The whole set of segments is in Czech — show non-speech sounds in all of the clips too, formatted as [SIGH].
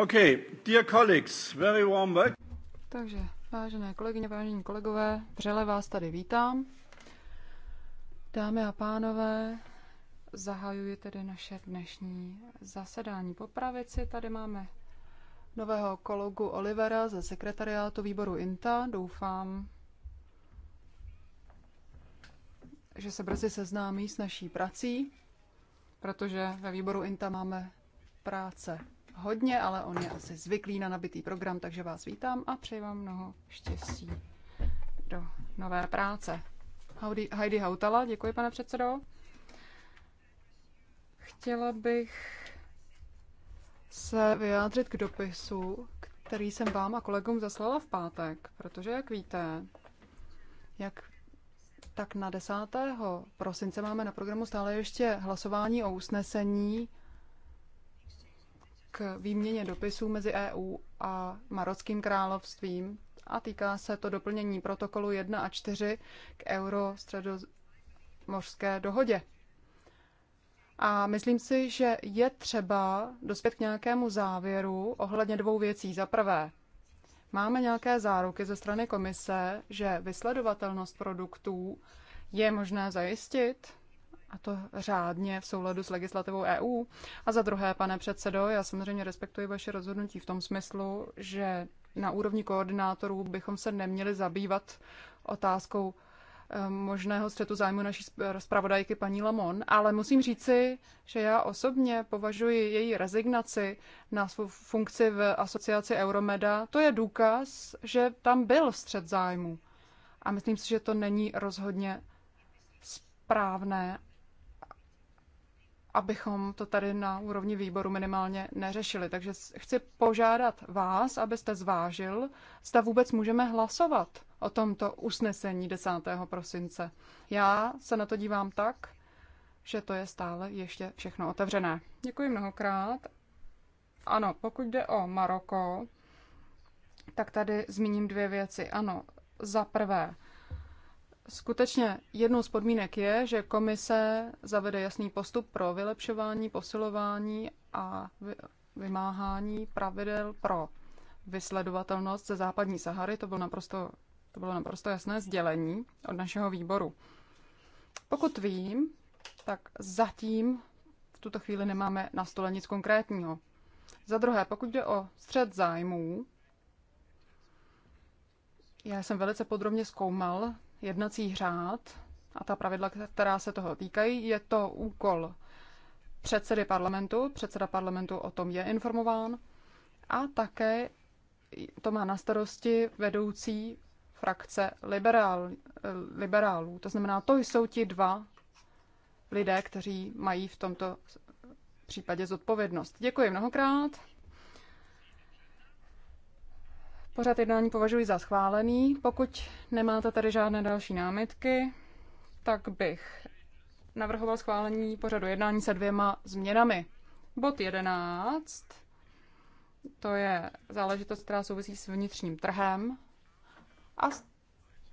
Okay, dear colleagues, very warm welcome. Takže, vážené kolegyně, vážení kolegové, vřele vás tady vítám. Dámy a pánové, zahajuji tedy naše dnešní zasedání. Po pravici tady máme nového kolegu Olivera ze sekretariátu výboru INTA. Doufám, že se brzy seznámí s naší prací, protože ve výboru INTA máme práce hodně, ale on je asi zvyklý na nabitý program, takže vás vítám a přeji vám mnoho štěstí do nové práce. Howdy, Heidi Hautala, děkuji pane předsedo. Chtěla bych se vyjádřit k dopisu, který jsem vám a kolegům zaslala v pátek, protože, jak víte, jak tak na 10. prosince máme na programu stále ještě hlasování o usnesení k výměně dopisů mezi EU a Marockým královstvím a týká se to doplnění protokolu 1 a 4 k euro-středomořské dohodě. A myslím si, že je třeba dospět k nějakému závěru ohledně dvou věcí. Za prvé, máme nějaké záruky ze strany komise, že vysledovatelnost produktů je možné zajistit a to řádně v souladu s legislativou EU. A za druhé, pane předsedo, já samozřejmě respektuji vaše rozhodnutí v tom smyslu, že na úrovni koordinátorů bychom se neměli zabývat otázkou eh, možného střetu zájmu naší zpravodajky paní Lamon, ale musím říci, že já osobně považuji její rezignaci na svou funkci v asociaci Euromeda, to je důkaz, že tam byl střet zájmu. A myslím si, že to není rozhodně správné abychom to tady na úrovni výboru minimálně neřešili. Takže chci požádat vás, abyste zvážil, zda vůbec můžeme hlasovat o tomto usnesení 10. prosince. Já se na to dívám tak, že to je stále ještě všechno otevřené. Děkuji mnohokrát. Ano, pokud jde o Maroko, tak tady zmíním dvě věci. Ano, za prvé, Skutečně jednou z podmínek je, že komise zavede jasný postup pro vylepšování, posilování a vymáhání pravidel pro vysledovatelnost ze západní Sahary. To bylo naprosto, to bylo naprosto jasné sdělení od našeho výboru. Pokud vím, tak zatím v tuto chvíli nemáme na stole nic konkrétního. Za druhé, pokud jde o střed zájmů, já jsem velice podrobně zkoumal jednací řád a ta pravidla, která se toho týkají, je to úkol předsedy parlamentu. Předseda parlamentu o tom je informován a také to má na starosti vedoucí frakce liberál, liberálů. To znamená, to jsou ti dva lidé, kteří mají v tomto případě zodpovědnost. Děkuji mnohokrát. Pořád jednání považuji za schválený. Pokud nemáte tady žádné další námitky, tak bych navrhoval schválení pořadu jednání se dvěma změnami. Bod 11, to je záležitost, která souvisí s vnitřním trhem. A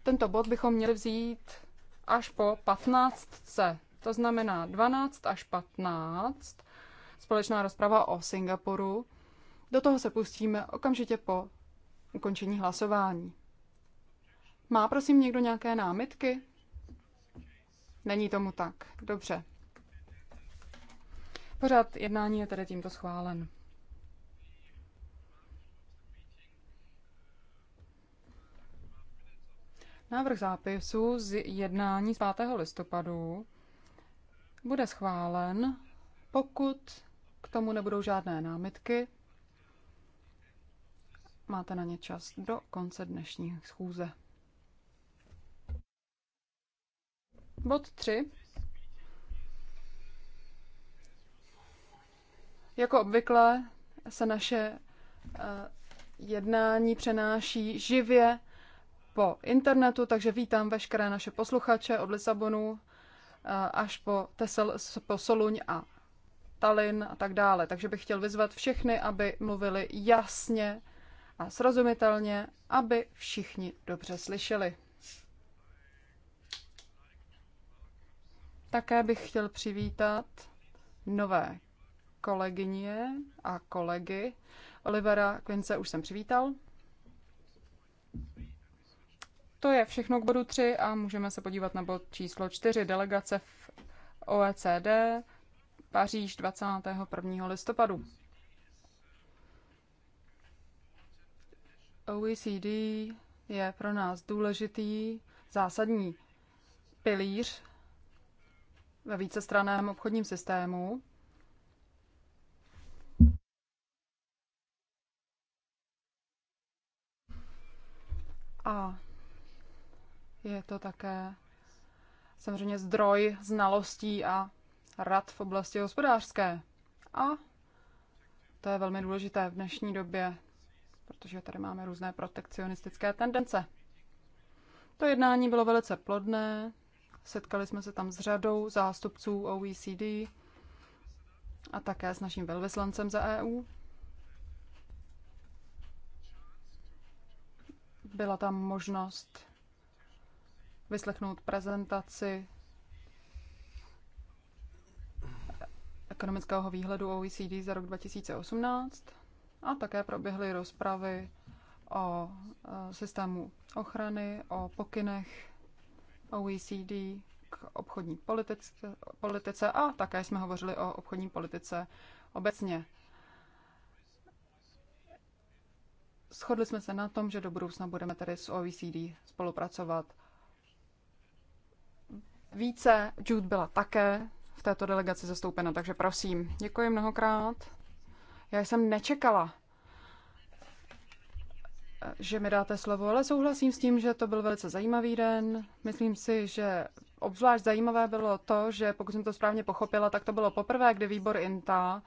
tento bod bychom měli vzít až po 15. To znamená 12 až 15, společná rozprava o Singapuru. Do toho se pustíme okamžitě po ukončení hlasování. Má prosím někdo nějaké námitky? Není tomu tak. Dobře. Pořád jednání je tedy tímto schválen. Návrh zápisu z jednání z 5. listopadu bude schválen, pokud k tomu nebudou žádné námitky Máte na ně čas do konce dnešní schůze. Bod 3. Jako obvykle se naše eh, jednání přenáší živě po internetu, takže vítám veškeré naše posluchače od Lisabonu eh, až po, Tesel, po Soluň a Tallinn a tak dále. Takže bych chtěl vyzvat všechny, aby mluvili jasně, a srozumitelně, aby všichni dobře slyšeli. Také bych chtěl přivítat nové kolegyně a kolegy. Olivera Quince už jsem přivítal. To je všechno k bodu 3 a můžeme se podívat na bod číslo 4. Delegace v OECD Paříž 21. listopadu. OECD je pro nás důležitý zásadní pilíř ve vícestraném obchodním systému. A je to také samozřejmě zdroj znalostí a rad v oblasti hospodářské. A to je velmi důležité v dnešní době protože tady máme různé protekcionistické tendence. To jednání bylo velice plodné, setkali jsme se tam s řadou zástupců OECD a také s naším velvyslancem za EU. Byla tam možnost vyslechnout prezentaci ekonomického výhledu OECD za rok 2018 a také proběhly rozpravy o e, systému ochrany, o pokynech OECD k obchodní politice, politice a také jsme hovořili o obchodní politice obecně. Shodli jsme se na tom, že do budoucna budeme tedy s OECD spolupracovat více. Jude byla také v této delegaci zastoupena, takže prosím. Děkuji mnohokrát. Já jsem nečekala, že mi dáte slovo, ale souhlasím s tím, že to byl velice zajímavý den. Myslím si, že obzvlášť zajímavé bylo to, že pokud jsem to správně pochopila, tak to bylo poprvé, kdy výbor INTA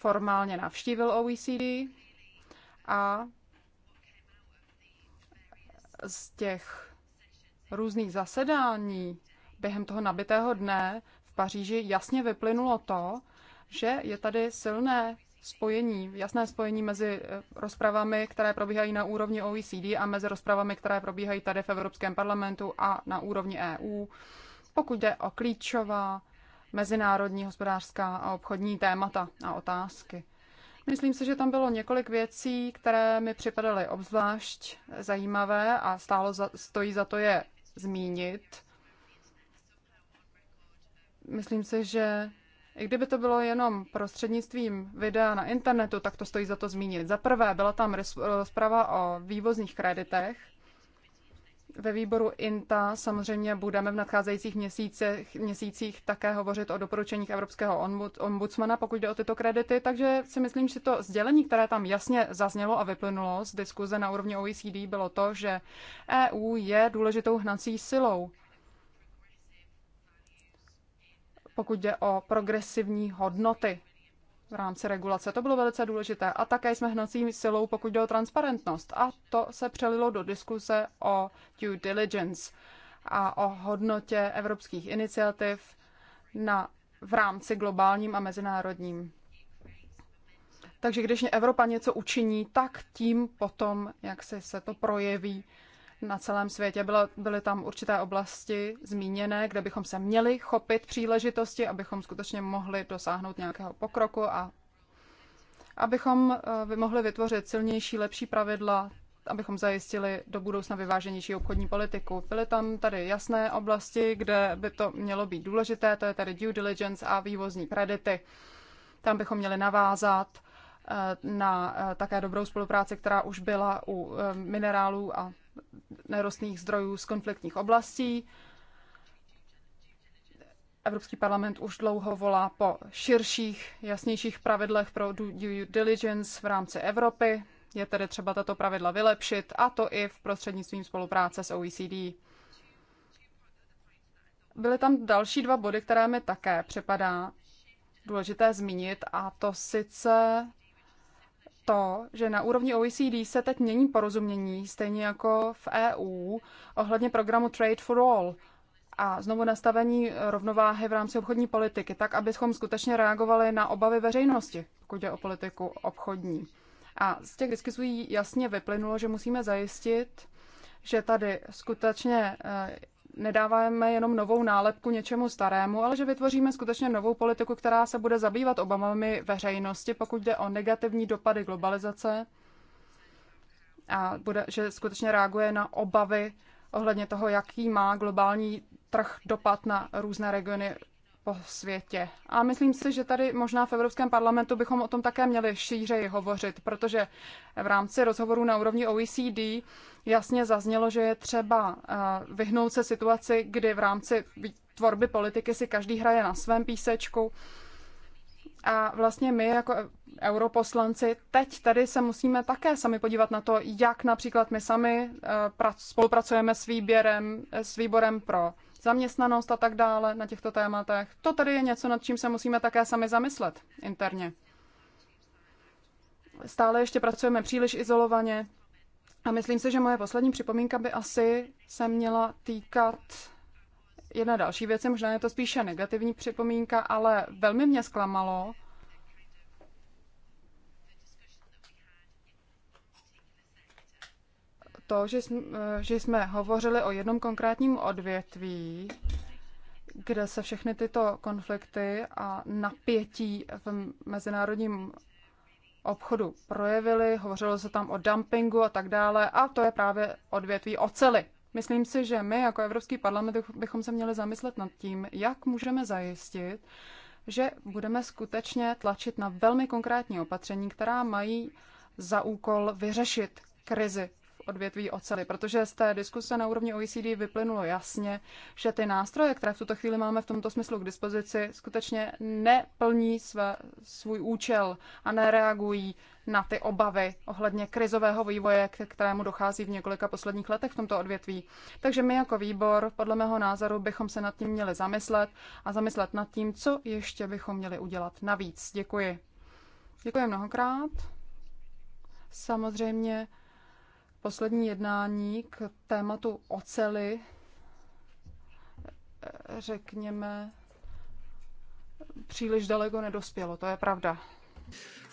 formálně navštívil OECD a z těch různých zasedání během toho nabitého dne v Paříži jasně vyplynulo to, že je tady silné spojení, jasné spojení mezi eh, rozpravami, které probíhají na úrovni OECD a mezi rozpravami, které probíhají tady v Evropském parlamentu a na úrovni EU, pokud jde o klíčová mezinárodní hospodářská a obchodní témata a otázky. Myslím si, že tam bylo několik věcí, které mi připadaly obzvlášť zajímavé a stálo za, stojí za to je zmínit. Myslím si, že i kdyby to bylo jenom prostřednictvím videa na internetu, tak to stojí za to zmínit. Za prvé byla tam rozprava o vývozních kreditech. Ve výboru INTA samozřejmě budeme v nadcházejících měsících, měsících také hovořit o doporučeních Evropského ombudsmana, pokud jde o tyto kredity. Takže si myslím, že to sdělení, které tam jasně zaznělo a vyplynulo z diskuze na úrovni OECD, bylo to, že EU je důležitou hnací silou pokud jde o progresivní hodnoty v rámci regulace. To bylo velice důležité. A také jsme hnací silou, pokud jde o transparentnost. A to se přelilo do diskuse o due diligence a o hodnotě evropských iniciativ na, v rámci globálním a mezinárodním. Takže když Evropa něco učiní, tak tím potom, jak se, se to projeví na celém světě. Bylo, byly tam určité oblasti zmíněné, kde bychom se měli chopit příležitosti, abychom skutečně mohli dosáhnout nějakého pokroku a abychom eh, mohli vytvořit silnější, lepší pravidla, abychom zajistili do budoucna vyváženější obchodní politiku. Byly tam tady jasné oblasti, kde by to mělo být důležité, to je tady due diligence a vývozní kredity. Tam bychom měli navázat eh, na eh, také dobrou spolupráci, která už byla u minerálů a nerostných zdrojů z konfliktních oblastí. Evropský parlament už dlouho volá po širších, jasnějších pravidlech pro due diligence v rámci Evropy. Je tedy třeba tato pravidla vylepšit, a to i v prostřednictvím spolupráce s OECD. Byly tam další dva body, které mi také připadá důležité zmínit, a to sice to, že na úrovni OECD se teď mění porozumění, stejně jako v EU, ohledně programu Trade for All a znovu nastavení rovnováhy v rámci obchodní politiky, tak abychom skutečně reagovali na obavy veřejnosti, pokud je o politiku obchodní. A z těch diskusí jasně vyplynulo, že musíme zajistit, že tady skutečně eh, nedáváme jenom novou nálepku něčemu starému, ale že vytvoříme skutečně novou politiku, která se bude zabývat obavami veřejnosti, pokud jde o negativní dopady globalizace a bude, že skutečně reaguje na obavy ohledně toho, jaký má globální trh dopad na různé regiony po světě. A myslím si, že tady možná v Evropském parlamentu bychom o tom také měli šířeji hovořit, protože v rámci rozhovoru na úrovni OECD jasně zaznělo, že je třeba eh, vyhnout se situaci, kdy v rámci tvorby politiky si každý hraje na svém písečku. A vlastně my jako europoslanci teď tady se musíme také sami podívat na to, jak například my sami eh, spolupracujeme s, výběrem, s výborem pro zaměstnanost a tak dále na těchto tématech. To tady je něco, nad čím se musíme také sami zamyslet interně. Stále ještě pracujeme příliš izolovaně a myslím si, že moje poslední připomínka by asi se měla týkat jedna další věc, možná je to spíše negativní připomínka, ale velmi mě zklamalo, to, že jsme, eh, že jsme hovořili o jednom konkrétním odvětví, kde se všechny tyto konflikty a napětí v mezinárodním obchodu projevily. Hovořilo se tam o dumpingu a tak dále. A to je právě odvětví ocely. Myslím si, že my jako Evropský parlament bychom se měli zamyslet nad tím, jak můžeme zajistit, že budeme skutečně tlačit na velmi konkrétní opatření, která mají za úkol vyřešit krizi odvětví ocely, protože z té diskuse na úrovni OECD vyplynulo jasně, že ty nástroje, které v tuto chvíli máme v tomto smyslu k dispozici, skutečně neplní své, svůj účel a nereagují na ty obavy ohledně krizového vývoje, k kterému dochází v několika posledních letech v tomto odvětví. Takže my jako výbor, podle mého názoru, bychom se nad tím měli zamyslet a zamyslet nad tím, co ještě bychom měli udělat navíc. Děkuji. Děkuji mnohokrát. Samozřejmě poslední jednání k tématu ocely, řekněme, příliš daleko nedospělo, to je pravda.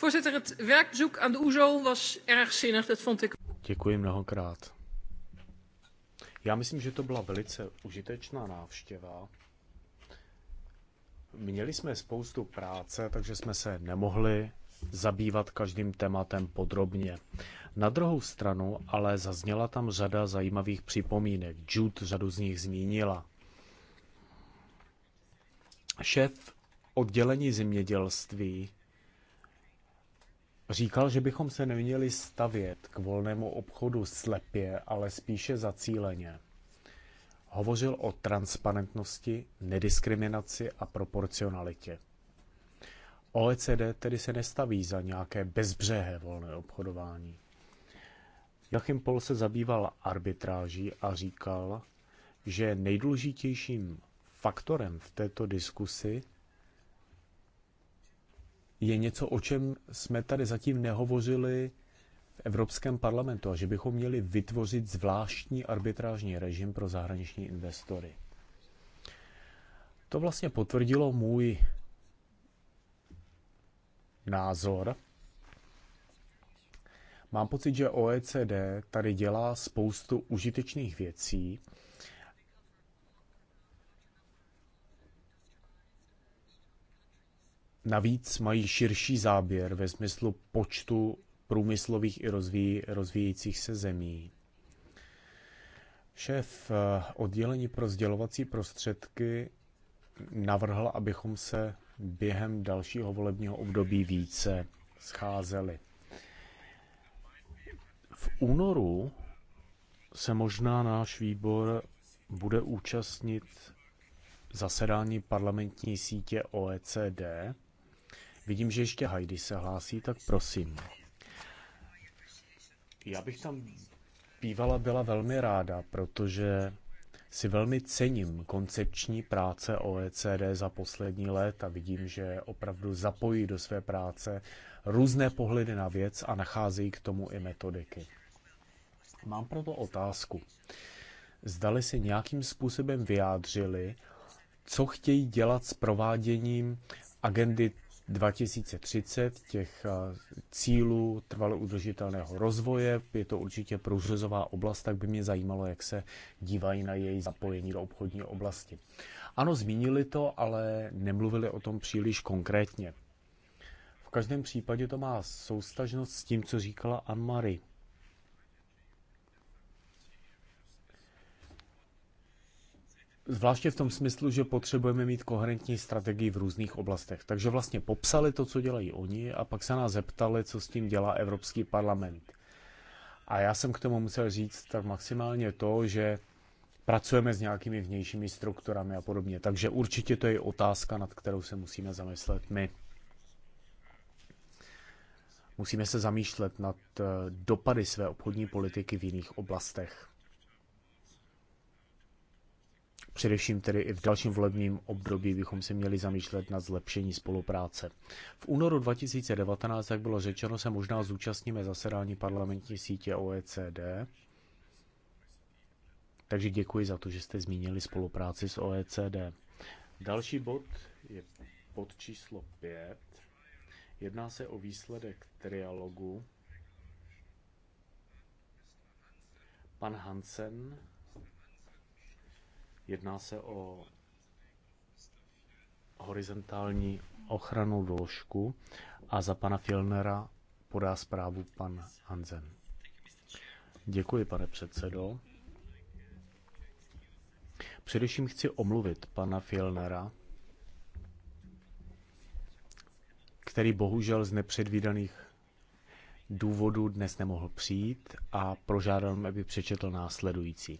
Voorzitter, het werkbezoek aan de OESO was erg zinnig, dat vond ik. Děkuji mnohokrát. Já myslím, že to byla velice užitečná návštěva. Měli jsme spoustu práce, takže jsme se nemohli zabývat každým tématem podrobně. Na druhou stranu ale zazněla tam řada zajímavých připomínek. Jude řadu z nich zmínila. Šéf oddělení zemědělství říkal, že bychom se neměli stavět k volnému obchodu slepě, ale spíše zacíleně. Hovořil o transparentnosti, nediskriminaci a proporcionalitě. OECD tedy se nestaví za nějaké bezbřehé volné obchodování. Joachim Pol se zabýval arbitráží a říkal, že nejdůležitějším faktorem v této diskusi je něco, o čem jsme tady zatím nehovořili v Evropském parlamentu a že bychom měli vytvořit zvláštní arbitrážní režim pro zahraniční investory. To vlastně potvrdilo můj názor, Mám pocit, že OECD tady dělá spoustu užitečných věcí. Navíc mají širší záběr ve smyslu počtu průmyslových i rozvíj, rozvíjejících se zemí. Šéf eh, oddělení pro sdělovací prostředky navrhl, abychom se během dalšího volebního období více scházeli. V únoru se možná náš výbor bude účastnit zasedání parlamentní sítě OECD. Vidím, že ještě Heidi se hlásí, tak prosím. Já bych tam bývala byla velmi ráda, protože si velmi cením koncepční práce OECD za poslední léta. Vidím, že opravdu zapojí do své práce různé pohledy na věc a nacházejí k tomu i metodiky. Mám proto otázku. Zdali si nějakým způsobem vyjádřili, co chtějí dělat s prováděním agendy 2030, těch eh, cílů trvale udržitelného rozvoje. Je to určitě průřezová oblast, tak by mě zajímalo, jak se dívají na její zapojení do obchodní oblasti. Ano, zmínili to, ale nemluvili o tom příliš konkrétně každém případě to má soustažnost s tím, co říkala Anne-Marie. Zvláště v tom smyslu, že potřebujeme mít koherentní strategii v různých oblastech. Takže vlastně popsali to, co dělají oni, a pak se nás zeptali, co s tím dělá Evropský parlament. A já jsem k tomu musel říct tak maximálně to, že pracujeme s nějakými vnějšími strukturami a podobně. Takže určitě to je otázka, nad kterou se musíme zamyslet my. Musíme se zamýšlet nad eh, dopady své obchodní politiky v jiných oblastech. Především tedy i v dalším volebním období bychom se měli zamýšlet nad zlepšení spolupráce. V únoru 2019, jak bylo řečeno, se možná zúčastníme zasedání parlamentní sítě OECD. Takže děkuji za to, že jste zmínili spolupráci s OECD. Další bod je pod číslo 5. Jedná se o výsledek trialogu. Pan Hansen, jedná se o horizontální ochranu vložku a za pana Filnera podá zprávu pan Hansen. Děkuji, pane předsedo. Především chci omluvit pana Filnera, který bohužel z nepředvídaných důvodů dnes nemohl přijít a prožádal mě, aby přečetl následující.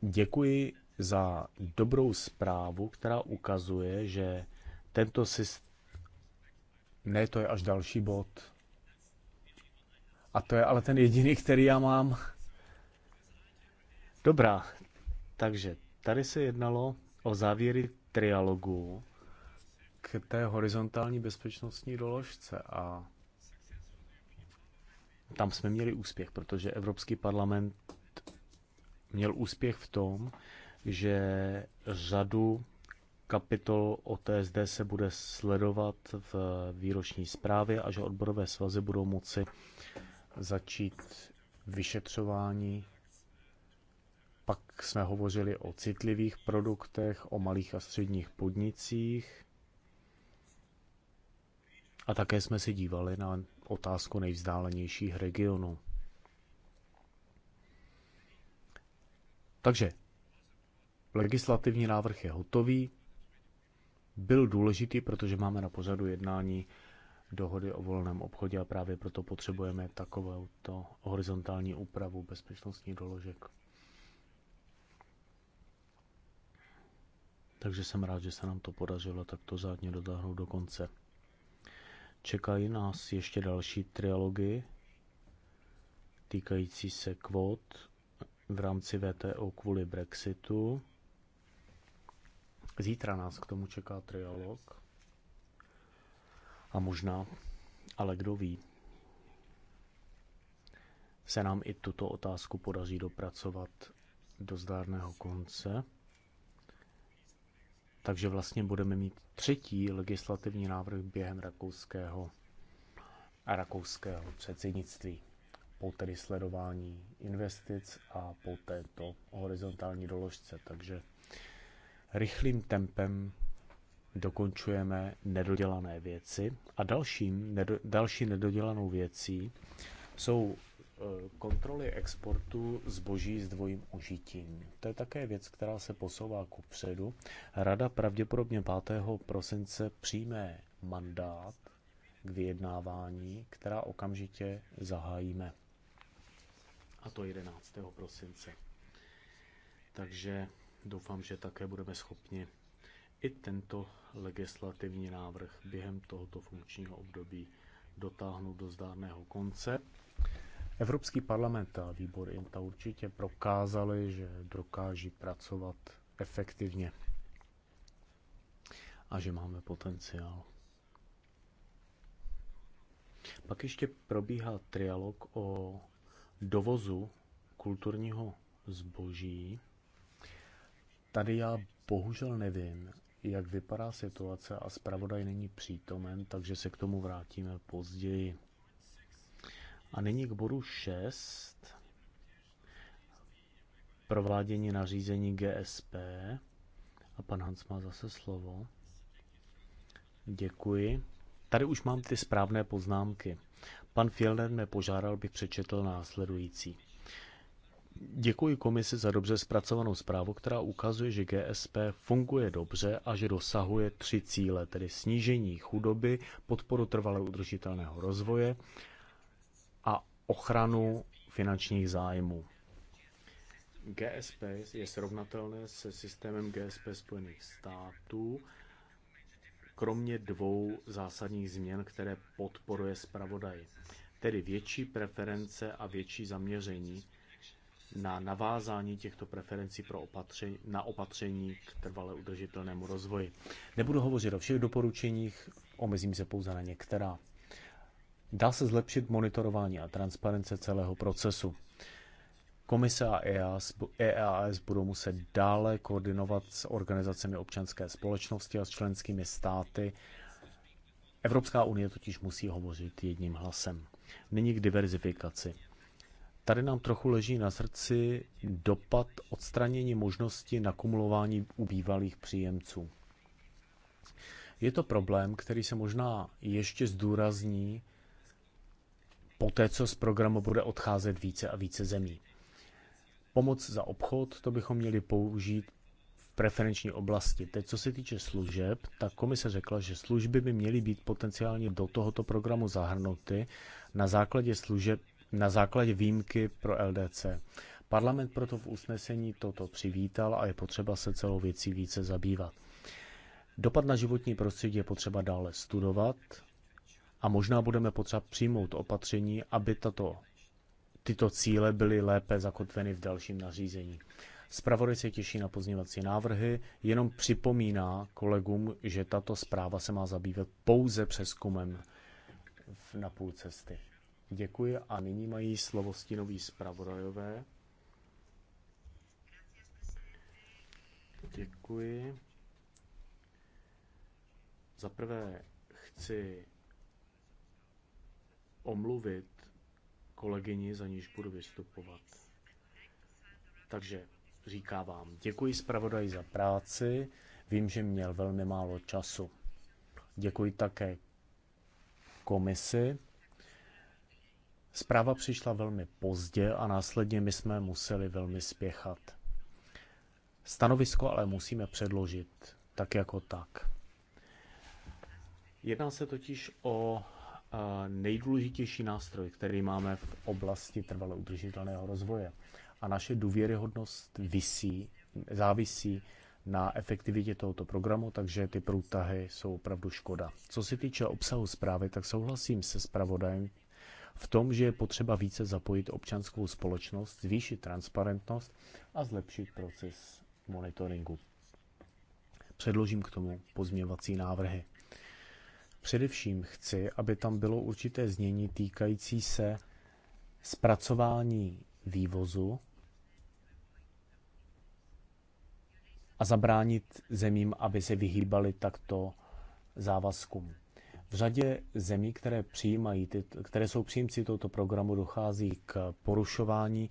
Děkuji za dobrou zprávu, která ukazuje, že tento systém... Ne, to je až další bod. A to je ale ten jediný, který já mám. Dobrá, takže tady se jednalo o závěry trialogu té horizontální bezpečnostní doložce a tam jsme měli úspěch, protože Evropský parlament měl úspěch v tom, že řadu kapitol o TSD se bude sledovat v výroční zprávě a že odborové svazy budou moci začít vyšetřování. Pak jsme hovořili o citlivých produktech, o malých a středních podnicích a také jsme se dívali na otázku nejvzdálenějších regionů. Takže legislativní návrh je hotový. Byl důležitý, protože máme na pořadu jednání dohody o volném obchodě a právě proto potřebujeme takovou to horizontální úpravu bezpečnostních doložek. Takže jsem rád, že se nám to podařilo takto zádně dotáhnout do konce. Čekají nás ještě další trialogy týkající se kvót v rámci VTO kvůli Brexitu. Zítra nás k tomu čeká trialog. A možná, ale kdo ví, se nám i tuto otázku podaří dopracovat do zdárného konce takže vlastně budeme mít třetí legislativní návrh během rakouského a rakouského předsednictví po tedy sledování investic a po této horizontální doložce. Takže rychlým tempem dokončujeme nedodělané věci a dalším, nedo, další nedodělanou věcí jsou Eh, kontroly exportu zboží s dvojím užitím. To je také věc, která se posouvá ku předu. Rada pravděpodobně 5. prosince přijme mandát k vyjednávání, která okamžitě zahájíme. A to 11. prosince. Takže doufám, že také budeme schopni i tento legislativní návrh během tohoto funkčního období dotáhnout do zdárného konce. Evropský parlament a výbor INTA určitě prokázali, že dokáží pracovat efektivně a že máme potenciál. Pak ještě probíhá trialog o dovozu kulturního zboží. Tady já bohužel nevím, jak vypadá situace a zpravodaj není přítomen, takže se k tomu vrátíme později. A nyní k bodu 6. Provádění nařízení GSP. A pan Hans má zase slovo. Děkuji. Tady už mám ty správné poznámky. Pan Fielder mě požádal, bych přečetl následující. Děkuji komisi za dobře zpracovanou zprávu, která ukazuje, že GSP funguje dobře a že dosahuje tři cíle, tedy snížení chudoby, podporu trvale udržitelného rozvoje ochranu finančních zájmů. GSP je srovnatelné se systémem GSP Spojených států, kromě dvou zásadních změn, které podporuje zpravodaj. Tedy větší preference a větší zaměření na navázání těchto preferencí pro opatření, na opatření k trvale udržitelnému rozvoji. Nebudu hovořit o všech doporučeních, omezím se pouze na některá. Dá se zlepšit monitorování a transparence celého procesu. Komise a EAS, e budou muset dále koordinovat s organizacemi občanské společnosti a s členskými státy. Evropská unie totiž musí hovořit jedním hlasem. Nyní k diverzifikaci. Tady nám trochu leží na srdci dopad odstranění možnosti nakumulování u bývalých příjemců. Je to problém, který se možná ještě zdůrazní poté, co z programu bude odcházet více a více zemí. Pomoc za obchod, to bychom měli použít v preferenční oblasti. Teď, co se týče služeb, tak komise řekla, že služby by měly být potenciálně do tohoto programu zahrnuty na základě služeb, na základě výjimky pro LDC. Parlament proto v usnesení toto přivítal a je potřeba se celou věcí více zabývat. Dopad na životní prostředí je potřeba dále studovat, a možná budeme potřeba přijmout opatření, aby tato, tyto cíle byly lépe zakotveny v dalším nařízení. Zpravodaj se těší na pozněvací návrhy, jenom připomíná kolegům, že tato zpráva se má zabývat pouze přeskumem na půl cesty. Děkuji a nyní mají slovo stínoví zpravodajové. Děkuji. Za prvé chci omluvit kolegyni, za níž budu vystupovat. Takže říká vám, děkuji zpravodaj za práci, vím, že měl velmi málo času. Děkuji také komisi. Zpráva přišla velmi pozdě a následně my jsme museli velmi spěchat. Stanovisko ale musíme předložit tak jako tak. Jedná se totiž o nejdůležitější nástroj, který máme v oblasti trvale udržitelného rozvoje. A naše důvěryhodnost visí, závisí na efektivitě tohoto programu, takže ty průtahy jsou opravdu škoda. Co se týče obsahu zprávy, tak souhlasím se zpravodajem v tom, že je potřeba více zapojit občanskou společnost, zvýšit transparentnost a zlepšit proces monitoringu. Předložím k tomu pozměvací návrhy. Především chci, aby tam bylo určité znění týkající se zpracování vývozu a zabránit zemím, aby se vyhýbali takto závazkům. V řadě zemí, které, přijímají, které jsou příjemci tohoto programu, dochází k porušování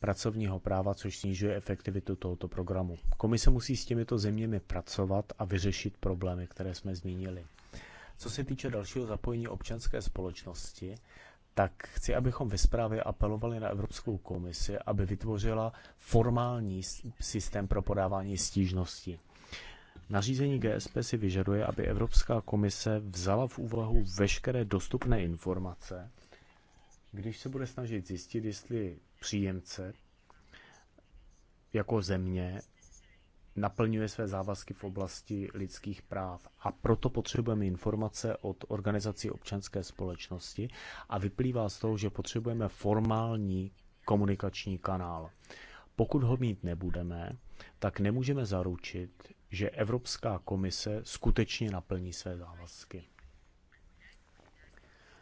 pracovního práva, což snižuje efektivitu tohoto programu. Komise musí s těmito zeměmi pracovat a vyřešit problémy, které jsme zmínili. Co se týče dalšího zapojení občanské společnosti, tak chci, abychom ve zprávě apelovali na Evropskou komisi, aby vytvořila formální systém pro podávání stížností. Nařízení GSP si vyžaduje, aby Evropská komise vzala v úvahu veškeré dostupné informace, když se bude snažit zjistit, jestli příjemce jako země naplňuje své závazky v oblasti lidských práv. A proto potřebujeme informace od organizací občanské společnosti a vyplývá z toho, že potřebujeme formální komunikační kanál. Pokud ho mít nebudeme, tak nemůžeme zaručit, že Evropská komise skutečně naplní své závazky.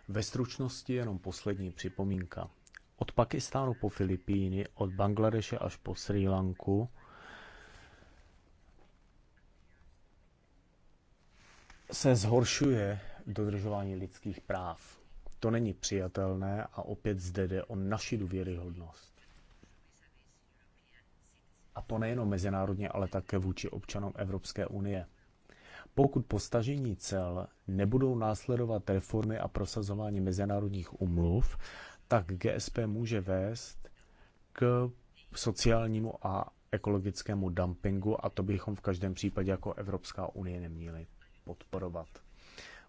Ve stručnosti jenom poslední připomínka. Od Pakistánu po Filipíny, od Bangladeše až po Sri Lanku se zhoršuje dodržování lidských práv. To není přijatelné a opět zde jde o naši důvěryhodnost. A to nejenom mezinárodně, ale také vůči občanům Evropské unie. Pokud po stažení cel nebudou následovat reformy a prosazování mezinárodních umluv, tak GSP může vést k sociálnímu a ekologickému dumpingu a to bychom v každém případě jako Evropská unie neměli podporovat.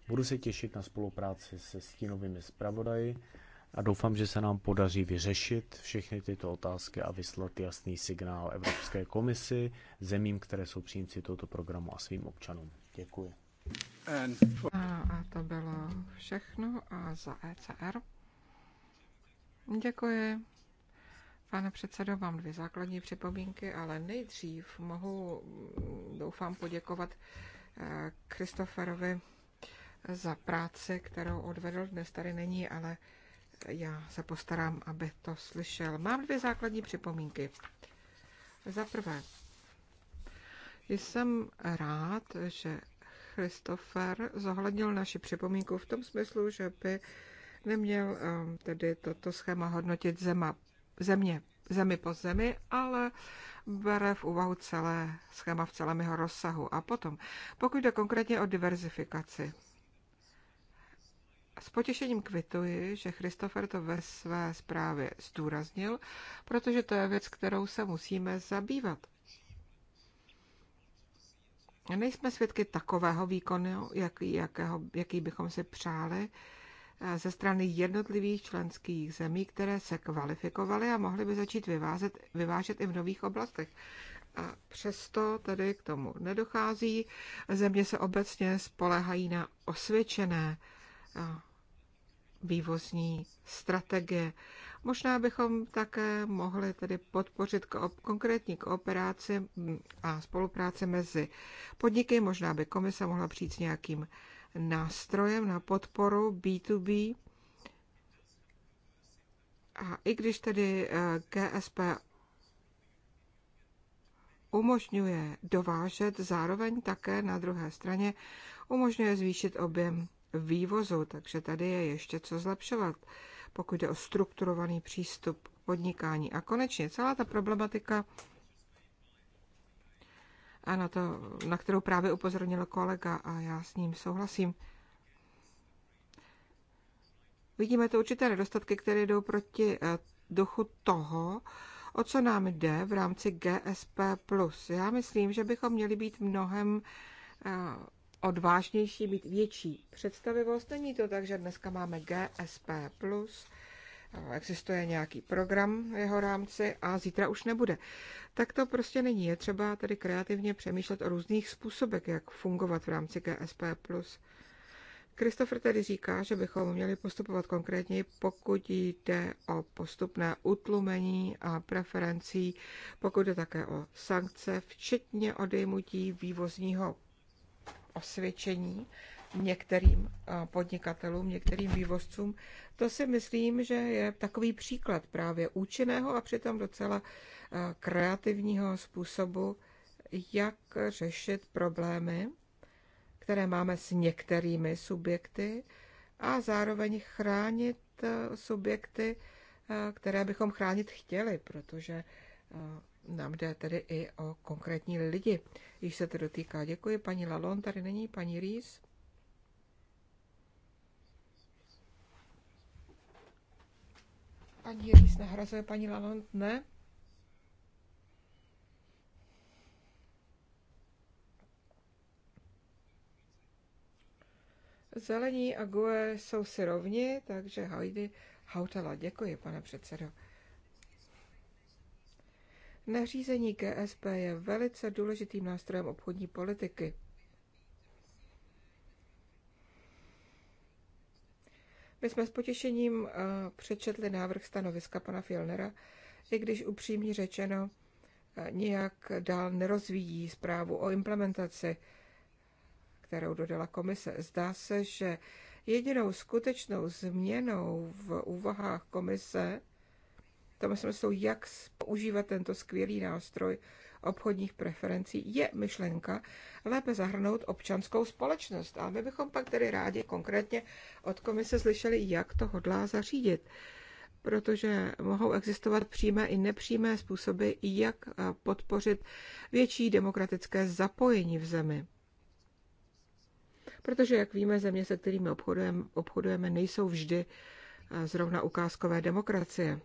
Budu se těšit na spolupráci se stínovými zpravodaji a doufám, že se nám podaří vyřešit všechny tyto otázky a vyslat jasný signál Evropské komisi, zemím, které jsou příjemci tohoto programu a svým občanům. Děkuji. A, a to bylo všechno a za ECR. Děkuji. Pane předsedo, mám dvě základní připomínky, ale nejdřív mohu, doufám, poděkovat Kristoferovi za práci, kterou odvedl. Dnes tady není, ale já se postarám, aby to slyšel. Mám dvě základní připomínky. Za prvé, jsem rád, že Christopher zohlednil naši připomínku v tom smyslu, že by neměl um, tedy toto schéma hodnotit zema, země zemi po zemi, ale bere v úvahu celé schéma v celém jeho rozsahu. A potom, pokud jde konkrétně o diverzifikaci, s potěšením kvituji, že Christopher to ve své zprávě zdůraznil, protože to je věc, kterou se musíme zabývat. Nejsme svědky takového výkonu, jak, jakého, jaký bychom si přáli, Eh, ze strany jednotlivých členských zemí, které se kvalifikovaly a mohly by začít vyvázet, vyvážet i v nových oblastech. A přesto tedy k tomu nedochází. Země se obecně spolehají na osvědčené eh, vývozní strategie. Možná bychom také mohli tedy podpořit konkrétní kooperaci mm, a spolupráci mezi podniky. Možná by komise mohla přijít s nějakým nástrojem na podporu B2B. A i když tedy eh, GSP umožňuje dovážet, zároveň také na druhé straně umožňuje zvýšit objem vývozu, takže tady je ještě co zlepšovat, pokud jde o strukturovaný přístup podnikání. A konečně celá ta problematika a na, to, na kterou právě upozornil kolega a já s ním souhlasím. Vidíme to určité nedostatky, které jdou proti eh, duchu toho, o co nám jde v rámci GSP+. Já myslím, že bychom měli být mnohem eh, odvážnější, být větší představivost. Není to tak, že dneska máme GSP+, existuje nějaký program v jeho rámci a zítra už nebude. Tak to prostě není. Je třeba tedy kreativně přemýšlet o různých způsobech, jak fungovat v rámci GSP+. Christopher tedy říká, že bychom měli postupovat konkrétně, pokud jde o postupné utlumení a preferencí, pokud jde také o sankce, včetně odejmutí vývozního osvědčení některým eh, podnikatelům, některým vývozcům. To si myslím, že je takový příklad právě účinného a přitom docela eh, kreativního způsobu, jak řešit problémy, které máme s některými subjekty a zároveň chránit eh, subjekty, které bychom chránit chtěli, protože nám jde tedy i o konkrétní lidi, když se to dotýká. Děkuji, paní Lalon, tady není paní Rýs. paní Jelis nahrazuje paní Lalonde? Ne. Zelení a GUE jsou si rovni, takže Heidi Hautala. Děkuji, pane předsedo. Nařízení GSP je velice důležitým nástrojem obchodní politiky. My jsme s potěšením eh, přečetli návrh stanoviska pana Fjellnera, i když upřímně řečeno eh, nijak dál nerozvíjí zprávu o implementaci, kterou dodala komise. Zdá se, že jedinou skutečnou změnou v úvahách komise, to myslím, jsou jak používat tento skvělý nástroj obchodních preferencí je myšlenka lépe zahrnout občanskou společnost. A my bychom pak tedy rádi konkrétně od komise slyšeli, jak to hodlá zařídit protože mohou existovat přímé i nepřímé způsoby, jak podpořit větší demokratické zapojení v zemi. Protože, jak víme, země, se kterými obchodujeme, obchodujeme nejsou vždy eh, zrovna ukázkové demokracie.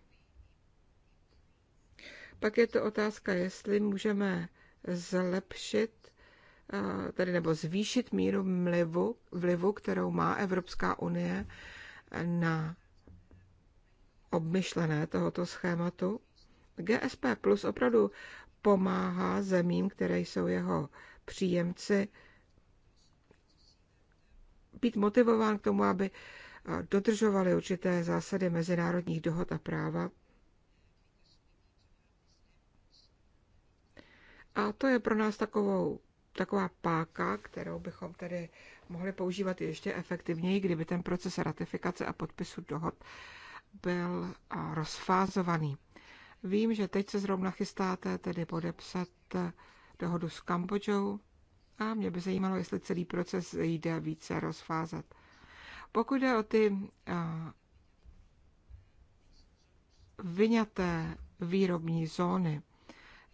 Pak je to otázka, jestli můžeme zlepšit, eh, tedy nebo zvýšit míru mlivu, vlivu, kterou má Evropská unie na obmyšlené tohoto schématu. GSP Plus opravdu pomáhá zemím, které jsou jeho příjemci, být motivován k tomu, aby eh, dodržovali určité zásady mezinárodních dohod a práva. A to je pro nás takovou, taková páka, kterou bychom tedy mohli používat ještě efektivněji, kdyby ten proces ratifikace a podpisu dohod byl rozfázovaný. Vím, že teď se zrovna chystáte tedy podepsat dohodu s Kambodžou a mě by zajímalo, jestli celý proces jde více rozfázat. Pokud jde o ty vyňaté výrobní zóny,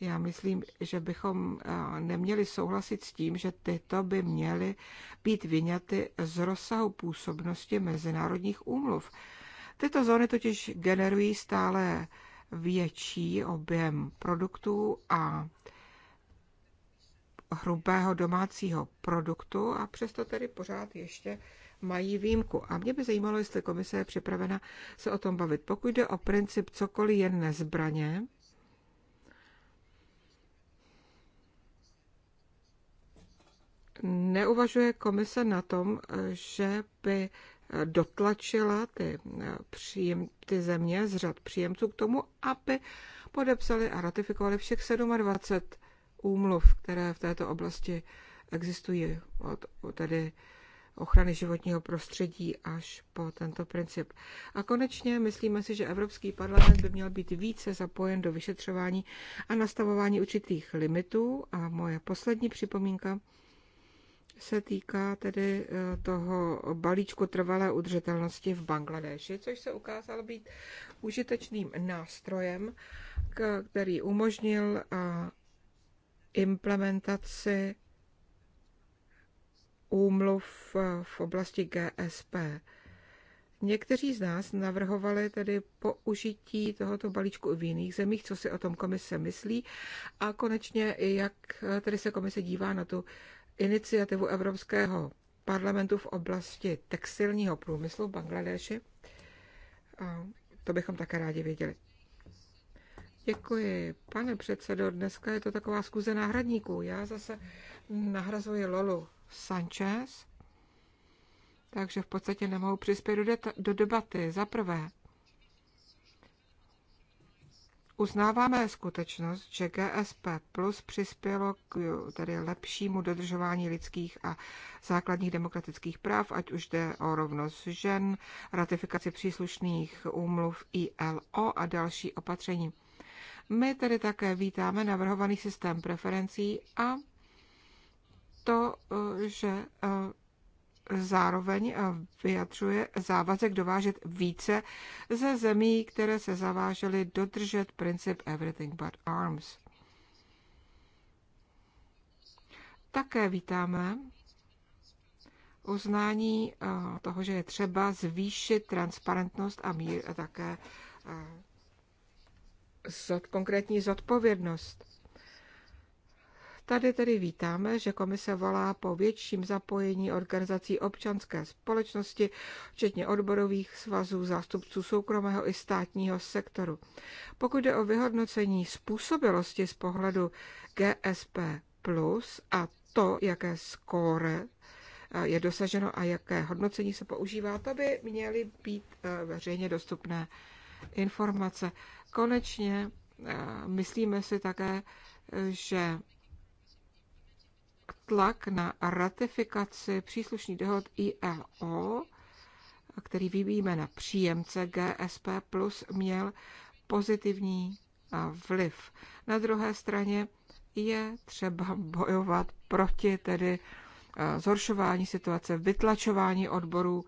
já myslím, že bychom eh, neměli souhlasit s tím, že tyto by měly být vyňaty z rozsahu působnosti mezinárodních úmluv. Tyto zóny totiž generují stále větší objem produktů a hrubého domácího produktu a přesto tedy pořád ještě mají výjimku. A mě by zajímalo, jestli komise je připravena se o tom bavit. Pokud jde o princip cokoliv jen nezbraně, neuvažuje komise na tom, že by dotlačila ty, eh, příjem, ty země z řad příjemců k tomu, aby podepsali a ratifikovali všech 27 úmluv, které v této oblasti existují, od tedy ochrany životního prostředí až po tento princip. A konečně myslíme si, že Evropský parlament by měl být více zapojen do vyšetřování a nastavování určitých limitů. A moje poslední připomínka se týká tedy eh, toho balíčku trvalé udržitelnosti v Bangladeši, což se ukázalo být užitečným nástrojem, který umožnil eh, implementaci úmluv eh, v oblasti GSP. Někteří z nás navrhovali tedy použití tohoto balíčku v jiných zemích, co si o tom komise myslí a konečně, jak tedy se komise dívá na tu iniciativu Evropského parlamentu v oblasti textilního průmyslu v Bangladeši. A to bychom také rádi věděli. Děkuji, pane předsedo. Dneska je to taková zkuze náhradníků. Já zase nahrazuji Lolu Sanchez, takže v podstatě nemohu přispět do, do debaty. Za prvé, Uznáváme skutečnost, že GSP Plus přispělo k tedy lepšímu dodržování lidských a základních demokratických práv, ať už jde o rovnost žen, ratifikaci příslušných úmluv ILO a další opatření. My tedy také vítáme navrhovaný systém preferencí a to, že zároveň eh, vyjadřuje závazek dovážet více ze zemí, které se zavážely dodržet princip Everything but Arms. Také vítáme uznání eh, toho, že je třeba zvýšit transparentnost a mír a také eh, zod, konkrétní zodpovědnost. Tady tedy vítáme, že komise volá po větším zapojení organizací občanské společnosti, včetně odborových svazů, zástupců soukromého i státního sektoru. Pokud jde o vyhodnocení způsobilosti z pohledu GSP plus a to, jaké skóre eh, je dosaženo a jaké hodnocení se používá, to by měly být eh, veřejně dostupné informace. Konečně eh, myslíme si také, že tlak na ratifikaci příslušných dohod ILO, který vybíjíme na příjemce GSP+, měl pozitivní vliv. Na druhé straně je třeba bojovat proti tedy zhoršování situace, vytlačování odborů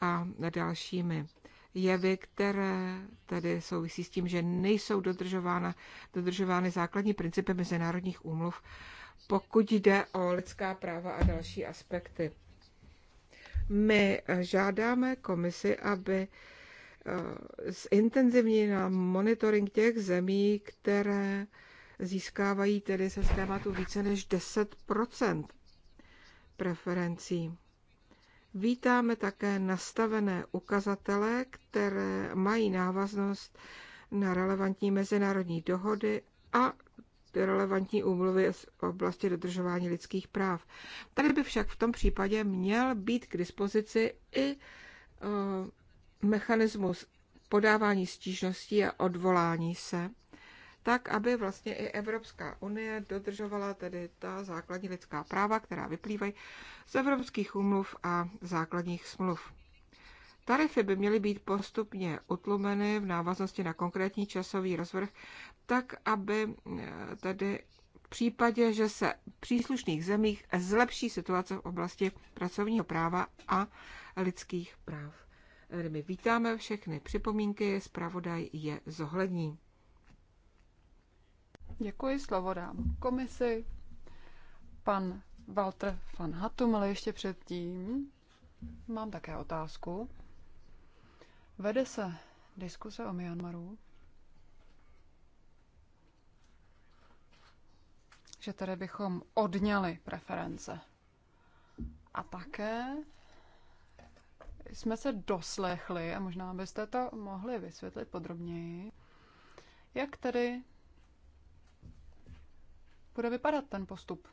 a dalšími jevy, které tedy souvisí s tím, že nejsou dodržována, dodržovány základní principy mezinárodních úmluv pokud jde o lidská práva a další aspekty. My eh, žádáme komisi, aby eh, zintenzivnila monitoring těch zemí, které získávají tedy se schématu více než 10 preferencí. Vítáme také nastavené ukazatele, které mají návaznost na relevantní mezinárodní dohody a relevantní úmluvy z oblasti dodržování lidských práv. Tady by však v tom případě měl být k dispozici i e, mechanismus podávání stížností a odvolání se, tak aby vlastně i Evropská unie dodržovala tedy ta základní lidská práva, která vyplývají z evropských úmluv a základních smluv. Tarify by měly být postupně utlumeny v návaznosti na konkrétní časový rozvrh tak aby eh, tedy v případě, že se v příslušných zemích zlepší situace v oblasti pracovního práva a lidských práv. Eh, my vítáme všechny připomínky, zpravodaj je zohlední. Děkuji, slovo dám komisi. Pan Walter van Hatum, ale ještě předtím mám také otázku. Vede se diskuse o Myanmaru? že tady bychom odňali preference. A také jsme se doslechli, a možná byste to mohli vysvětlit podrobněji, jak tedy bude vypadat ten postup.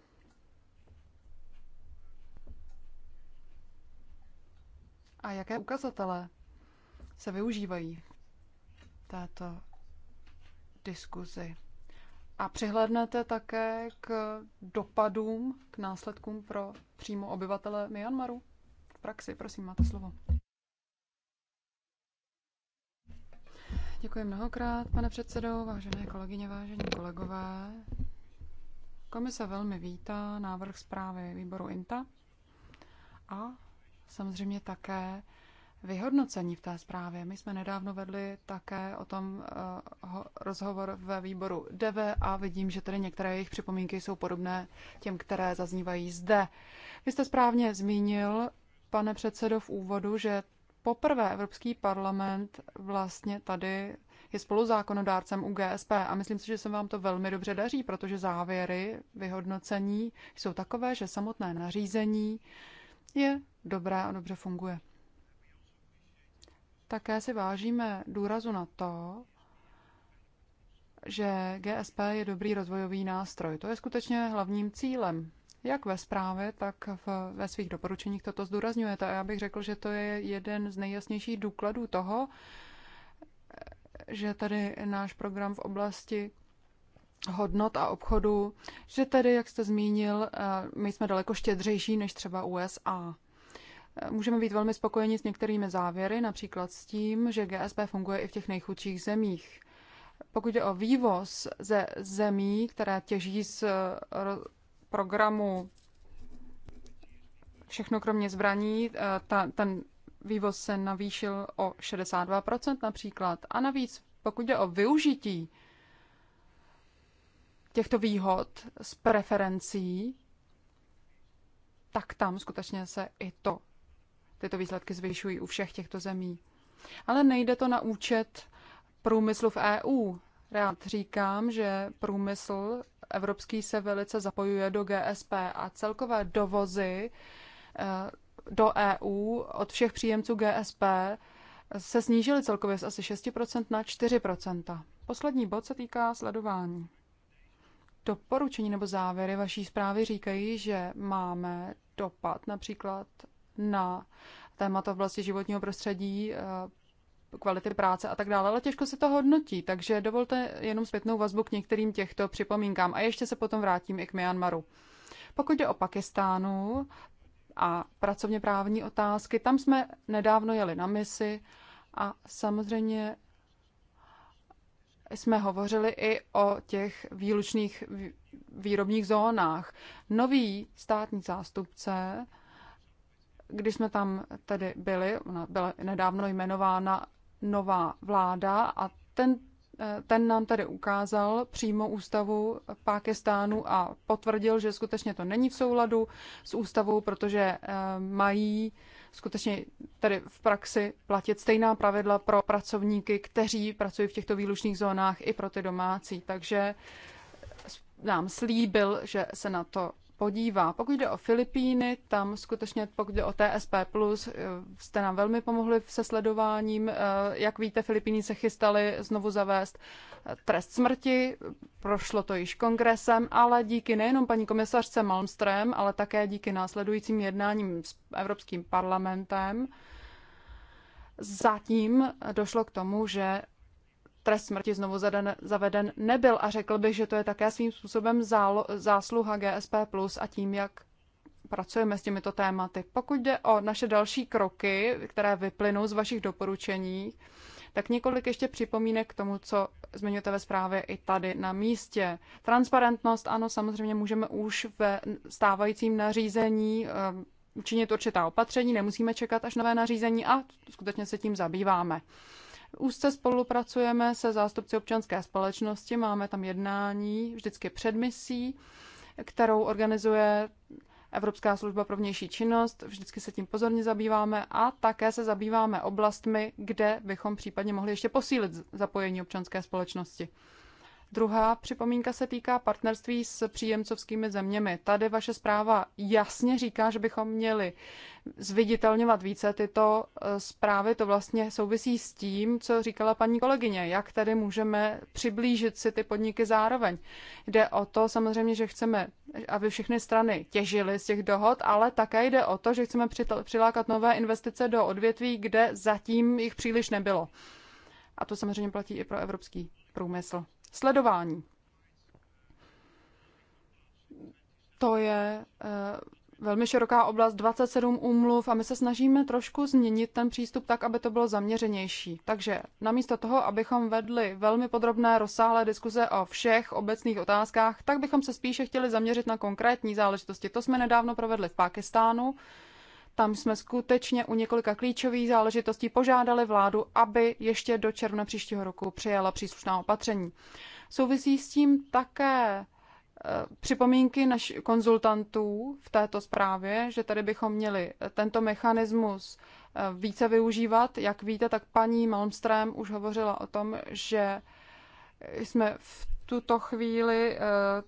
A jaké ukazatele se využívají v této diskuzi? A přihlédnete také k dopadům, k následkům pro přímo obyvatele Myanmaru? V praxi, prosím, máte slovo. Děkuji mnohokrát, pane předsedo, vážené kolegyně, vážení kolegové. Komise velmi vítá návrh zprávy výboru INTA a samozřejmě také vyhodnocení v té zprávě. My jsme nedávno vedli také o tom eh, rozhovor ve výboru DV a vidím, že tady některé jejich připomínky jsou podobné těm, které zaznívají zde. Vy jste správně zmínil, pane předsedo, v úvodu, že poprvé Evropský parlament vlastně tady je spoluzákonodárcem u GSP a myslím si, že se vám to velmi dobře daří, protože závěry, vyhodnocení jsou takové, že samotné nařízení je dobré a dobře funguje. Také si vážíme důrazu na to, že GSP je dobrý rozvojový nástroj. To je skutečně hlavním cílem. Jak ve zprávě, tak v, ve svých doporučeních toto zdůrazňujete. A já bych řekl, že to je jeden z nejjasnějších důkladů toho, že tady náš program v oblasti hodnot a obchodu, že tady, jak jste zmínil, eh, my jsme daleko štědřejší než třeba USA. Můžeme být velmi spokojeni s některými závěry, například s tím, že GSP funguje i v těch nejchudších zemích. Pokud jde o vývoz ze zemí, které těží z eh, programu všechno kromě zbraní, eh, ta, ten vývoz se navýšil o 62% například. A navíc, pokud jde o využití těchto výhod s preferencí, tak tam skutečně se i to tyto výsledky zvyšují u všech těchto zemí. Ale nejde to na účet průmyslu v EU. Rád říkám, že průmysl evropský se velice zapojuje do GSP a celkové dovozy eh, do EU od všech příjemců GSP se snížily celkově z asi 6% na 4%. Poslední bod se týká sledování. Doporučení nebo závěry vaší zprávy říkají, že máme dopad například na témata v oblasti životního prostředí, eh, kvality práce a tak dále, ale těžko se to hodnotí, takže dovolte jenom zpětnou vazbu k některým těchto připomínkám a ještě se potom vrátím i k Myanmaru. Pokud jde o Pakistánu a pracovně právní otázky, tam jsme nedávno jeli na misi a samozřejmě jsme hovořili i o těch výlučných výrobních zónách. Nový státní zástupce když jsme tam tedy byli, ona byla nedávno jmenována nová vláda a ten, eh, ten nám tedy ukázal přímo ústavu Pákistánu a potvrdil, že skutečně to není v souladu s ústavou, protože eh, mají skutečně tedy v praxi platit stejná pravidla pro pracovníky, kteří pracují v těchto výlučných zónách i pro ty domácí. Takže nám slíbil, že se na to podívá. Pokud jde o Filipíny, tam skutečně, pokud jde o TSP+, eh, jste nám velmi pomohli se sledováním. Eh, jak víte, Filipíny se chystali znovu zavést eh, trest smrti, prošlo to již kongresem, ale díky nejenom paní komisařce Malmström, ale také díky následujícím jednáním s Evropským parlamentem, zatím došlo k tomu, že trest smrti znovu zaden, zaveden nebyl a řekl bych, že to je také svým způsobem zálo, zásluha GSP Plus a tím, jak pracujeme s těmito tématy. Pokud jde o naše další kroky, které vyplynou z vašich doporučení, tak několik ještě připomínek k tomu, co zmiňujete ve zprávě i tady na místě. Transparentnost, ano, samozřejmě můžeme už ve stávajícím nařízení eh, učinit určitá opatření, nemusíme čekat až nové nařízení a skutečně se tím zabýváme. Úzce spolupracujeme se zástupci občanské společnosti, máme tam jednání vždycky před misí, kterou organizuje Evropská služba pro vnější činnost, vždycky se tím pozorně zabýváme a také se zabýváme oblastmi, kde bychom případně mohli ještě posílit zapojení občanské společnosti. Druhá připomínka se týká partnerství s příjemcovskými zeměmi. Tady vaše zpráva jasně říká, že bychom měli zviditelňovat více tyto eh, zprávy. To vlastně souvisí s tím, co říkala paní kolegyně, jak tady můžeme přiblížit si ty podniky zároveň. Jde o to samozřejmě, že chceme, aby všechny strany těžily z těch dohod, ale také jde o to, že chceme přilákat nové investice do odvětví, kde zatím jich příliš nebylo. A to samozřejmě platí i pro evropský průmysl sledování. To je eh, velmi široká oblast, 27 úmluv a my se snažíme trošku změnit ten přístup tak, aby to bylo zaměřenější. Takže namísto toho, abychom vedli velmi podrobné rozsáhlé diskuze o všech obecných otázkách, tak bychom se spíše chtěli zaměřit na konkrétní záležitosti. To jsme nedávno provedli v Pakistánu. Tam jsme skutečně u několika klíčových záležitostí požádali vládu, aby ještě do června příštího roku přijala příslušná opatření. Souvisí s tím také eh, připomínky naš konzultantů v této zprávě, že tady bychom měli eh, tento mechanismus eh, více využívat. Jak víte, tak paní Malmström už hovořila o tom, že jsme v tuto chvíli eh,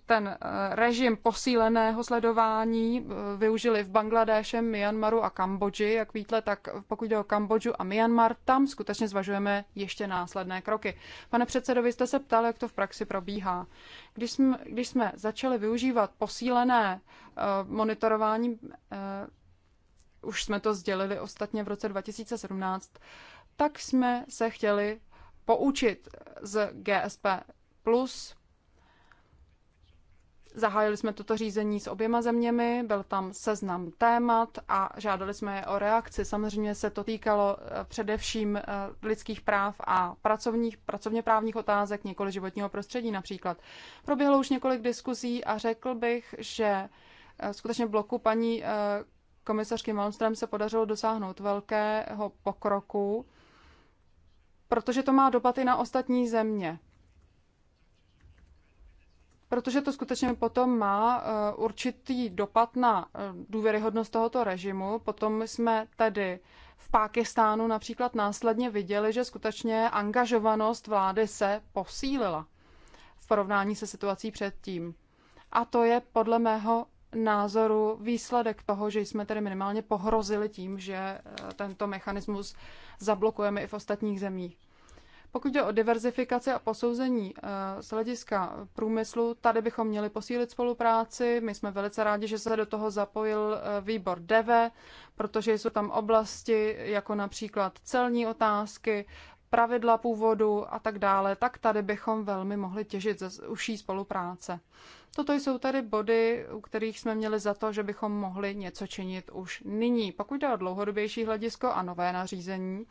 ten eh, režim posíleného sledování eh, využili v Bangladéše, Myanmaru a Kambodži. Jak víte, tak pokud jde o Kambodžu a Myanmar, tam skutečně zvažujeme ještě následné kroky. Pane předsedo, vy jste se ptal, jak to v praxi probíhá. Když jsme, když jsme začali využívat posílené monitorování, už jsme to sdělili ostatně v roce 2017, tak jsme se chtěli poučit z GSP plus. Zahájili jsme toto řízení s oběma zeměmi, byl tam seznam témat a žádali jsme je o reakci. Samozřejmě se to týkalo eh, především eh, lidských práv a pracovních, pracovně právních otázek, nikoli životního prostředí například. Proběhlo už několik diskuzí a řekl bych, že eh, skutečně bloku paní komisařky Malmström se podařilo dosáhnout velkého pokroku, protože to má dopady na ostatní země protože to skutečně potom má eh, určitý dopad na eh, důvěryhodnost tohoto režimu. Potom jsme tedy v Pákistánu například následně viděli, že skutečně angažovanost vlády se posílila v porovnání se situací předtím. A to je podle mého názoru výsledek toho, že jsme tedy minimálně pohrozili tím, že eh, tento mechanismus zablokujeme i v ostatních zemích. Pokud jde o diverzifikaci a posouzení eh, z hlediska průmyslu, tady bychom měli posílit spolupráci. My jsme velice rádi, že se do toho zapojil eh, výbor DEVE, protože jsou tam oblasti jako například celní otázky, pravidla původu a tak dále, tak tady bychom velmi mohli těžit ze užší spolupráce. Toto jsou tedy body, u kterých jsme měli za to, že bychom mohli něco činit už nyní. Pokud jde o dlouhodobější hledisko a nové nařízení,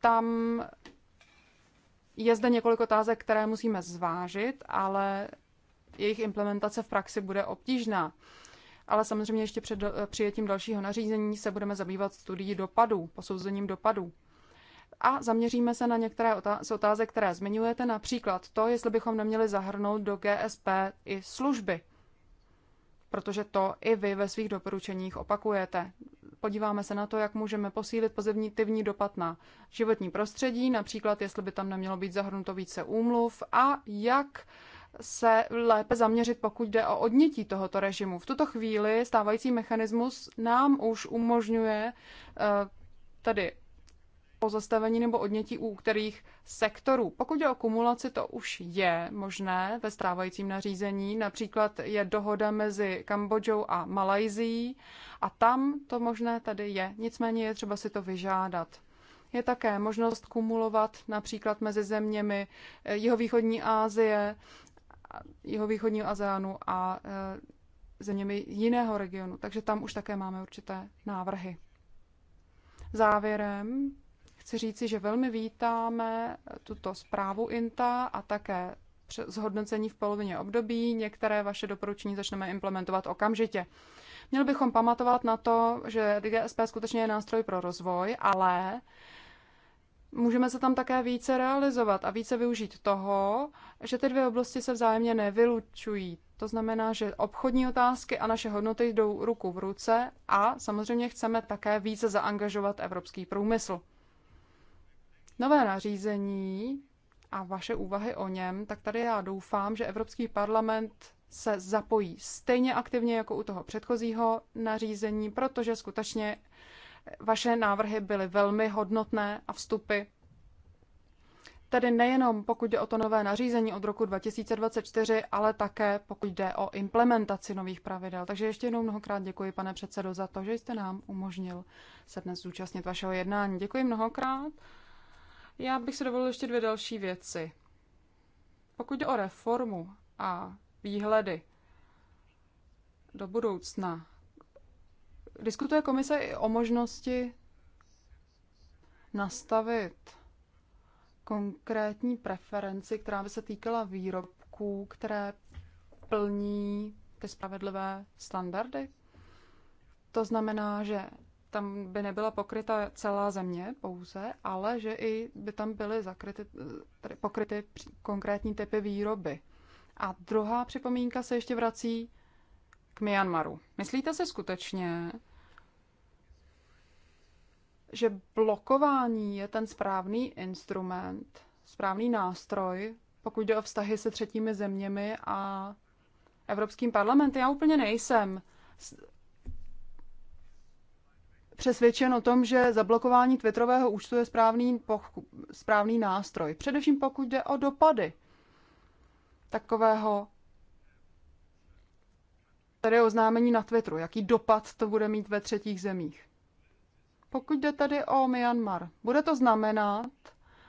tam je zde několik otázek, které musíme zvážit, ale jejich implementace v praxi bude obtížná. Ale samozřejmě ještě před eh, přijetím dalšího nařízení se budeme zabývat studií dopadů, posouzením dopadů. A zaměříme se na některé z otázek, které zmiňujete, například to, jestli bychom neměli zahrnout do GSP i služby – protože to i vy ve svých doporučeních opakujete. Podíváme se na to, jak můžeme posílit pozitivní dopad na životní prostředí, například jestli by tam nemělo být zahrnuto více úmluv a jak se lépe zaměřit, pokud jde o odnětí tohoto režimu. V tuto chvíli stávající mechanismus nám už umožňuje eh, tady pozastavení nebo odnětí u kterých sektorů. Pokud je o kumulaci, to už je možné ve stávajícím nařízení. Například je dohoda mezi Kambodžou a Malajzií a tam to možné tady je. Nicméně je třeba si to vyžádat. Je také možnost kumulovat například mezi zeměmi eh, jihovýchodní Asie, jihovýchodního Azeánu a eh, zeměmi jiného regionu. Takže tam už také máme určité návrhy. Závěrem Chci říci, že velmi vítáme tuto zprávu INTA a také zhodnocení v polovině období. Některé vaše doporučení začneme implementovat okamžitě. Měli bychom pamatovat na to, že DGSP skutečně je nástroj pro rozvoj, ale můžeme se tam také více realizovat a více využít toho, že ty dvě oblasti se vzájemně nevylučují. To znamená, že obchodní otázky a naše hodnoty jdou ruku v ruce a samozřejmě chceme také více zaangažovat evropský průmysl nové nařízení a vaše úvahy o něm, tak tady já doufám, že Evropský parlament se zapojí stejně aktivně jako u toho předchozího nařízení, protože skutečně vaše návrhy byly velmi hodnotné a vstupy. Tedy nejenom pokud jde o to nové nařízení od roku 2024, ale také pokud jde o implementaci nových pravidel. Takže ještě jednou mnohokrát děkuji, pane předsedo, za to, že jste nám umožnil se dnes zúčastnit vašeho jednání. Děkuji mnohokrát. Já bych si dovolil ještě dvě další věci. Pokud jde o reformu a výhledy do budoucna, diskutuje komise i o možnosti nastavit konkrétní preferenci, která by se týkala výrobků, které plní ty spravedlivé standardy. To znamená, že tam by nebyla pokryta celá země pouze, ale že i by tam byly zakryty, tedy pokryty konkrétní typy výroby. A druhá připomínka se ještě vrací k Myanmaru. Myslíte si skutečně, že blokování je ten správný instrument, správný nástroj, pokud jde o vztahy se třetími zeměmi a Evropským parlamentem? Já úplně nejsem přesvědčen o tom, že zablokování Twitterového účtu je správný, správný nástroj. Především pokud jde o dopady takového tady oznámení na Twitteru, jaký dopad to bude mít ve třetích zemích. Pokud jde tady o Myanmar, bude to znamenat,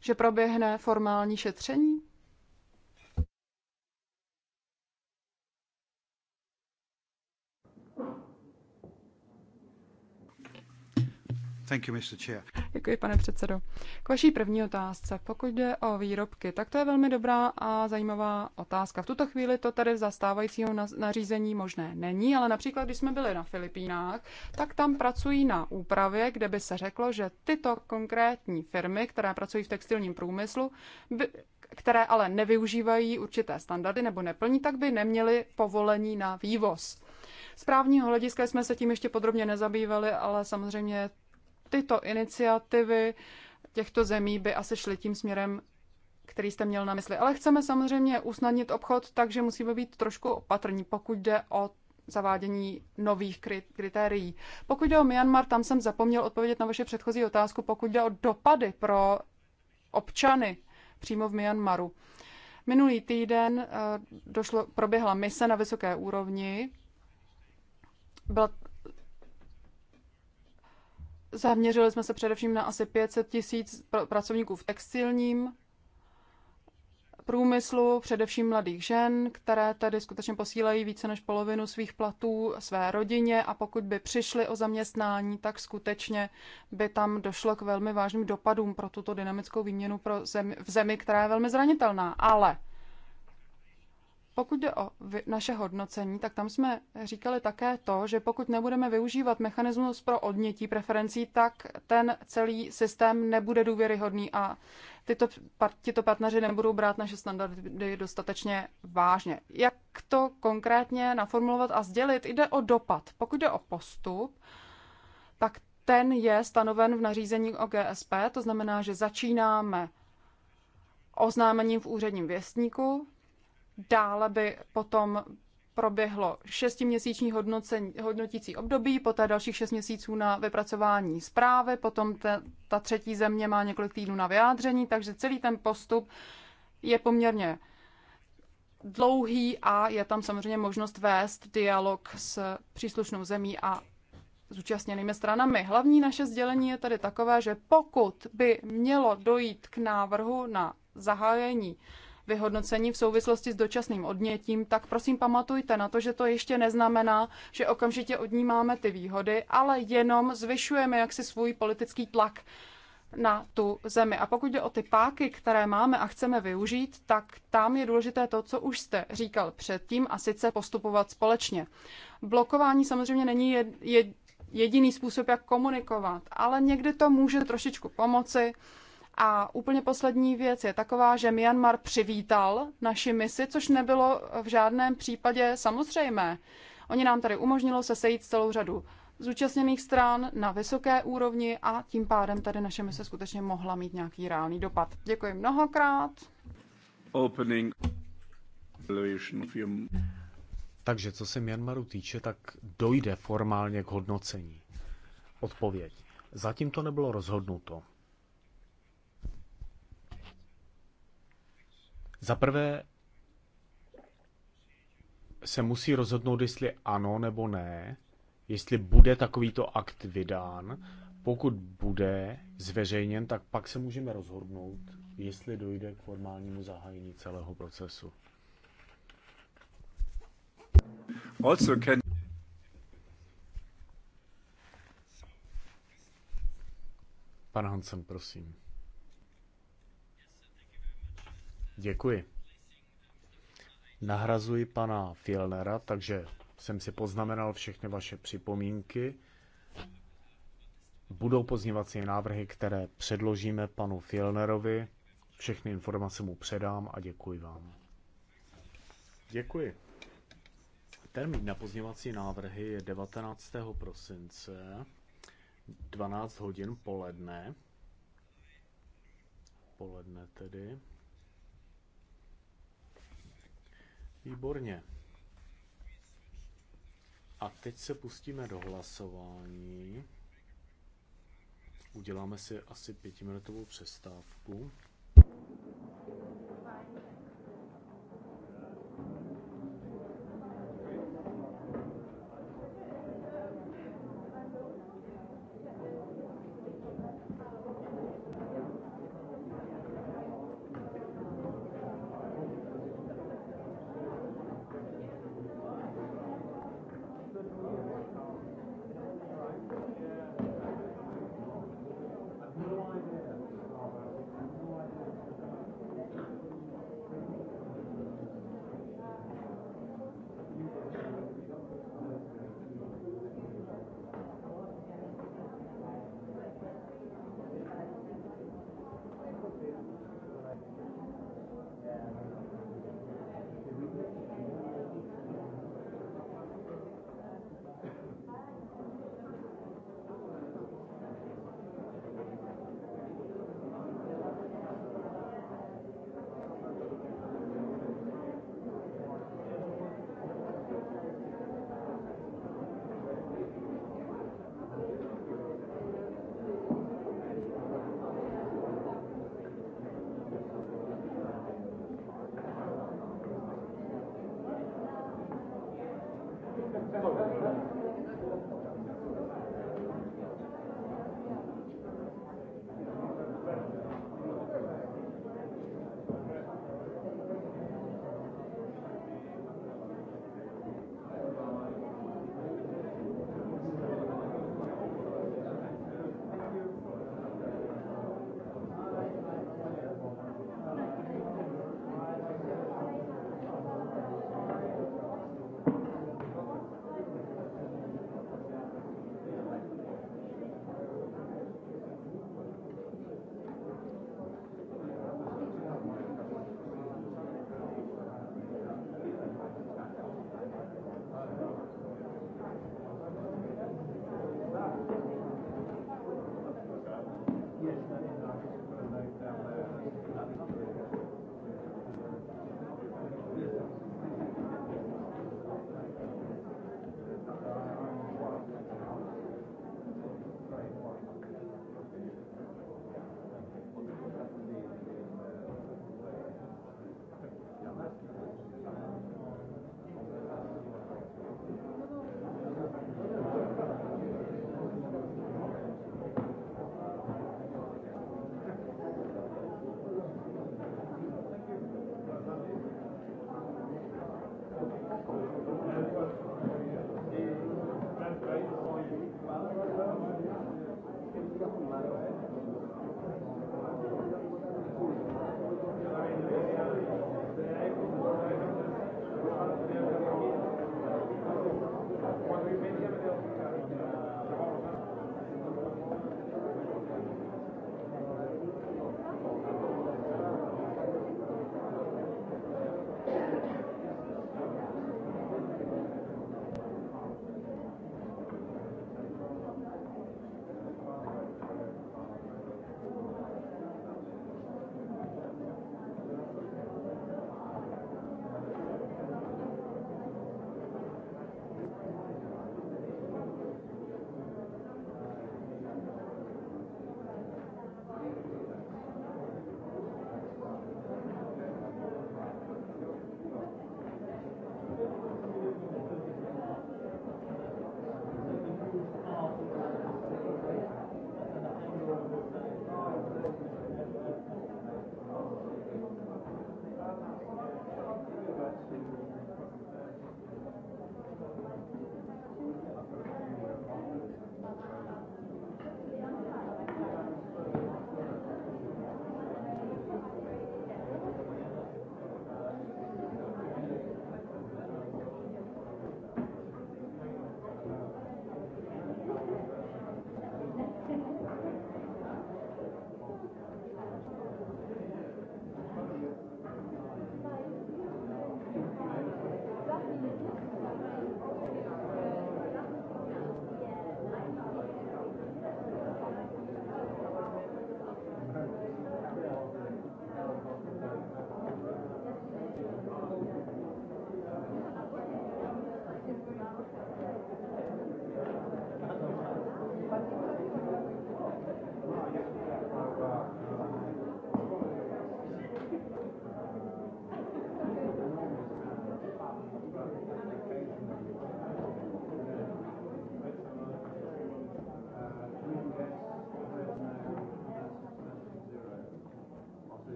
že proběhne formální šetření? Děkuji, pane předsedo. K vaší první otázce, pokud jde o výrobky, tak to je velmi dobrá a zajímavá otázka. V tuto chvíli to tady zastávajícího nařízení možné není, ale například, když jsme byli na Filipínách, tak tam pracují na úpravě, kde by se řeklo, že tyto konkrétní firmy, které pracují v textilním průmyslu, by, které ale nevyužívají určité standardy nebo neplní, tak by neměly povolení na vývoz. Z právního hlediska jsme se tím ještě podrobně nezabývali, ale samozřejmě tyto iniciativy těchto zemí by asi šly tím směrem, který jste měl na mysli. Ale chceme samozřejmě usnadnit obchod, takže musíme být trošku opatrní, pokud jde o zavádění nových kritérií. Pokud jde o Myanmar, tam jsem zapomněl odpovědět na vaše předchozí otázku, pokud jde o dopady pro občany přímo v Myanmaru. Minulý týden eh, došlo, proběhla mise na vysoké úrovni. Byla, Zaměřili jsme se především na asi 500 tisíc pr- pracovníků v textilním průmyslu, především mladých žen, které tady skutečně posílají více než polovinu svých platů své rodině a pokud by přišly o zaměstnání, tak skutečně by tam došlo k velmi vážným dopadům pro tuto dynamickou výměnu pro zemi, v zemi, která je velmi zranitelná. Ale pokud jde o naše hodnocení, tak tam jsme říkali také to, že pokud nebudeme využívat mechanismus pro odnětí preferencí, tak ten celý systém nebude důvěryhodný a tyto, tyto partneři nebudou brát naše standardy dostatečně vážně. Jak to konkrétně naformulovat a sdělit? Jde o dopad. Pokud jde o postup, tak ten je stanoven v nařízení o GSP, to znamená, že začínáme oznámením v úředním věstníku, Dále by potom proběhlo šestiměsíční hodnotící období, poté dalších šest měsíců na vypracování zprávy, potom te, ta třetí země má několik týdnů na vyjádření, takže celý ten postup je poměrně dlouhý a je tam samozřejmě možnost vést dialog s příslušnou zemí a zúčastněnými stranami. Hlavní naše sdělení je tady takové, že pokud by mělo dojít k návrhu na zahájení vyhodnocení v souvislosti s dočasným odnětím, tak prosím pamatujte na to, že to ještě neznamená, že okamžitě odnímáme ty výhody, ale jenom zvyšujeme jaksi svůj politický tlak na tu zemi. A pokud jde o ty páky, které máme a chceme využít, tak tam je důležité to, co už jste říkal předtím, a sice postupovat společně. Blokování samozřejmě není jed, jed, jediný způsob, jak komunikovat, ale někdy to může trošičku pomoci. A úplně poslední věc je taková, že Myanmar přivítal naši misi, což nebylo v žádném případě samozřejmé. Oni nám tady umožnilo se sejít s celou řadu zúčastněných stran na vysoké úrovni a tím pádem tady naše mise skutečně mohla mít nějaký reálný dopad. Děkuji mnohokrát. Opening. Takže co se Myanmaru týče, tak dojde formálně k hodnocení. Odpověď. Zatím to nebylo rozhodnuto. Za prvé se musí rozhodnout, jestli ano nebo ne, jestli bude takovýto akt vydán. Pokud bude zveřejněn, tak pak se můžeme rozhodnout, jestli dojde k formálnímu zahájení celého procesu. Also can... Pan Hansen, prosím. Děkuji. Nahrazuji pana Filnera, takže jsem si poznamenal všechny vaše připomínky. Budou pozněvací návrhy, které předložíme panu Filnerovi. Všechny informace mu předám a děkuji vám. Děkuji. Termín na pozněvací návrhy je 19. prosince 12 hodin poledne. Poledne tedy. Výborně. A teď se pustíme do hlasování. Uděláme si asi pětiminutovou přestávku.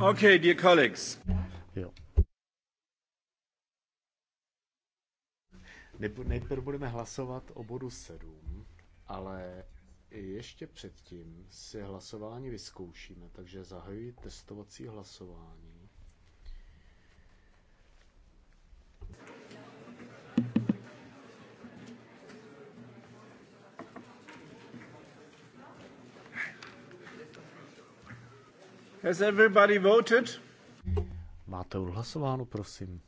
Okay, dear colleagues. Jo. Nejprve budeme hlasovat o bodu 7, ale ještě předtím si hlasování vyzkoušíme, takže zahajuji testovací hlasování. Has everybody voted? Máte odhlasováno, prosím.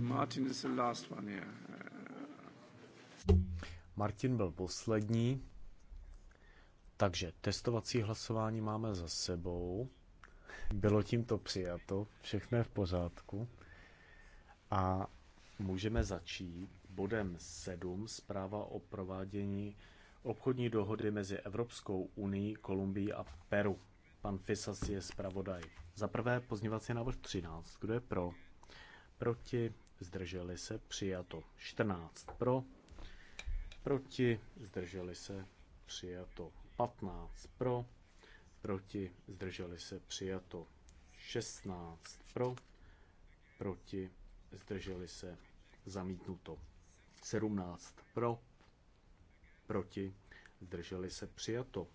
Martin is the last one here. Martin byl poslední. Takže testovací hlasování máme za sebou. Bylo tímto přijato, všechno je v pořádku. A můžeme začít bodem 7, zpráva o provádění obchodní dohody mezi Evropskou unii, Kolumbií a Peru. Pan Fisas je zpravodaj. Za prvé pozněvací návrh 13. Kdo je pro? Proti? Zdrželi se? Přijato. 14. Pro? Proti? Zdrželi se? Přijato. 15 pro, proti, zdrželi se přijato 16 pro, proti, zdrželi se zamítnuto 17 pro, proti, zdrželi se přijato.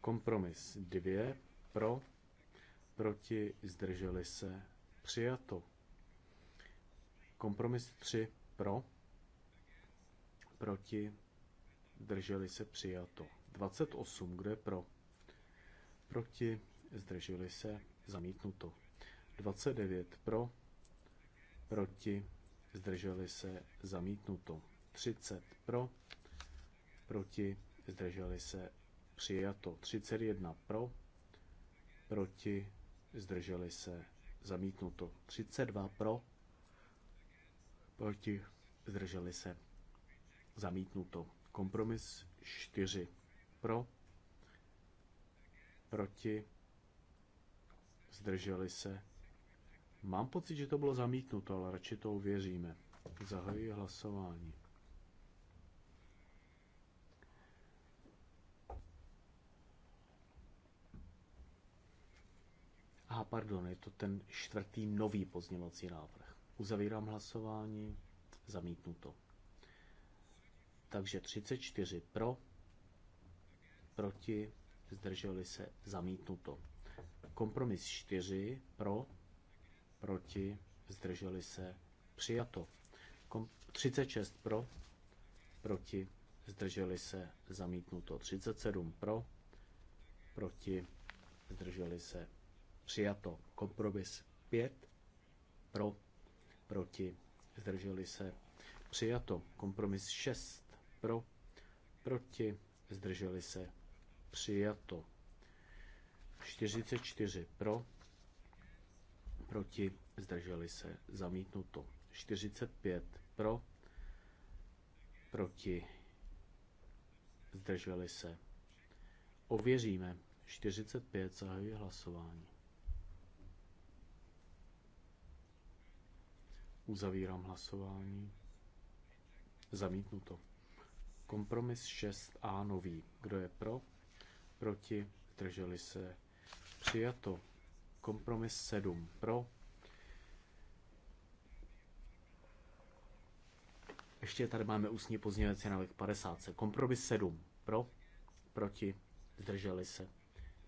Kompromis 2 pro, proti, zdrželi se přijato. Kompromis 3 pro, proti, zdrželi se přijato. 28, kdo je pro? Proti, zdrželi se, zamítnuto. 29 pro, proti, zdrželi se, zamítnuto. 30 pro, proti, zdrželi se, přijato. 31 pro, proti, zdrželi se, zamítnuto. 32 pro, proti, zdrželi se, zamítnuto. Kompromis 4 pro, proti, zdrželi se. Mám pocit, že to bylo zamítnuto, ale radši to uvěříme. Zahajuji hlasování. A pardon, je to ten čtvrtý nový pozněvací návrh. Uzavírám hlasování, zamítnuto. Takže 34 pro, proti, zdrželi se, zamítnuto. Kompromis 4, pro, proti, zdrželi se, přijato. Kom- 36 pro, proti, zdrželi se, zamítnuto. 37 pro, proti, zdrželi se, přijato. Kompromis 5, pro, proti, zdrželi se, přijato. Kompromis 6, pro, proti, zdrželi se, přijato. 44 pro, proti, zdrželi se, zamítnuto. 45 pro, proti, zdrželi se. Ověříme. 45 zahajuje hlasování. Uzavírám hlasování. Zamítnuto. Kompromis 6a nový. Kdo je pro? proti, zdrželi se přijato. Kompromis 7 pro. Ještě tady máme ústní pozměňovací návrh 50. Kompromis 7 pro, proti, zdrželi se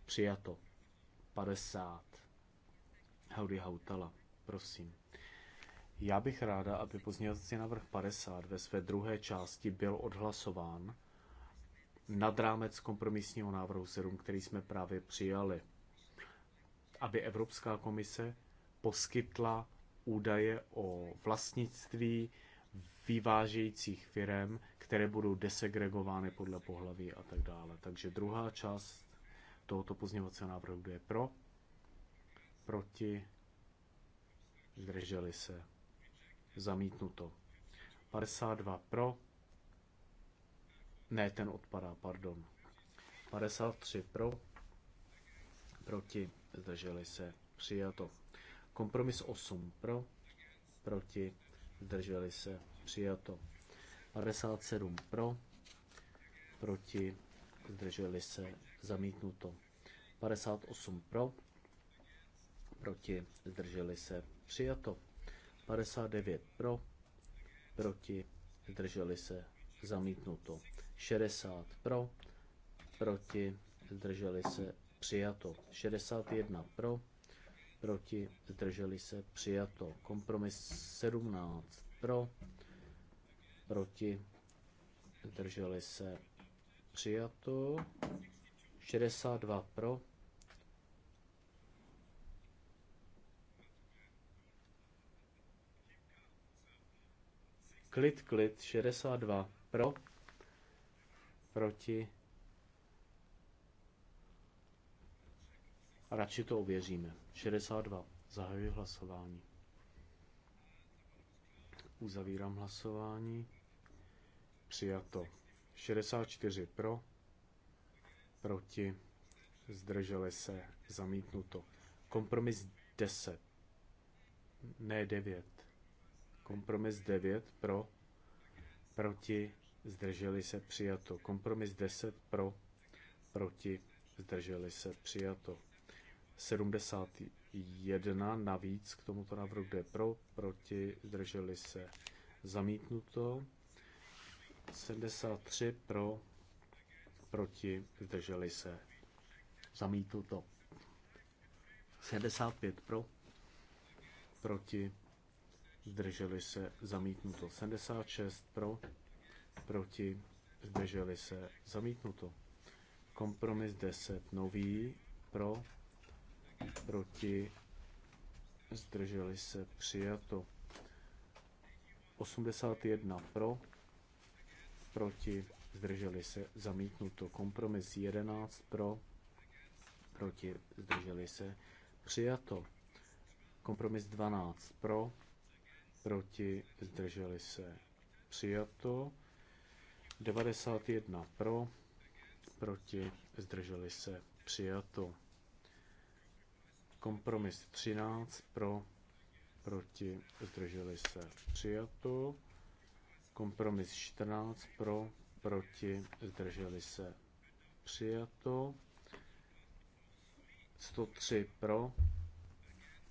přijato. 50. Howdy Hautala, prosím. Já bych ráda, aby pozměňovací návrh 50 ve své druhé části byl odhlasován nad rámec kompromisního návrhu 7, který jsme právě přijali, aby Evropská komise poskytla údaje o vlastnictví vyvážejících firm, které budou desegregovány podle pohlaví a tak dále. Takže druhá část tohoto pozněvacího návrhu, je pro, proti, zdrželi se, zamítnuto. 52 pro, ne, ten odpadá, pardon. 53 pro, proti, zdrželi se, přijato. Kompromis 8 pro, proti, zdrželi se, přijato. 57 pro, proti, zdrželi se, zamítnuto. 58 pro, proti, zdrželi se, přijato. 59 pro, proti, zdrželi se, zamítnuto. 60 pro, proti, zdrželi se, přijato. 61 pro, proti, zdrželi se, přijato. Kompromis 17 pro, proti, zdrželi se, přijato. 62 pro, klid, klid, 62 pro, proti. A radši to ověříme. 62. Zahajuji hlasování. Uzavírám hlasování. Přijato. 64 pro, proti, zdrželi se, zamítnuto. Kompromis 10, ne 9. Kompromis 9 pro, proti, zdrželi se přijato. Kompromis 10 pro, proti, zdrželi se přijato. 71 navíc k tomuto návrhu, kde pro, proti, zdrželi se zamítnuto. 73 pro, proti, zdrželi se zamítnuto. 75 pro, proti, zdrželi se zamítnuto. 76 pro, proti, zdrželi se, zamítnuto. Kompromis 10, nový, pro, proti, zdrželi se, přijato. 81 pro, proti, zdrželi se, zamítnuto. Kompromis 11 pro, proti, zdrželi se, přijato. Kompromis 12 pro, proti, zdrželi se, přijato. 91 pro, proti, zdrželi se, přijato. Kompromis 13 pro, proti, zdrželi se, přijato. Kompromis 14 pro, proti, zdrželi se, přijato. 103 pro,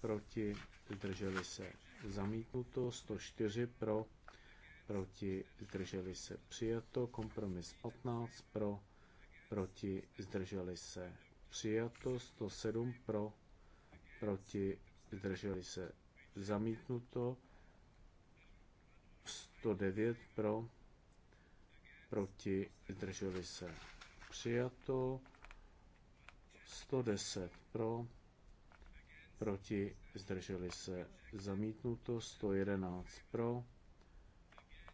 proti, zdrželi se, zamítnuto. 104 pro, proti, zdrželi se přijato, kompromis 15 pro, proti, zdrželi se přijato, 107 pro, proti, zdrželi se zamítnuto, 109 pro, proti, zdrželi se přijato, 110 pro, proti, zdrželi se zamítnuto, 111 pro,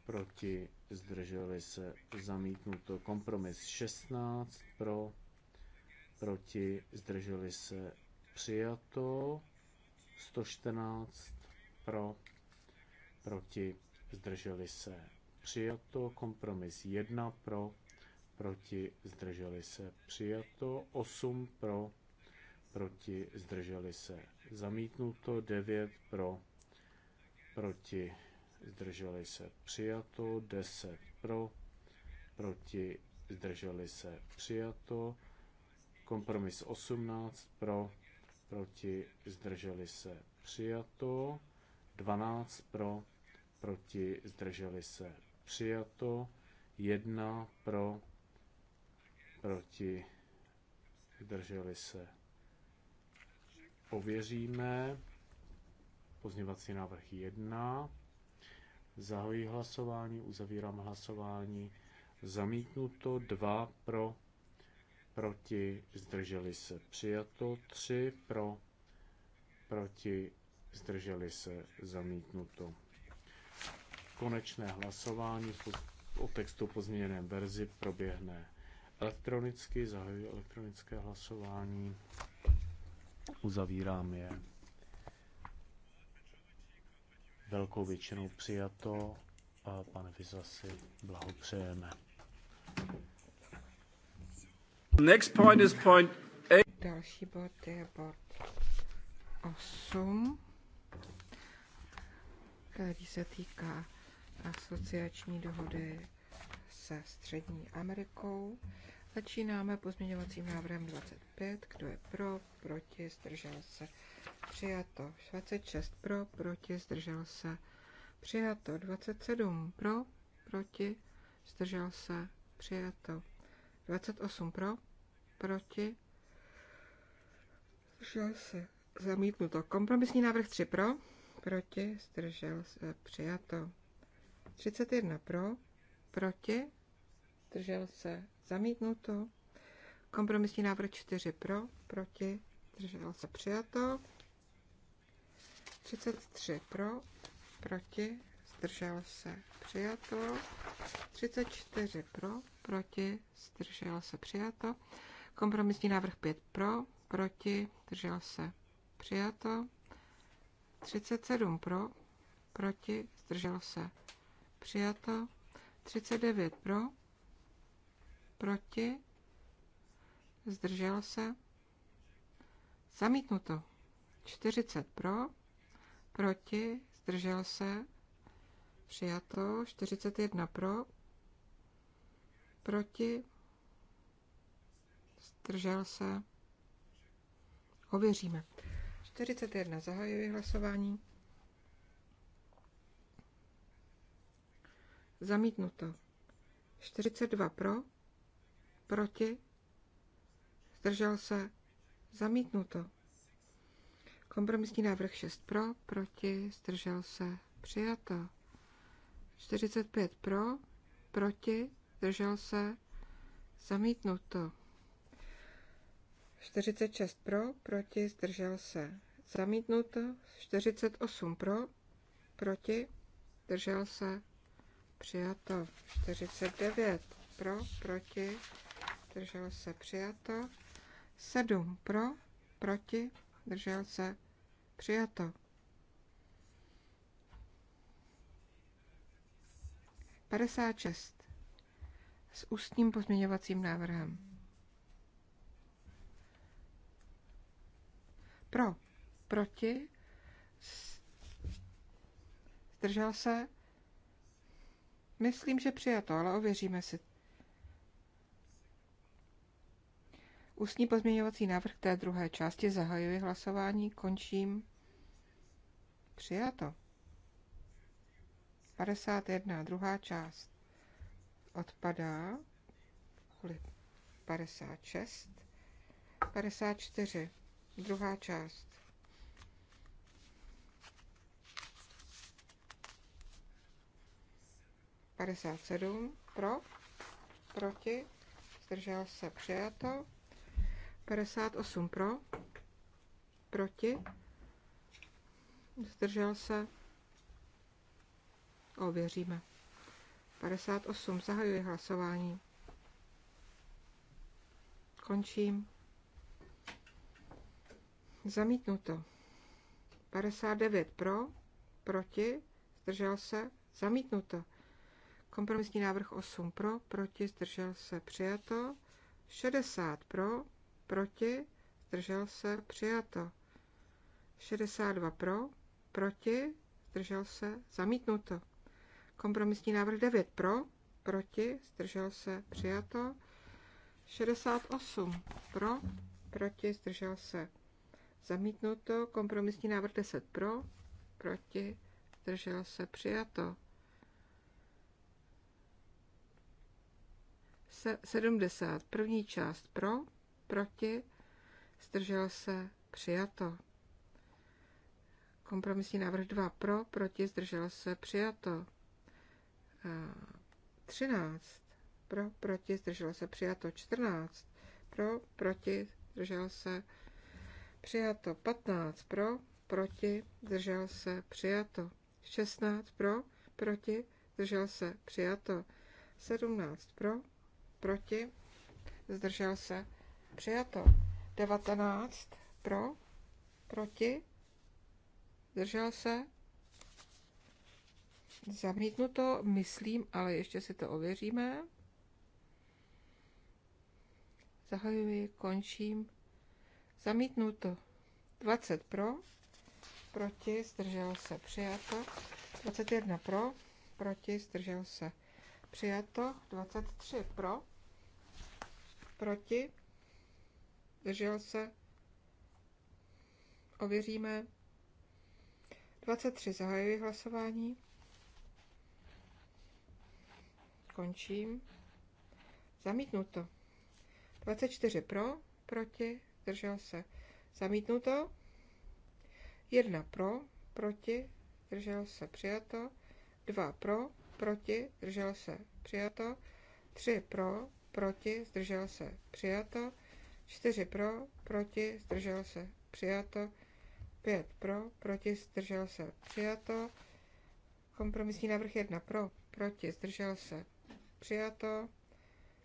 proti, zdrželi se, zamítnuto. Kompromis 16 pro, proti, zdrželi se, přijato. 114 pro, proti, zdrželi se, přijato. Kompromis 1 pro, proti, zdrželi se, přijato. 8 pro, proti, zdrželi se, zamítnuto. 9 pro, proti, zdrželi se přijato, 10 pro, proti, zdrželi se přijato, kompromis 18 pro, proti, zdrželi se přijato, 12 pro, proti, zdrželi se přijato, 1 pro, proti, zdrželi se. Ověříme pozněvací návrh 1. Zahojí hlasování, uzavírám hlasování. Zamítnuto dva pro, proti, zdrželi se. Přijato tři pro, proti, zdrželi se. Zamítnuto. Konečné hlasování o textu po změněném verzi proběhne elektronicky. Zahajuji elektronické hlasování. Uzavírám je velkou většinou přijato a pane Vizasi blahopřejeme. Next point is point eight. Další bod je bod 8, který se týká asociační dohody se Střední Amerikou. Začínáme pozměňovacím návrhem 25. Kdo je pro, proti, zdržel se, přijato. 26 pro, proti, zdržel se, přijato. 27 pro, proti, zdržel se, přijato. 28 pro, proti, zdržel se, zamítnuto. Kompromisní návrh 3 pro, proti, zdržel se, přijato. 31 pro, proti, zdržel se, zamítnuto. Kompromisní návrh 4 pro, proti, zdrželo se přijato. 33 pro, proti, zdrželo se přijato. 34 pro, proti, zdrželo se přijato. Kompromisní návrh 5 pro, proti, zdrželo se přijato. 37 pro, proti, zdrželo se přijato. 39 pro, proti, zdržel se, zamítnuto. 40 pro, proti, zdržel se, přijato. 41 pro, proti, zdržel se, ověříme. 41 zahajuji hlasování. Zamítnuto. 42 pro, proti, zdržel se, zamítnuto. Kompromisní návrh 6 pro, proti, zdržel se, přijato. 45 pro, proti, zdržel se, zamítnuto. 46 pro, proti, zdržel se, zamítnuto. 48 pro, proti, zdržel se, přijato. 49 pro, proti, zdržel se přijato. 7 pro, proti, zdržel se přijato. padesát šest. s ústním pozměňovacím návrhem. Pro, proti, zdržel se. Myslím, že přijato, ale ověříme si Ústní pozměňovací návrh té druhé části zahajuji hlasování, končím. Přijato. 51. Druhá část odpadá kvůli 56. 54. Druhá část. Padesát sedm pro, proti, zdržel se přijato. 58 pro, proti, zdržel se, ověříme. 58, zahajuji hlasování. Končím. Zamítnuto. 59 pro, proti, zdržel se, zamítnuto. Kompromisní návrh 8 pro, proti, zdržel se, přijato. 60 pro, proti, zdržel se, přijato. 62 pro, proti, zdržel se, zamítnuto. Kompromisní návrh 9 pro, proti, zdržel se, přijato. 68 pro, proti, zdržel se, zamítnuto. Kompromisní návrh 10 pro, proti, zdržel se, přijato. 70. První část pro, proti, zdržel se, přijato. Kompromisní návrh 2 pro, proti, zdržel se, přijato. 13 pro, proti, zdržel se, přijato. 14 pro, proti, zdržel se, přijato. 15 pro, proti, zdržel se, přijato. 16 pro, proti, zdržel se, přijato. 17 pro, proti, zdržel se, Přijato. 19 pro, proti, zdržel se, zamítnuto, myslím, ale ještě si to ověříme. Zahajuji, končím. Zamítnuto. 20 pro, proti, zdržel se, přijato. 21 pro, proti, zdržel se, přijato. 23 pro, proti, zdržel se, ověříme. 23 zahajuji hlasování. Končím. Zamítnuto. 24 pro, proti, zdržel se. Zamítnuto. 1 pro, proti, zdržel se. Přijato. 2 pro, proti, zdržel se. Přijato. 3 pro, proti, zdržel se. Přijato. 4 pro, proti, zdržel se, přijato. 5 pro, proti, zdržel se, přijato. Kompromisní návrh 1 pro, proti, zdržel se, přijato.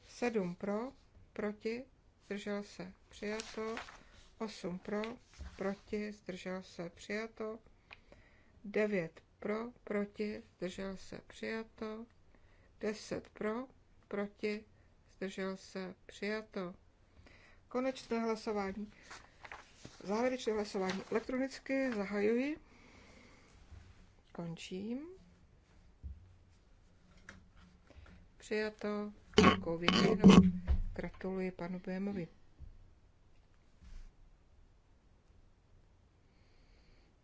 7 pro, proti, zdržel se, přijato. 8 pro, proti, zdržel se, přijato. 9 pro, proti, zdržel se, přijato. 10 pro, proti, zdržel se, přijato konečné hlasování. Závěrečné hlasování elektronicky zahajuji. Končím. Přijato Děkuji většinou. Gratuluji panu Bémovi.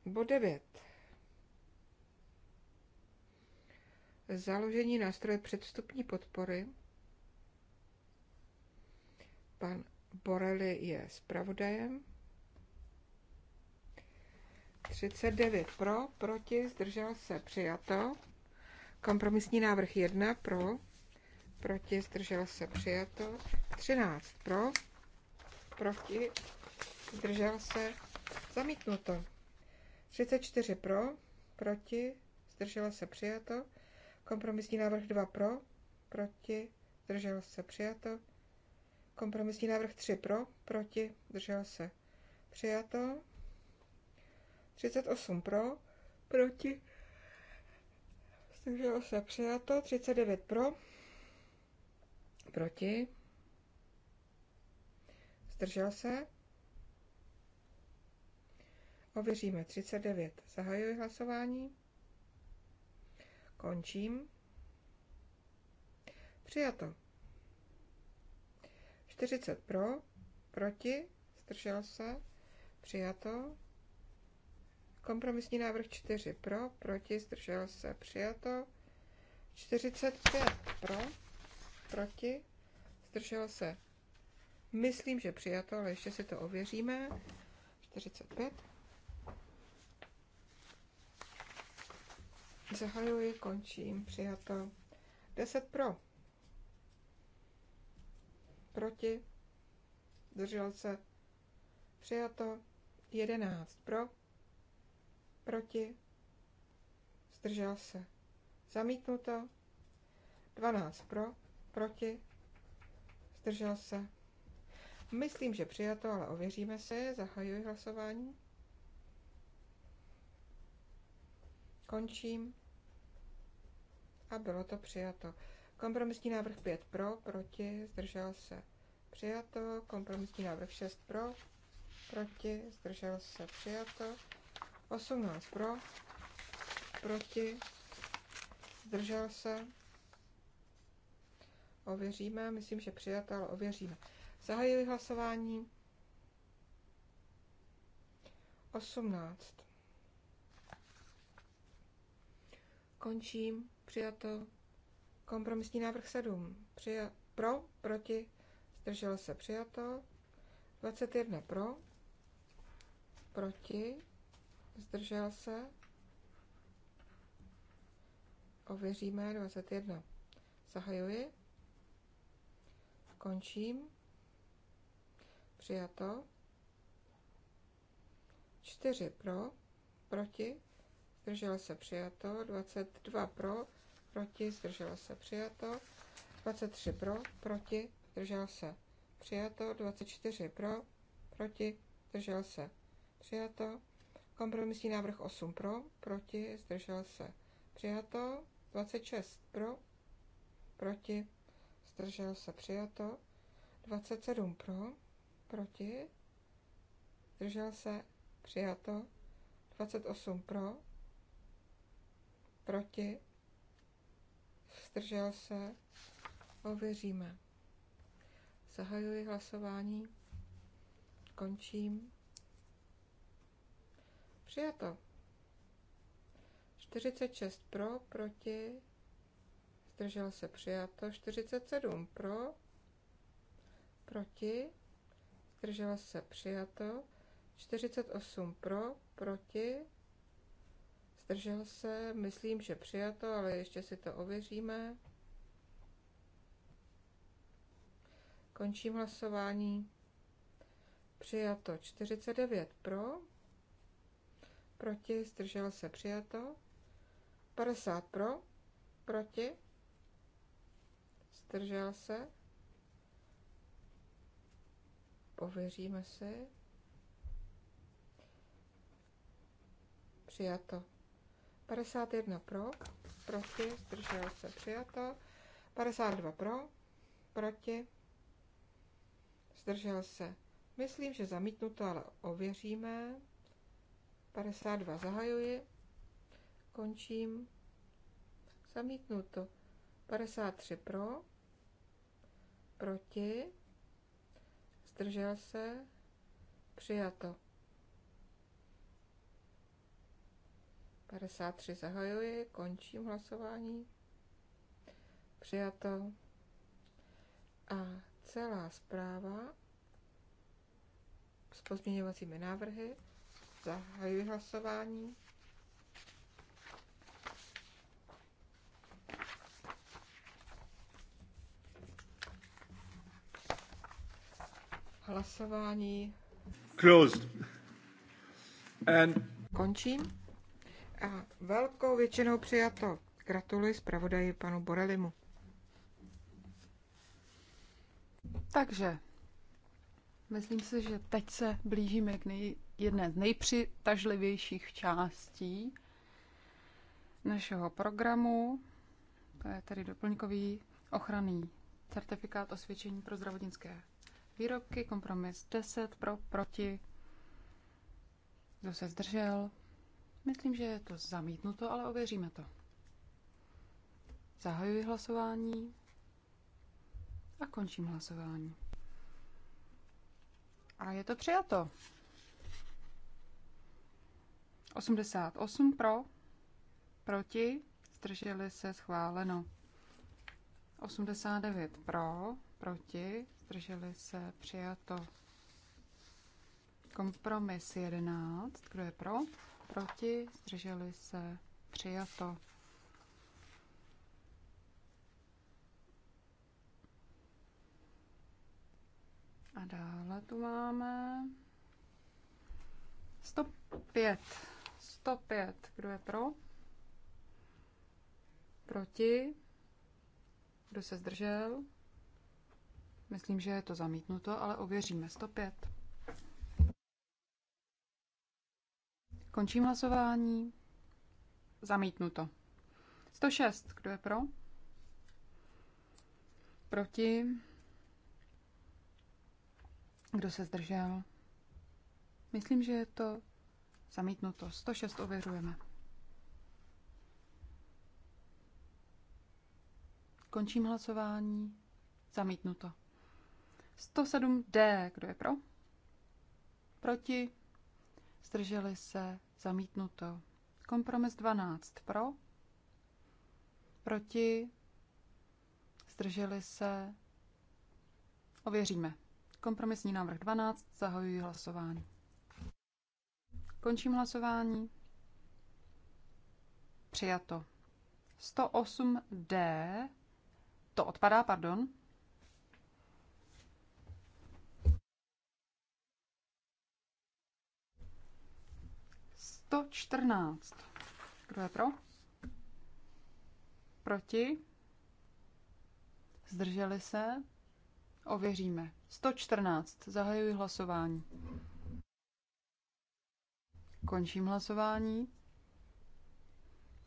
Bod 9. Založení nástroje předstupní podpory. Pan Borely je zpravodajem. 39 pro, proti, zdržel se, přijato. Kompromisní návrh 1 pro, proti, zdržel se, přijato. 13 pro, proti, zdržel se, zamítnuto. 34 pro, proti, zdržel se, přijato. Kompromisní návrh 2 pro, proti, zdržel se, přijato. Kompromisní návrh 3 pro, proti, držel se. Přijato. 38 pro, proti, zdržel se. Přijato. 39 pro, proti, zdržel se. Ověříme 39. Zahajuji hlasování. Končím. Přijato. 40 pro, proti, zdržel se, přijato. Kompromisní návrh 4 pro, proti, zdržel se, přijato. 45 pro, proti, zdržel se. Myslím, že přijato, ale ještě si to ověříme. 45. Zahajuji, končím, přijato. 10 pro proti, držel se, přijato, 11 pro, proti, zdržel se, zamítnuto, 12 pro, proti, zdržel se. Myslím, že přijato, ale ověříme se, zahajuji hlasování. Končím. A bylo to přijato. Kompromisní návrh 5 pro, proti, zdržel se. Přijato. Kompromisní návrh 6 pro, proti, zdržel se. Přijato. 18 pro, proti, zdržel se. Ověříme, myslím, že přijato, ale ověříme. Zahajuji hlasování. 18. Končím. Přijato. Kompromisní návrh 7. Přija- pro, proti, zdrželo se přijato. 21 pro, proti, zdržel se. Ověříme 21. Zahajuji. Končím. Přijato. 4 pro, proti, zdržel se přijato. 22 pro, proti, zdrželo se přijato. 23 pro, proti, zdrželo se přijato. 24 pro, proti, zdrželo se přijato. Kompromisní návrh 8 pro, proti, zdrželo se přijato. 26 pro, proti, zdrželo se přijato. 27 pro, proti, zdržel se přijato. 28 pro, proti, zdržel se, ověříme. Zahajuji hlasování, končím. Přijato. 46 pro, proti, zdržel se přijato. 47 pro, proti, zdržel se přijato. 48 pro, proti, zdržel se, myslím, že přijato, ale ještě si to ověříme. Končím hlasování. Přijato 49 pro, proti, zdržel se, přijato. 50 pro, proti, zdržel se. Pověříme si. Přijato. 51 pro, proti, zdržel se přijato. 52 pro, proti, zdržel se. Myslím, že zamítnuto, ale ověříme. 52 zahajuji, končím. Zamítnuto. 53 pro, proti, zdržel se, přijato. 53 zahajuji, končím hlasování. Přijato. A celá zpráva s pozměňovacími návrhy. Zahajuji hlasování. Hlasování. Closed. And... Končím a velkou většinou přijato. Gratuluji zpravodaji panu Borelimu. Takže, myslím si, že teď se blížíme k nej, jedné z nejpřitažlivějších částí našeho programu. To je tedy doplňkový ochranný certifikát osvědčení pro zdravotnické výrobky, kompromis 10 pro, proti, kdo se zdržel, Myslím, že je to zamítnuto, ale ověříme to. Zahajuji hlasování a končím hlasování. A je to přijato. 88 pro, proti, zdrželi se schváleno. 89 pro, proti, zdrželi se přijato. Kompromis 11, kdo je pro? proti, zdrželi se, přijato. A dále tu máme 105. 105. Kdo je pro? Proti? Kdo se zdržel? Myslím, že je to zamítnuto, ale ověříme. 105. Končím hlasování. Zamítnuto. 106. Kdo je pro? Proti? Kdo se zdržel? Myslím, že je to zamítnuto. 106 ověřujeme. Končím hlasování. Zamítnuto. 107D. Kdo je pro? Proti? zdrželi se, zamítnuto. Kompromis 12 pro, proti, zdrželi se, ověříme. Kompromisní návrh 12, zahajuji hlasování. Končím hlasování. Přijato. 108D, to odpadá, pardon, 114. Kdo je pro? Proti? Zdrželi se? Ověříme. 114. Zahajuji hlasování. Končím hlasování.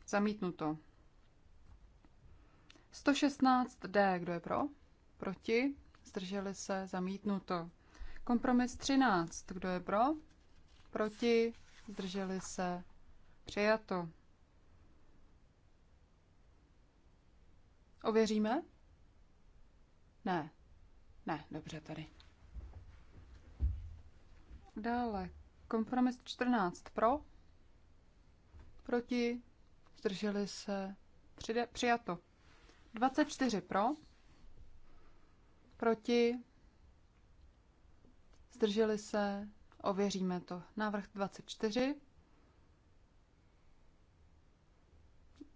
Zamítnuto. 116D. Kdo je pro? Proti? Zdrželi se? Zamítnuto. Kompromis 13. Kdo je pro? Proti? zdrželi se, přijato. Ověříme? Ne. Ne, dobře tady. Dále. Kompromis 14 pro. Proti. Zdrželi se. Přide, přijato. 24 pro. Proti. Zdrželi se. Ověříme to. Návrh 24.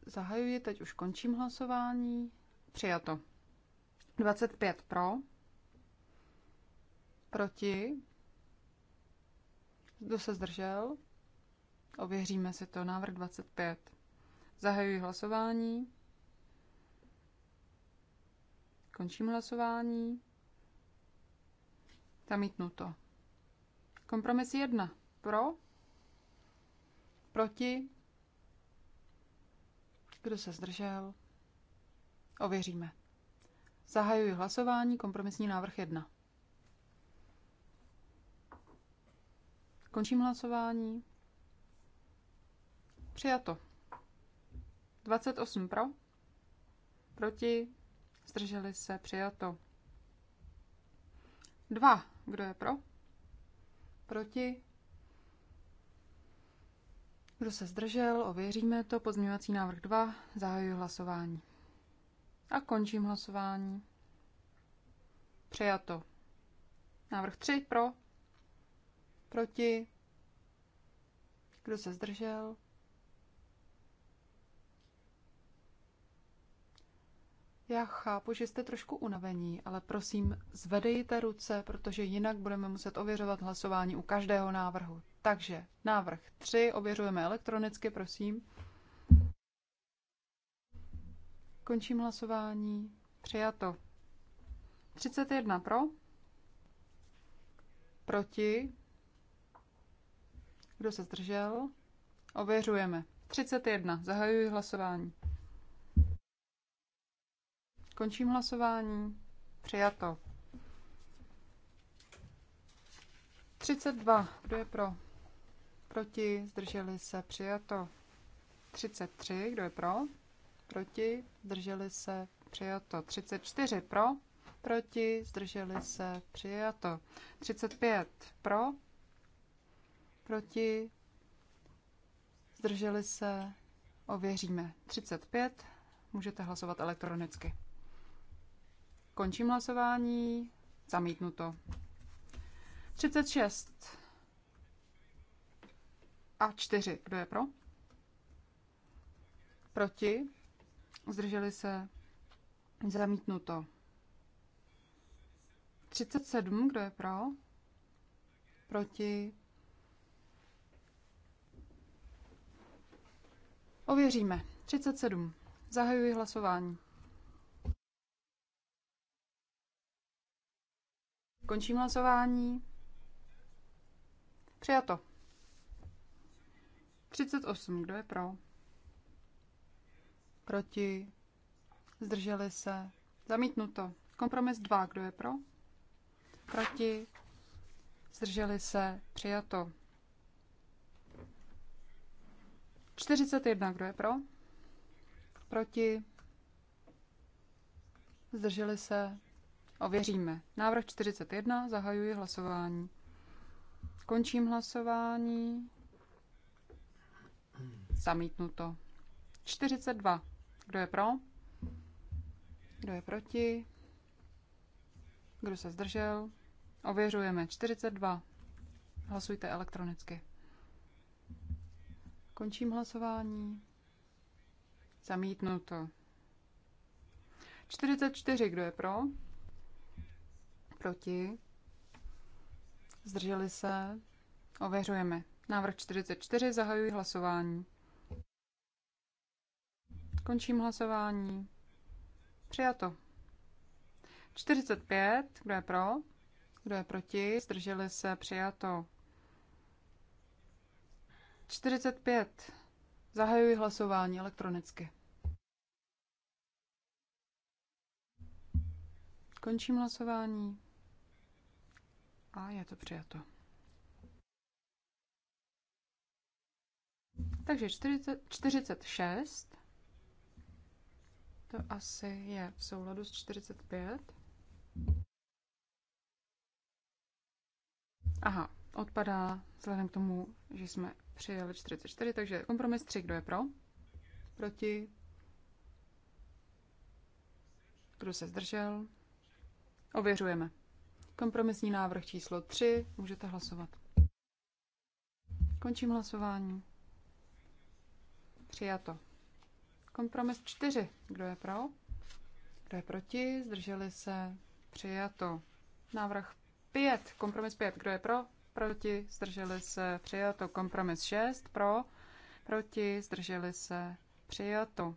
Zahajuji, teď už končím hlasování. Přijato. 25 pro. Proti. Kdo se zdržel? Ověříme si to. Návrh 25. Zahajuji hlasování. Končím hlasování. Zamítnuto. Kompromis jedna. Pro? Proti? Kdo se zdržel? Ověříme. Zahajuji hlasování, kompromisní návrh jedna. Končím hlasování. Přijato. 28 pro, proti, zdrželi se, přijato. 2. Kdo je pro? Proti? Kdo se zdržel? Ověříme to. Pozměňovací návrh 2. Zahajuji hlasování. A končím hlasování. Přijato. Návrh 3. Pro? Proti? Kdo se zdržel? Já chápu, že jste trošku unavení, ale prosím, zvedejte ruce, protože jinak budeme muset ověřovat hlasování u každého návrhu. Takže návrh 3 ověřujeme elektronicky, prosím. Končím hlasování. Přijato. 31 pro. Proti. Kdo se zdržel? Ověřujeme. 31. Zahajuji hlasování. Končím hlasování. Přijato. 32. Kdo je pro? Proti? Zdrželi se? Přijato. 33. Kdo je pro? Proti? Zdrželi se? Přijato. 34. Pro? Proti? Zdrželi se? Přijato. 35. Pro? Proti? Zdrželi se? Ověříme. 35. Můžete hlasovat elektronicky. Končím hlasování. Zamítnuto. 36 a 4. Kdo je pro? Proti? Zdrželi se? Zamítnuto. 37. Kdo je pro? Proti? Ověříme. 37. Zahajuji hlasování. Končím hlasování. Přijato. 38. Kdo je pro? Proti? Zdrželi se? Zamítnuto. Kompromis 2. Kdo je pro? Proti? Zdrželi se? Přijato. 41. Kdo je pro? Proti? Zdrželi se? Ověříme. Návrh 41, zahajuji hlasování. Končím hlasování. Zamítnuto. 42. Kdo je pro? Kdo je proti? Kdo se zdržel? Ověřujeme. 42. Hlasujte elektronicky. Končím hlasování. Zamítnuto. 44. Kdo je pro? proti, zdrželi se, ověřujeme. Návrh 44, zahajuji hlasování. Končím hlasování. Přijato. 45, kdo je pro, kdo je proti, zdrželi se, přijato. 45, zahajuji hlasování elektronicky. Končím hlasování a je to přijato. Takže 40, 46, to asi je v souladu s 45. Aha, odpadá vzhledem k tomu, že jsme přijali 44, takže kompromis 3, kdo je pro? Proti? Kdo se zdržel? Ověřujeme. Kompromisní návrh číslo 3. Můžete hlasovat. Končím hlasování. Přijato. Kompromis 4. Kdo je pro? Kdo je proti? Zdrželi se? Přijato. Návrh 5. Kompromis 5. Kdo je pro? Proti? Zdrželi se? Přijato. Kompromis 6. Pro? Proti? Zdrželi se? Přijato.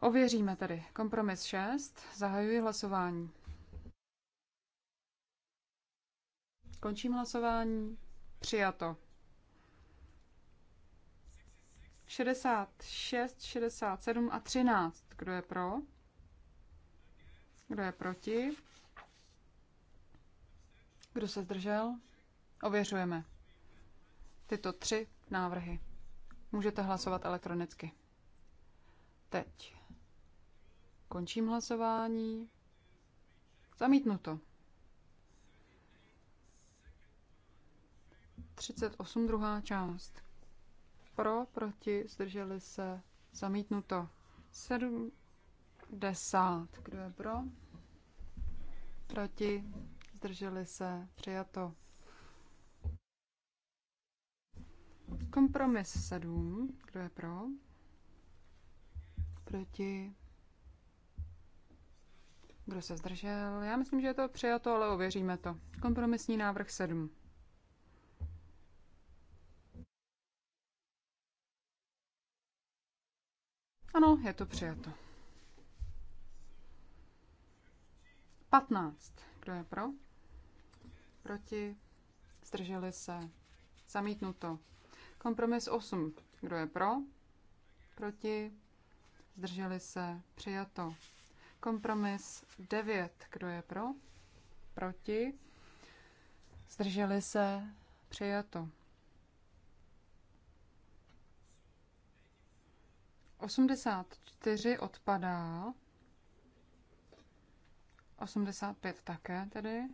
Ověříme tedy. Kompromis 6. Zahajuji hlasování. Končím hlasování. Přijato. 66, 67 a 13. Kdo je pro? Kdo je proti? Kdo se zdržel? Ověřujeme. Tyto tři návrhy. Můžete hlasovat elektronicky. Teď. Končím hlasování. Zamítnuto. 38, druhá část. Pro, proti, zdrželi se, zamítnuto. 70. Kdo je pro? Proti, zdrželi se, přijato. Kompromis 7. Kdo je pro? Proti. Kdo se zdržel? Já myslím, že je to přijato, ale ověříme to. Kompromisní návrh 7. Ano, je to přijato. 15. Kdo je pro? Proti? Zdrželi se? Zamítnuto. Kompromis 8. Kdo je pro? Proti? Zdrželi se? Přijato. Kompromis 9. Kdo je pro? Proti? Zdrželi se? Přijato. 84 odpadá. 85 také tedy.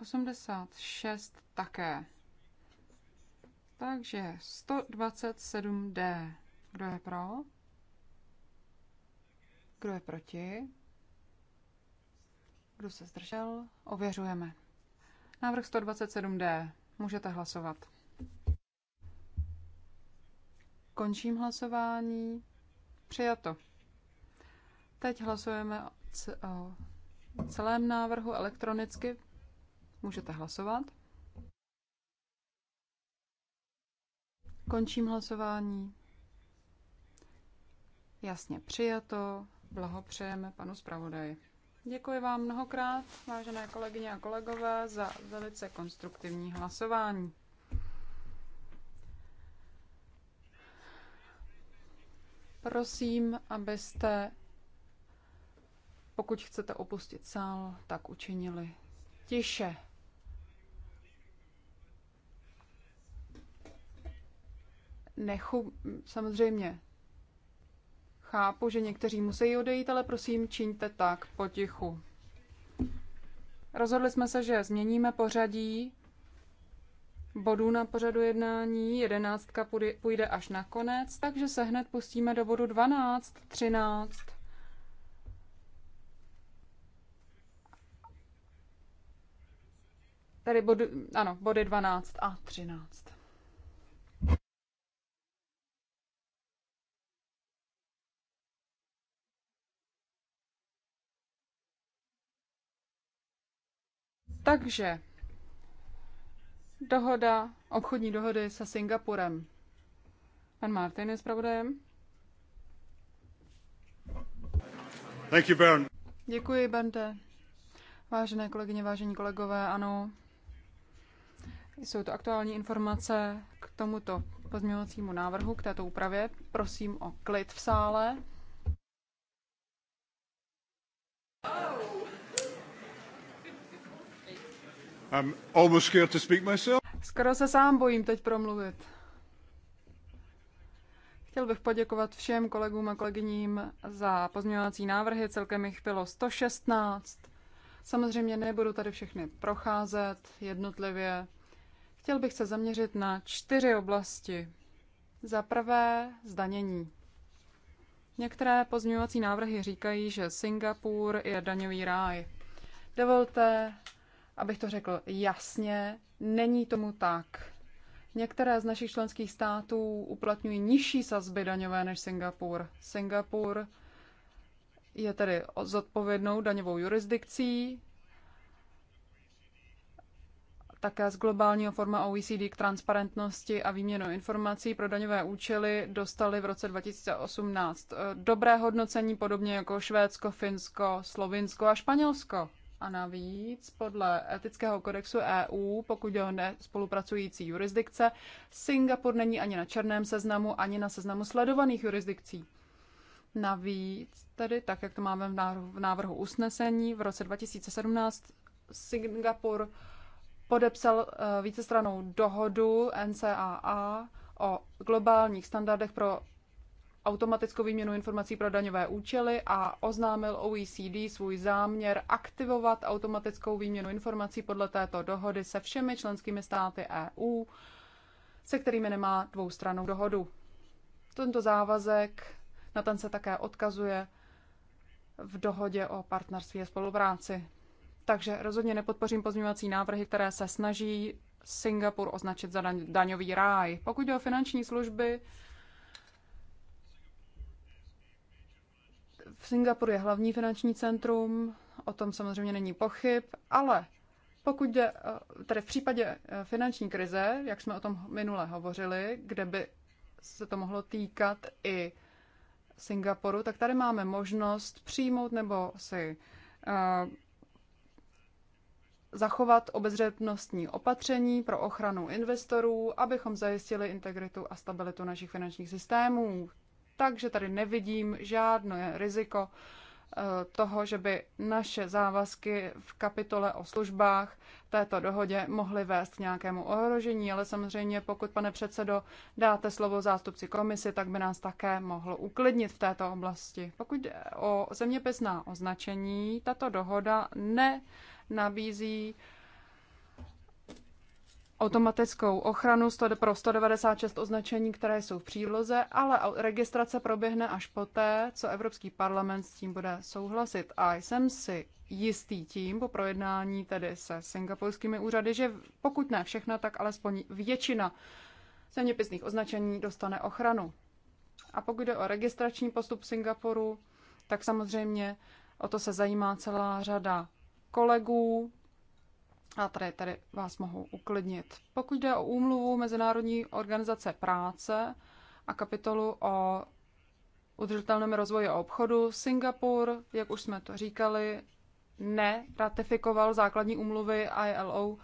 86 také. Takže 127D. Kdo je pro? Kdo je proti? Kdo se zdržel? Ověřujeme. Návrh 127D. Můžete hlasovat. Končím hlasování. Přijato. Teď hlasujeme o celém návrhu elektronicky. Můžete hlasovat. Končím hlasování. Jasně přijato. Blahopřejeme panu zpravodaji. Děkuji vám mnohokrát, vážené kolegyně a kolegové, za velice konstruktivní hlasování. Prosím, abyste, pokud chcete opustit sál, tak učinili tiše. Nechu, samozřejmě chápu, že někteří musí odejít, ale prosím, čiňte tak potichu. Rozhodli jsme se, že změníme pořadí bodů na pořadu jednání, jedenáctka půjde až na konec, takže se hned pustíme do bodu 12, 13. Tady body, ano, body 12 a 13. Takže Dohoda, obchodní dohody se Singapurem. Pan Martin je zpravodajem. Thank you, Děkuji, Bente. Vážené kolegyně, vážení kolegové, ano, jsou to aktuální informace k tomuto pozměňovacímu návrhu, k této úpravě. Prosím o klid v sále. I'm almost scared to speak myself. Skoro se sám bojím teď promluvit. Chtěl bych poděkovat všem kolegům a kolegyním za pozměňovací návrhy, celkem jich bylo 116. Samozřejmě nebudu tady všechny procházet jednotlivě. Chtěl bych se zaměřit na čtyři oblasti. Za prvé zdanění. Některé pozměňovací návrhy říkají, že Singapur je daňový ráj. Dovolte, Abych to řekl jasně, není tomu tak. Některé z našich členských států uplatňují nižší sazby daňové než Singapur. Singapur je tedy zodpovědnou daňovou jurisdikcí, také z globálního forma OECD k transparentnosti a výměnu informací pro daňové účely dostali v roce 2018 eh, dobré hodnocení, podobně jako Švédsko, Finsko, Slovinsko a Španělsko. A navíc podle etického kodexu EU, pokud jde o spolupracující jurisdikce, Singapur není ani na černém seznamu, ani na seznamu sledovaných jurisdikcí. Navíc, tedy tak, jak to máme v návrhu, v návrhu usnesení, v roce 2017 Singapur podepsal eh, vícestranou dohodu NCAA o globálních standardech pro automatickou výměnu informací pro daňové účely a oznámil OECD svůj záměr aktivovat automatickou výměnu informací podle této dohody se všemi členskými státy EU, se kterými nemá dvoustrannou dohodu. Tento závazek, na ten se také odkazuje v dohodě o partnerství a spolupráci. Takže rozhodně nepodpořím pozměňovací návrhy, které se snaží Singapur označit za daňový ráj. Pokud jde o finanční služby, v Singapuru je hlavní finanční centrum, o tom samozřejmě není pochyb, ale pokud jde, eh, tedy v případě eh, finanční krize, jak jsme o tom minule hovořili, kde by se to mohlo týkat i Singapuru, tak tady máme možnost přijmout nebo si eh, zachovat obezřetnostní opatření pro ochranu investorů, abychom zajistili integritu a stabilitu našich finančních systémů. Takže tady nevidím žádné riziko eh, toho, že by naše závazky v kapitole o službách této dohodě mohly vést k nějakému ohrožení, ale samozřejmě pokud, pane předsedo, dáte slovo zástupci komisy, tak by nás také mohlo uklidnit v této oblasti. Pokud jde o zeměpisná označení, tato dohoda nenabízí uh, automatickou ochranu pro 196 označení, které jsou v příloze, ale registrace proběhne až poté, co Evropský parlament s tím bude souhlasit. A jsem si jistý tím po projednání tedy se singapurskými úřady, že pokud ne všechna, tak alespoň většina zeměpisných označení dostane ochranu. A pokud jde o registrační postup Singapuru, tak samozřejmě o to se zajímá celá řada kolegů, a tady, tady vás mohu uklidnit. Pokud jde o úmluvu Mezinárodní organizace práce a kapitolu o udržitelném rozvoji a obchodu, Singapur, jak už jsme to říkali, neratifikoval základní úmluvy ILO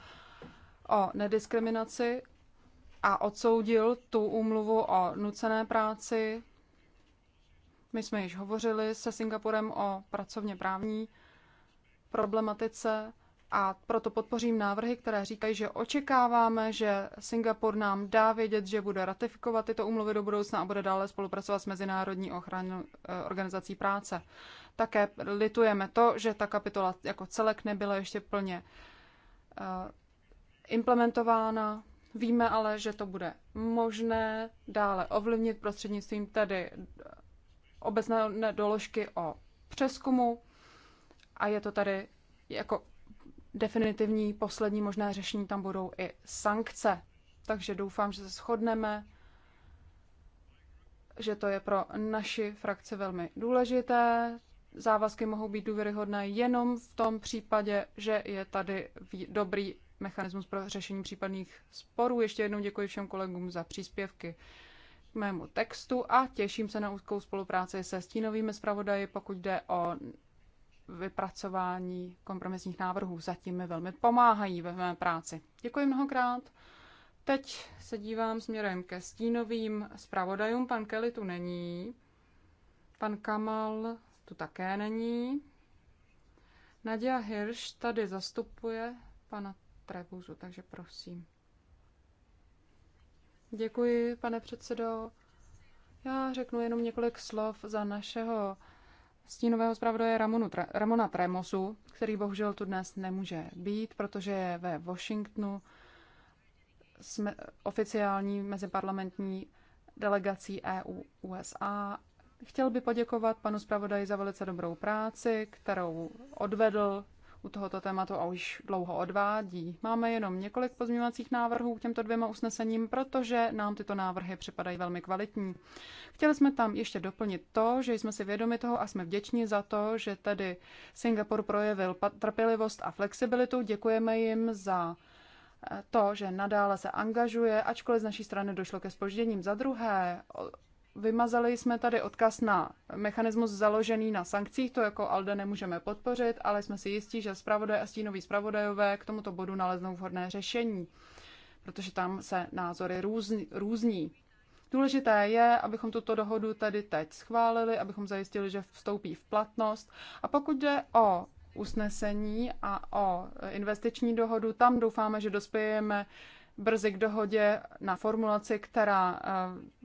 o nediskriminaci a odsoudil tu úmluvu o nucené práci. My jsme již hovořili se Singapurem o pracovně právní problematice a proto podpořím návrhy, které říkají, že očekáváme, že Singapur nám dá vědět, že bude ratifikovat tyto úmluvy do budoucna a bude dále spolupracovat s Mezinárodní ochranou eh, organizací práce. Také litujeme to, že ta kapitola jako celek nebyla ještě plně eh, implementována. Víme ale, že to bude možné dále ovlivnit prostřednictvím tedy eh, obecné doložky o přeskumu a je to tady jako definitivní poslední možné řešení tam budou i sankce. Takže doufám, že se shodneme, že to je pro naši frakci velmi důležité. Závazky mohou být důvěryhodné jenom v tom případě, že je tady dobrý mechanismus pro řešení případných sporů. Ještě jednou děkuji všem kolegům za příspěvky k mému textu a těším se na úzkou spolupráci se stínovými zpravodaji, pokud jde o vypracování kompromisních návrhů. Zatím mi velmi pomáhají ve mé práci. Děkuji mnohokrát. Teď se dívám směrem ke stínovým zpravodajům. Pan Kelly tu není. Pan Kamal tu také není. Nadia Hirš tady zastupuje pana Trebuzu, takže prosím. Děkuji, pane předsedo. Já řeknu jenom několik slov za našeho stínového zpravodaje Ramonu, Ramona Tremosu, který bohužel tu dnes nemůže být, protože je ve Washingtonu s oficiální meziparlamentní delegací EU-USA. Chtěl by poděkovat panu zpravodaji za velice dobrou práci, kterou odvedl u tohoto tématu a už dlouho odvádí. Máme jenom několik pozměňovacích návrhů k těmto dvěma usnesením, protože nám tyto návrhy připadají velmi kvalitní. Chtěli jsme tam ještě doplnit to, že jsme si vědomi toho a jsme vděční za to, že tedy Singapur projevil trpělivost a flexibilitu. Děkujeme jim za eh, to, že nadále se angažuje, ačkoliv z naší strany došlo ke spožděním. Za druhé, Vymazali jsme tady odkaz na mechanismus založený na sankcích, to jako ALDE nemůžeme podpořit, ale jsme si jistí, že zpravodaj a stínoví zpravodajové k tomuto bodu naleznou vhodné řešení, protože tam se názory různí. různí. Důležité je, abychom tuto dohodu tady teď schválili, abychom zajistili, že vstoupí v platnost. A pokud jde o usnesení a o investiční dohodu, tam doufáme, že dospějeme brzy k dohodě na formulaci, která eh,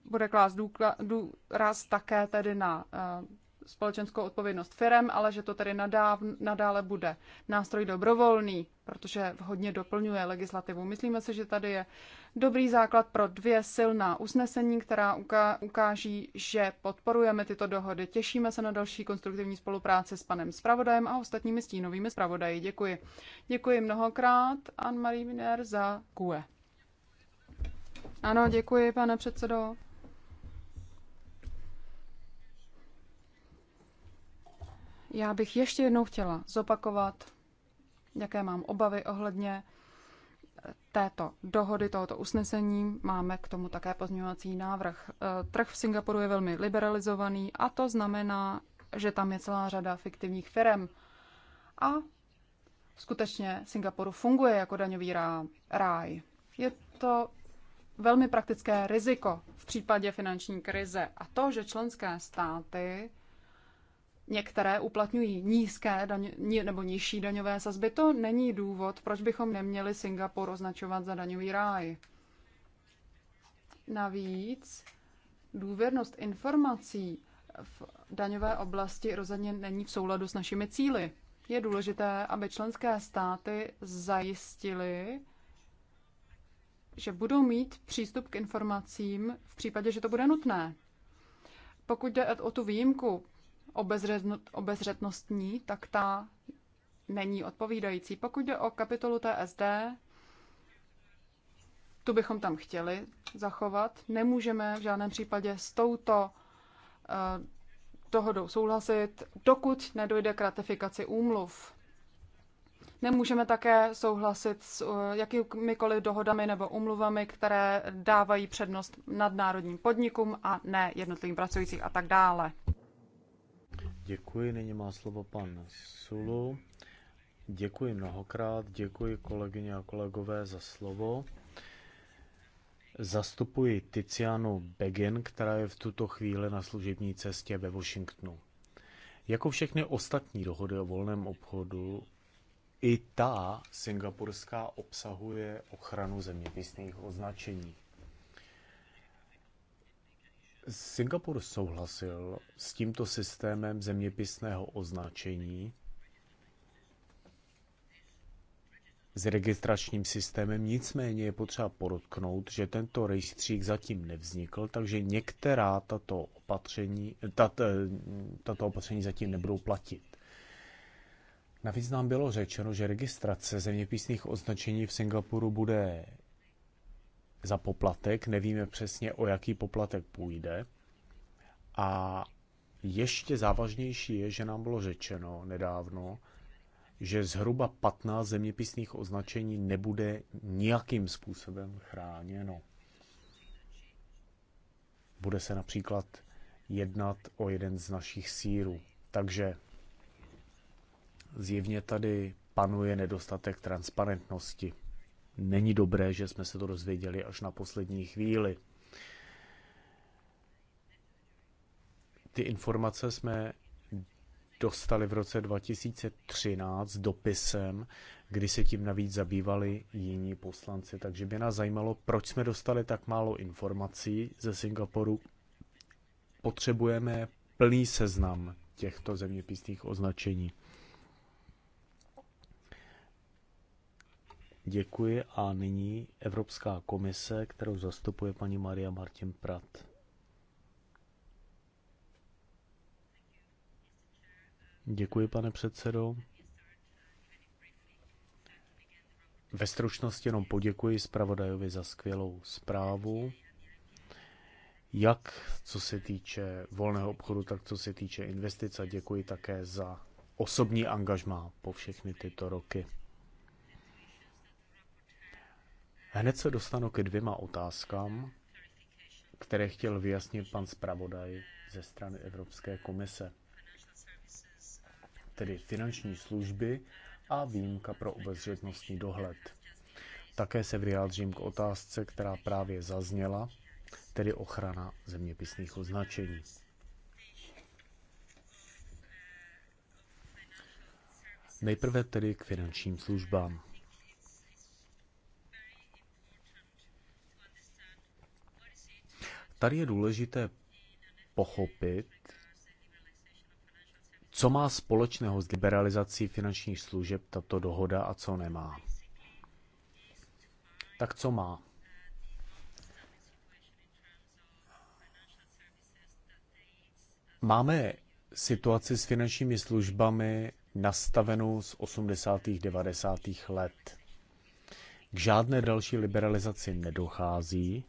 bude klást důraz také tedy na eh, společenskou odpovědnost firem, ale že to tedy nadáv, nadále bude nástroj dobrovolný, protože hodně doplňuje legislativu. Myslíme si, že tady je dobrý základ pro dvě silná usnesení, která ukáží, že podporujeme tyto dohody. Těšíme se na další konstruktivní spolupráci s panem Spravodajem a ostatními stínovými zpravodaji. Děkuji. Děkuji mnohokrát, Anne-Marie Miner, za QE. Ano, děkuji, pane předsedo. Já bych ještě jednou chtěla zopakovat, jaké mám obavy ohledně eh, této dohody, tohoto usnesení. Máme k tomu také pozměňovací návrh. Eh, trh v Singapuru je velmi liberalizovaný a to znamená, že tam je celá řada fiktivních firm. A skutečně Singapuru funguje jako daňový ráj. Je to velmi praktické riziko v případě finanční krize a to, že členské státy Některé uplatňují nízké daň, nebo nižší daňové sazby. To není důvod, proč bychom neměli Singapur označovat za daňový ráj. Navíc důvěrnost informací v daňové oblasti rozhodně není v souladu s našimi cíly. Je důležité, aby členské státy zajistily, že budou mít přístup k informacím v případě, že to bude nutné. Pokud jde o tu výjimku obezřetnostní, tak ta není odpovídající. Pokud jde o kapitolu TSD, tu bychom tam chtěli zachovat. Nemůžeme v žádném případě s touto eh, dohodou souhlasit, dokud nedojde k ratifikaci úmluv. Nemůžeme také souhlasit s eh, jakýmikoliv dohodami nebo umluvami, které dávají přednost nadnárodním podnikům a ne jednotlivým pracujících a tak dále. Děkuji, nyní má slovo pan Sulu. Děkuji mnohokrát, děkuji kolegyně a kolegové za slovo. Zastupuji Tizianu Begin, která je v tuto chvíli na služební cestě ve Washingtonu. Jako všechny ostatní dohody o volném obchodu, i ta singapurská obsahuje ochranu zeměpisných označení. Singapur souhlasil s tímto systémem zeměpisného označení, s registračním systémem, nicméně je potřeba podotknout, že tento rejstřík zatím nevznikl, takže některá tato opatření, tato, eh, tato opatření zatím nebudou platit. Navíc nám bylo řečeno, že registrace zeměpisných označení v Singapuru bude za poplatek, nevíme přesně, o jaký poplatek půjde. A ještě závažnější je, že nám bylo řečeno nedávno, že zhruba 15 zeměpisných označení nebude nějakým způsobem chráněno. Bude se například jednat o jeden z našich sírů. Takže zjevně tady panuje nedostatek transparentnosti není dobré, že jsme se to dozvěděli až na poslední chvíli. Ty informace jsme dostali v roce 2013 dopisem, kdy se tím navíc zabývali jiní poslanci. Takže by nás zajímalo, proč jsme dostali tak málo informací ze Singapuru. Potřebujeme plný seznam těchto zeměpisných označení. Děkuji a nyní Evropská komise, kterou zastupuje paní Maria Martin Prat. Děkuji, pane předsedo. Ve stručnosti jenom poděkuji zpravodajovi za skvělou zprávu. Jak co se týče volného obchodu, tak co se týče investic a děkuji také za osobní angažmá po všechny tyto roky. Hned se dostanu ke dvěma otázkám, které chtěl vyjasnit pan zpravodaj ze strany Evropské komise, tedy finanční služby a výjimka pro obezřetnostní dohled. Také se vyjádřím k otázce, která právě zazněla, tedy ochrana zeměpisných označení. Nejprve tedy k finančním službám. Tady je důležité pochopit, co má společného s liberalizací finančních služeb tato dohoda a co nemá. Tak co má? Máme situaci s finančními službami nastavenou z 80. 90. let. K žádné další liberalizaci nedochází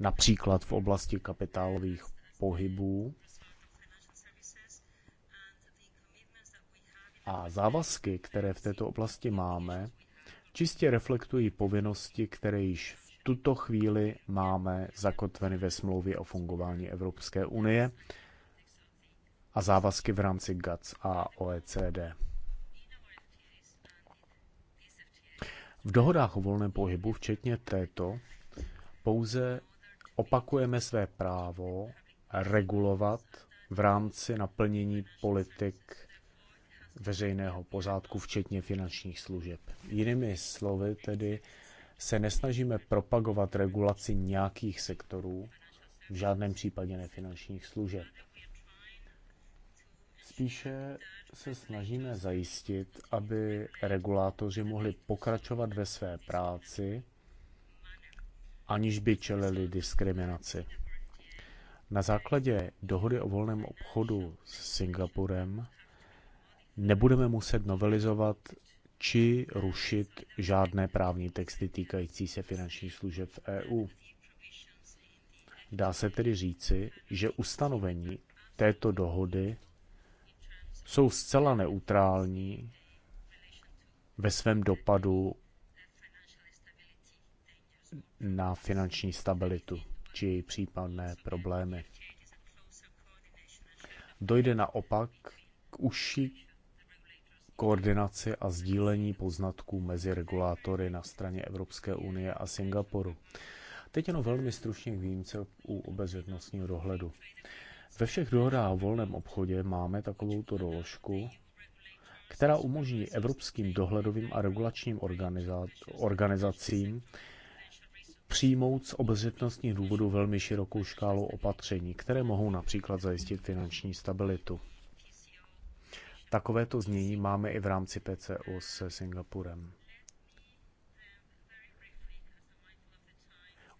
například v oblasti kapitálových pohybů. A závazky, které v této oblasti máme, čistě reflektují povinnosti, které již v tuto chvíli máme zakotveny ve smlouvě o fungování Evropské unie a závazky v rámci GATS a OECD. V dohodách o volném pohybu, včetně této, pouze opakujeme své právo regulovat v rámci naplnění politik veřejného pořádku, včetně finančních služeb. Jinými slovy tedy se nesnažíme propagovat regulaci nějakých sektorů, v žádném případě nefinančních služeb. Spíše se snažíme zajistit, aby regulátoři mohli pokračovat ve své práci aniž by čelili diskriminaci. Na základě dohody o volném obchodu s Singapurem nebudeme muset novelizovat či rušit žádné právní texty týkající se finančních služeb v EU. Dá se tedy říci, že ustanovení této dohody jsou zcela neutrální ve svém dopadu na finanční stabilitu či její případné problémy. Dojde naopak k užší koordinaci a sdílení poznatků mezi regulátory na straně Evropské unie a Singapuru. Teď jenom velmi stručně k výjimce u obezřetnostního dohledu. Ve všech dohodách o volném obchodě máme takovouto doložku, která umožní evropským dohledovým a regulačním organizacím přijmout z obezřetnostních důvodů velmi širokou škálu opatření, které mohou například zajistit finanční stabilitu. Takovéto znění máme i v rámci PCU se Singapurem.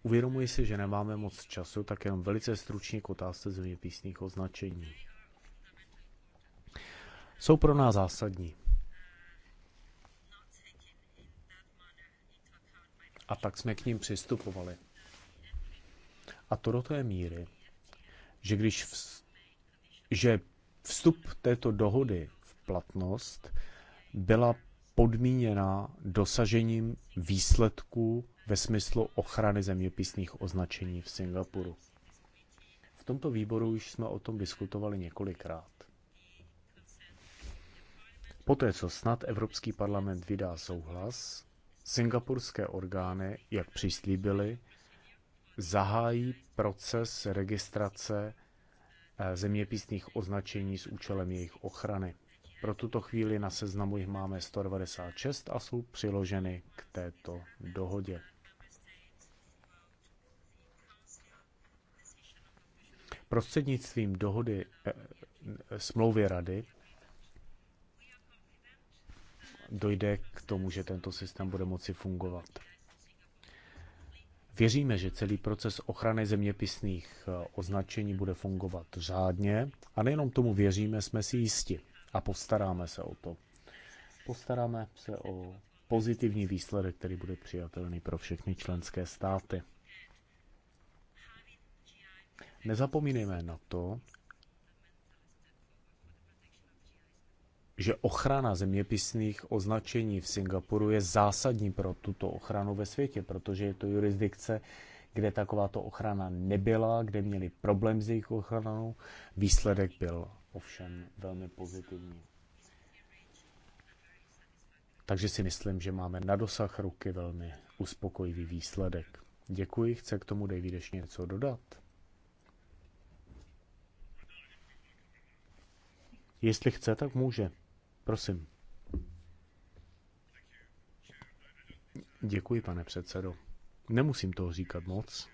Uvědomuji si, že nemáme moc času, tak jenom velice stručně k otázce zeměpisných označení. Jsou pro nás zásadní. a tak jsme k ním přistupovali. A to do té míry, že když v, že vstup této dohody v platnost byla podmíněna dosažením výsledků ve smyslu ochrany zeměpisných označení v Singapuru. V tomto výboru už jsme o tom diskutovali několikrát. Poté, co snad Evropský parlament vydá souhlas, Singapurské orgány, jak přislíbily, zahájí proces registrace eh, zeměpisných označení s účelem jejich ochrany. Pro tuto chvíli na seznamu jich máme 196 a jsou přiloženy k této dohodě. Prostřednictvím dohody e, smlouvy rady dojde k tomu, že tento systém bude moci fungovat. Věříme, že celý proces ochrany zeměpisných eh, označení bude fungovat řádně a nejenom tomu věříme, jsme si jisti a postaráme se o to. Postaráme se o pozitivní výsledek, který bude přijatelný pro všechny členské státy. Nezapomínejme na to, že ochrana zeměpisných označení v Singapuru je zásadní pro tuto ochranu ve světě, protože je to jurisdikce, kde takováto ochrana nebyla, kde měli problém s jejich ochranou. Výsledek byl ovšem velmi pozitivní. Takže si myslím, že máme na dosah ruky velmi uspokojivý výsledek. Děkuji, chce k tomu David ještě něco dodat? Jestli chce, tak může. Prosím. Děkuji, pane předsedo. Nemusím toho říkat moc.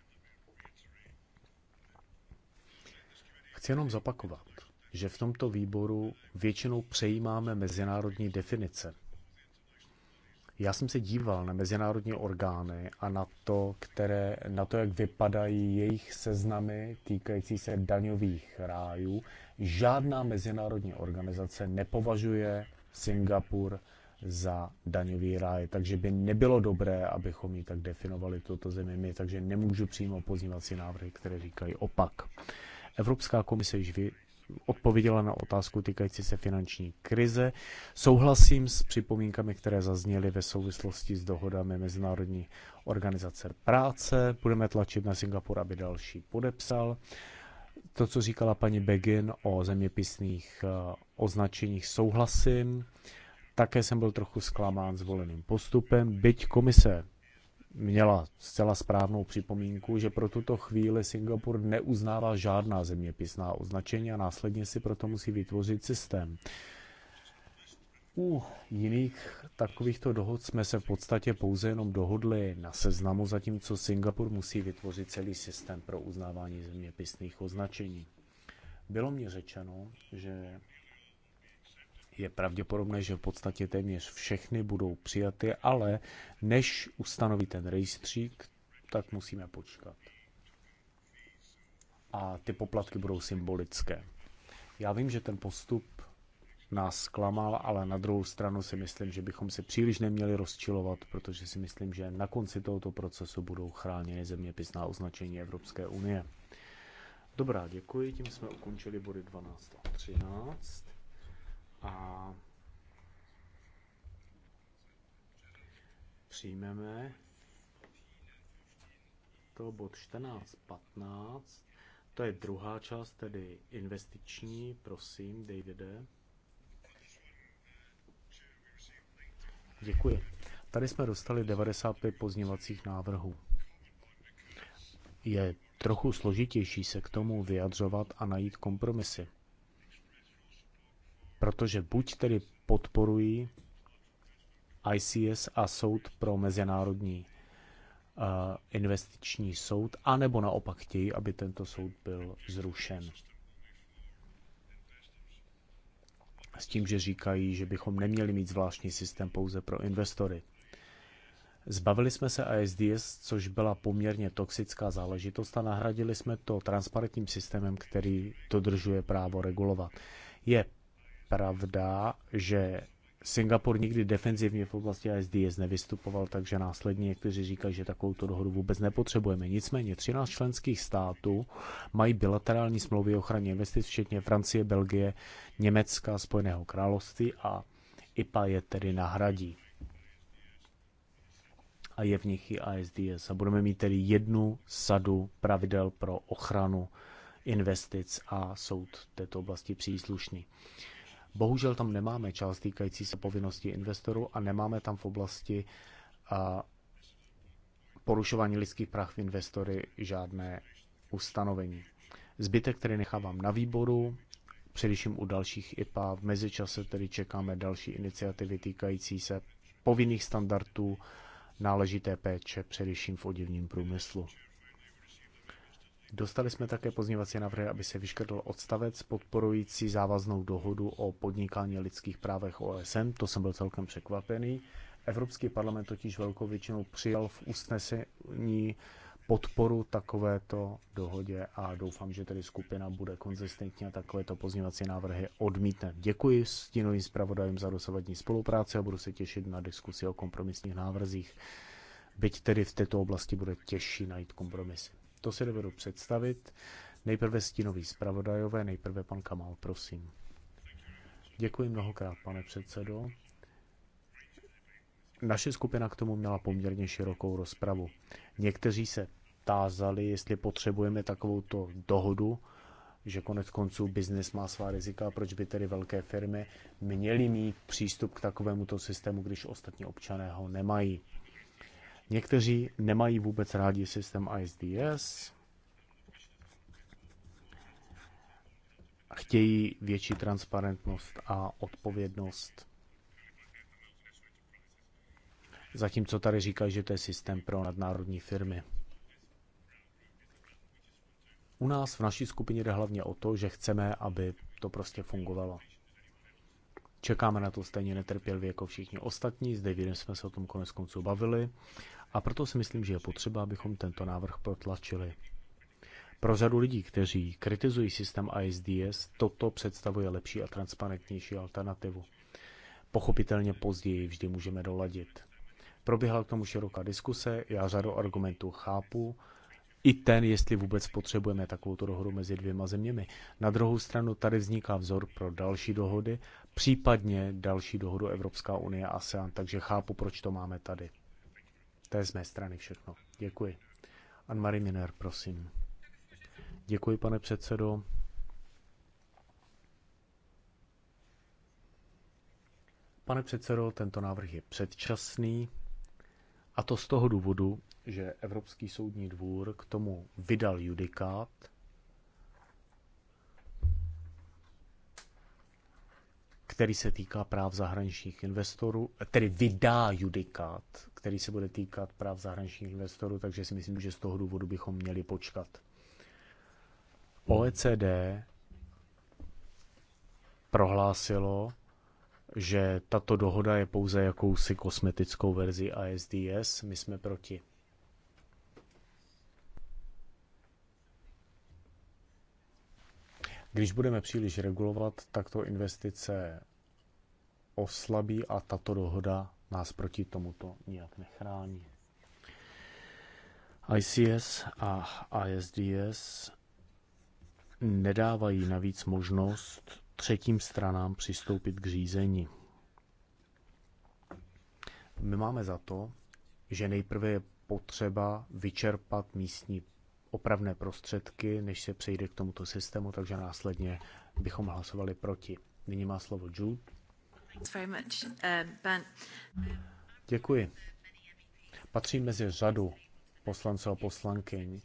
Chci jenom zapakovat, že v tomto výboru většinou přejímáme mezinárodní definice. Já jsem se díval na mezinárodní orgány a na to, které, na to jak vypadají jejich seznamy týkající se daňových rájů Žádná mezinárodní organizace nepovažuje Singapur za daňový ráj, takže by nebylo dobré, abychom ji tak definovali toto zemi my, takže nemůžu přímo si návrhy, které říkají opak. Evropská komise již vy odpověděla na otázku týkající se finanční krize. Souhlasím s připomínkami, které zazněly ve souvislosti s dohodami Mezinárodní organizace práce. Budeme tlačit na Singapur, aby další podepsal to, co říkala paní Begin o zeměpisných eh, označeních, souhlasím. Také jsem byl trochu zklamán zvoleným postupem, byť komise měla zcela správnou připomínku, že pro tuto chvíli Singapur neuznává žádná zeměpisná označení a následně si proto musí vytvořit systém. U jiných takovýchto dohod jsme se v podstatě pouze jenom dohodli na seznamu, zatímco Singapur musí vytvořit celý systém pro uznávání zeměpisných označení. Bylo mě řečeno, že je pravděpodobné, že v podstatě téměř všechny budou přijaty, ale než ustanoví ten rejstřík, tak musíme počkat. A ty poplatky budou symbolické. Já vím, že ten postup nás zklamal, ale na druhou stranu si myslím, že bychom se příliš neměli rozčilovat, protože si myslím, že na konci tohoto procesu budou chráněny zeměpisná označení Evropské unie. Dobrá, děkuji, tím jsme ukončili body 12 a 13. A přijmeme to bod 14, 15. To je druhá část, tedy investiční, prosím, Davide. Děkuji. Tady jsme dostali 95 pozněvacích návrhů. Je trochu složitější se k tomu vyjadřovat a najít kompromisy. Protože buď tedy podporují ICS a soud pro mezinárodní eh, investiční soud, anebo naopak chtějí, aby tento soud byl zrušen. s tím, že říkají, že bychom neměli mít zvláštní systém pouze pro investory. Zbavili jsme se ISDS, což byla poměrně toxická záležitost a nahradili jsme to transparentním systémem, který dodržuje právo regulovat. Je pravda, že Singapur nikdy defenzivně v oblasti ISDS nevystupoval, takže následně někteří říkají, že takovou dohodu vůbec nepotřebujeme. Nicméně 13 členských států mají bilaterální smlouvy o ochraně investic, včetně Francie, Belgie, Německa, Spojeného království a IPA je tedy nahradí. A je v nich i ISDS. A budeme mít tedy jednu sadu pravidel pro ochranu investic a soud této oblasti příslušný. Bohužel tam nemáme část týkající se povinnosti investorů a nemáme tam v oblasti porušování lidských práv investory žádné ustanovení. Zbytek který nechávám na výboru, především u dalších IPA. V mezičase tedy čekáme další iniciativy týkající se povinných standardů náležité péče, především v odivním průmyslu. Dostali jsme také pozněvací návrhy, aby se vyškrtl odstavec podporující závaznou dohodu o podnikání lidských právech OSN. To jsem byl celkem překvapený. Evropský parlament totiž velkou většinou přijal v usnesení podporu takovéto dohodě a doufám, že tedy skupina bude konzistentní a takovéto pozněvací návrhy odmítne. Děkuji stínovým zpravodajům za dosavadní spolupráci a budu se těšit na diskusi o kompromisních návrzích, byť tedy v této oblasti bude těžší najít kompromisy. To si dovedu představit. Nejprve stínový zpravodajové, nejprve pan Kamal, prosím. Děkuji mnohokrát, pane předsedo. Naše skupina k tomu měla poměrně širokou rozpravu. Někteří se tázali, jestli potřebujeme takovouto dohodu, že konec konců biznis má svá rizika, proč by tedy velké firmy měly mít přístup k takovémuto systému, když ostatní občané ho nemají. Někteří nemají vůbec rádi systém ISDS, chtějí větší transparentnost a odpovědnost. Zatímco tady říkají, že to je systém pro nadnárodní firmy. U nás v naší skupině jde hlavně o to, že chceme, aby to prostě fungovalo. Čekáme na to stejně netrpělivě jako všichni ostatní, s Davidem jsme se o tom konec konců bavili a proto si myslím, že je potřeba, abychom tento návrh protlačili. Pro řadu lidí, kteří kritizují systém ISDS, toto představuje lepší a transparentnější alternativu. Pochopitelně později vždy můžeme doladit. Proběhla k tomu široká diskuse, já řadu argumentů chápu, i ten, jestli vůbec potřebujeme takovou dohodu mezi dvěma zeměmi. Na druhou stranu tady vzniká vzor pro další dohody, případně další dohodu Evropská unie a ASEAN, takže chápu, proč to máme tady. To je z mé strany všechno. Děkuji. Anne-Marie Miner, prosím. Děkuji, pane předsedo. Pane předsedo, tento návrh je předčasný a to z toho důvodu, že Evropský soudní dvůr k tomu vydal judikát, který se týká práv zahraničních investorů, tedy vydá judikát který se bude týkat práv zahraničních investorů, takže si myslím, že z toho důvodu bychom měli počkat. OECD prohlásilo, že tato dohoda je pouze jakousi kosmetickou verzi ISDS. My jsme proti. Když budeme příliš regulovat, tak to investice oslabí a tato dohoda nás proti tomuto nijak nechrání. ICS a ISDS nedávají navíc možnost třetím stranám přistoupit k řízení. My máme za to, že nejprve je potřeba vyčerpat místní opravné prostředky, než se přejde k tomuto systému, takže následně bychom hlasovali proti. Nyní má slovo Jude. Uh, Děkuji. Patří mezi řadu poslanců a poslankyň,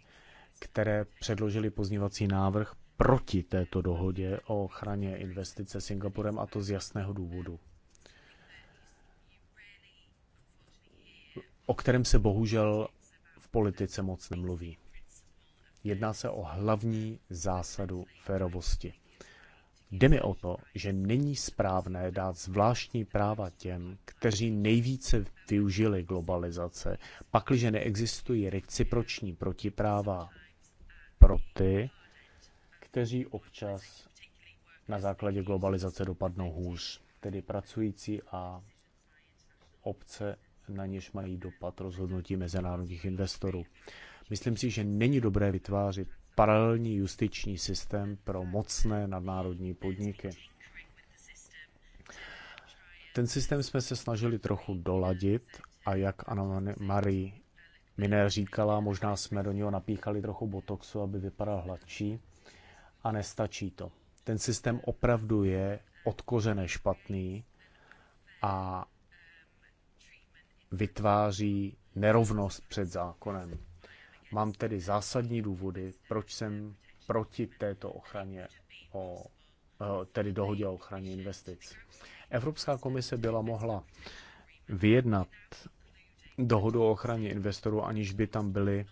které předložili pozněvací návrh proti této dohodě o ochraně investice Singapurem, a to z jasného důvodu, o kterém se bohužel v politice moc nemluví. Jedná se o hlavní zásadu férovosti. Jde mi o to, že není správné dát zvláštní práva těm, kteří nejvíce využili globalizace, pakliže neexistují reciproční protipráva pro ty, kteří občas na základě globalizace dopadnou hůř, tedy pracující a obce, na něž mají dopad rozhodnutí mezinárodních investorů. Myslím si, že není dobré vytvářet paralelní justiční systém pro mocné nadnárodní podniky. Ten systém jsme se snažili trochu doladit a jak Anna Marie Miné říkala, možná jsme do něho napíchali trochu botoxu, aby vypadal hladší a nestačí to. Ten systém opravdu je od kořene špatný a vytváří nerovnost před zákonem. Mám tedy zásadní důvody, proč jsem proti této ochraně, o, eh, tedy dohodě o ochraně investic. Evropská komise byla mohla vyjednat dohodu o ochraně investorů, aniž by tam byly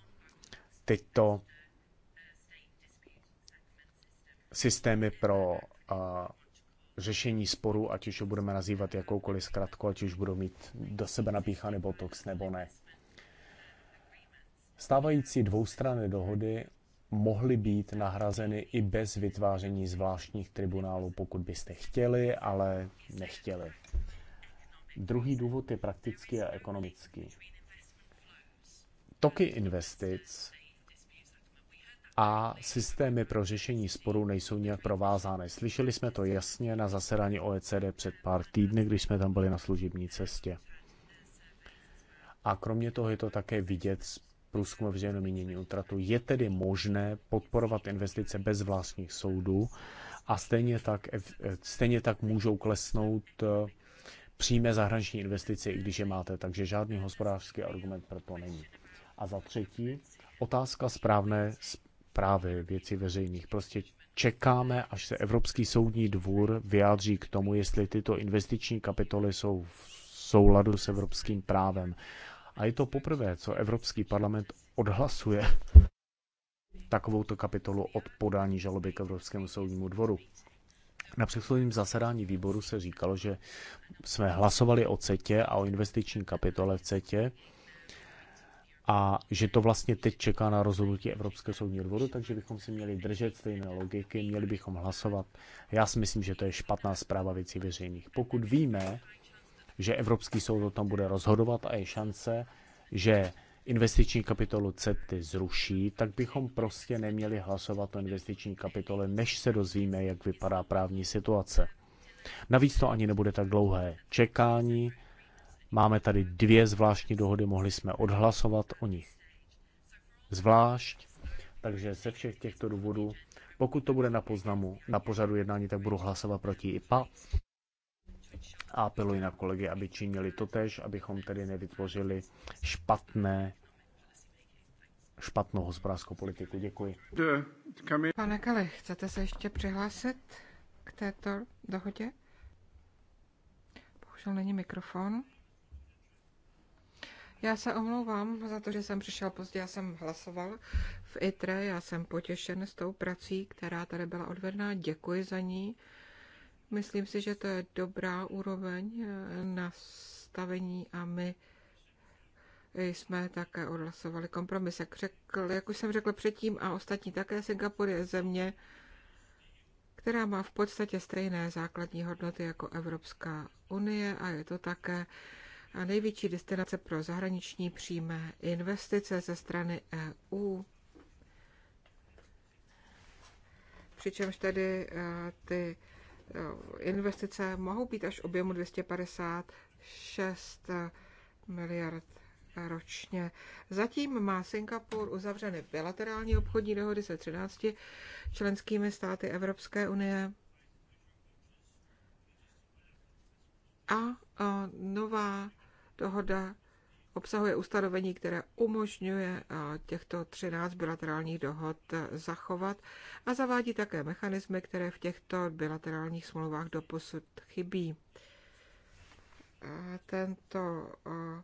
tyto systémy pro a, eh, řešení sporů, ať už ho budeme nazývat jakoukoliv zkratku, ať už budou mít do sebe napíchaný botox nebo ne. Stávající dvoustranné dohody mohly být nahrazeny i bez vytváření zvláštních tribunálů, pokud byste chtěli, ale nechtěli. Druhý důvod je praktický a ekonomický. Toky investic a systémy pro řešení sporů nejsou nijak provázány. Slyšeli jsme to jasně na zasedání OECD před pár týdny, když jsme tam byli na služební cestě. A kromě toho je to také vidět z průzkumu veřejného mínění utratu. Je tedy možné podporovat investice bez vlastních soudů a stejně tak, stejně tak můžou klesnout eh, přímé zahraniční investice, i když je máte, takže žádný hospodářský argument pro to není. A za třetí, otázka správné zprávy věcí veřejných. Prostě čekáme, až se Evropský soudní dvůr vyjádří k tomu, jestli tyto investiční kapitoly jsou v souladu s evropským právem. A je to poprvé, co Evropský parlament odhlasuje takovouto kapitolu od podání žaloby k Evropskému soudnímu dvoru. Na předchozím zasedání výboru se říkalo, že jsme hlasovali o CETě a o investiční kapitole v CETě a že to vlastně teď čeká na rozhodnutí Evropského soudního dvoru, takže bychom si měli držet stejné logiky, měli bychom hlasovat. Já si myslím, že to je špatná zpráva věcí veřejných. Pokud víme, že Evropský soud o tom bude rozhodovat a je šance, že investiční kapitolu CETY zruší, tak bychom prostě neměli hlasovat o investiční kapitole, než se dozvíme, jak vypadá právní situace. Navíc to ani nebude tak dlouhé čekání. Máme tady dvě zvláštní dohody, mohli jsme odhlasovat o nich zvlášť. Takže ze všech těchto důvodů, pokud to bude na, poznamu, na pořadu jednání, tak budu hlasovat proti IPA a apeluji na kolegy, aby činili to tež, abychom tedy nevytvořili špatné špatnou hospodářskou politiku. Děkuji. Pane Kali, chcete se ještě přihlásit k této dohodě? Bohužel není mikrofon. Já se omlouvám za to, že jsem přišel pozdě. Já jsem hlasoval v ITRE, já jsem potěšen s tou prací, která tady byla odvedná. Děkuji za ní. Myslím si, že to je dobrá úroveň eh, nastavení a my jsme také odhlasovali kompromis. Jak, řekl, jak už jsem řekl předtím a ostatní také, Singapur je země, která má v podstatě stejné základní hodnoty jako Evropská unie a je to také největší destinace pro zahraniční přímé investice ze strany EU. Přičemž tedy eh, ty Eh, investice mohou být až objemu 256 miliard ročně. Zatím má Singapur uzavřeny bilaterální obchodní dohody se 13 členskými státy Evropské unie a eh, nová dohoda obsahuje ustanovení, které umožňuje eh, těchto 13 bilaterálních dohod eh, zachovat a zavádí také mechanismy, které v těchto bilaterálních smlouvách doposud chybí. Tento, eh,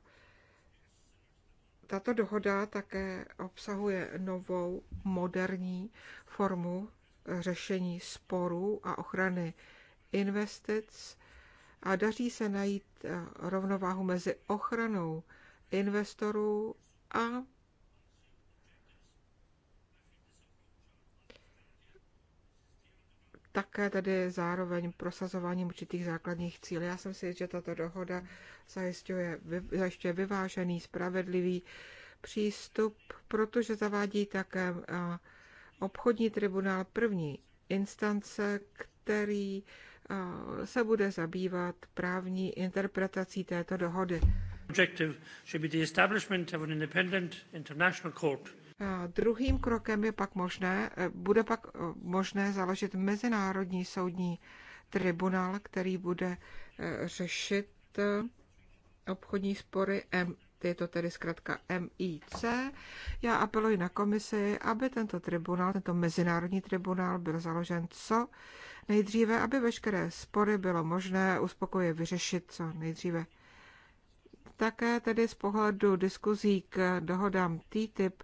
tato dohoda také obsahuje novou moderní formu řešení sporů a ochrany investic a daří se najít rovnováhu mezi ochranou investorů a také tedy zároveň prosazováním určitých základních cílů. Já jsem si jist, že tato dohoda zajišťuje, zajišťuje vyvážený, spravedlivý přístup, protože zavádí také obchodní tribunál první instance, který se bude zabývat právní interpretací této dohody court. druhým krokem je pak možné, eh, bude pak eh, možné založit mezinárodní soudní tribunál, který bude eh, řešit obchodní spory M, je to tedy zkrátka MIC. Já apeluji na komisi, aby tento tribunál, tento mezinárodní tribunál byl založen co nejdříve, aby veškeré spory bylo možné uspokojivě vyřešit co nejdříve. Také tedy z pohledu diskuzí k dohodám TTIP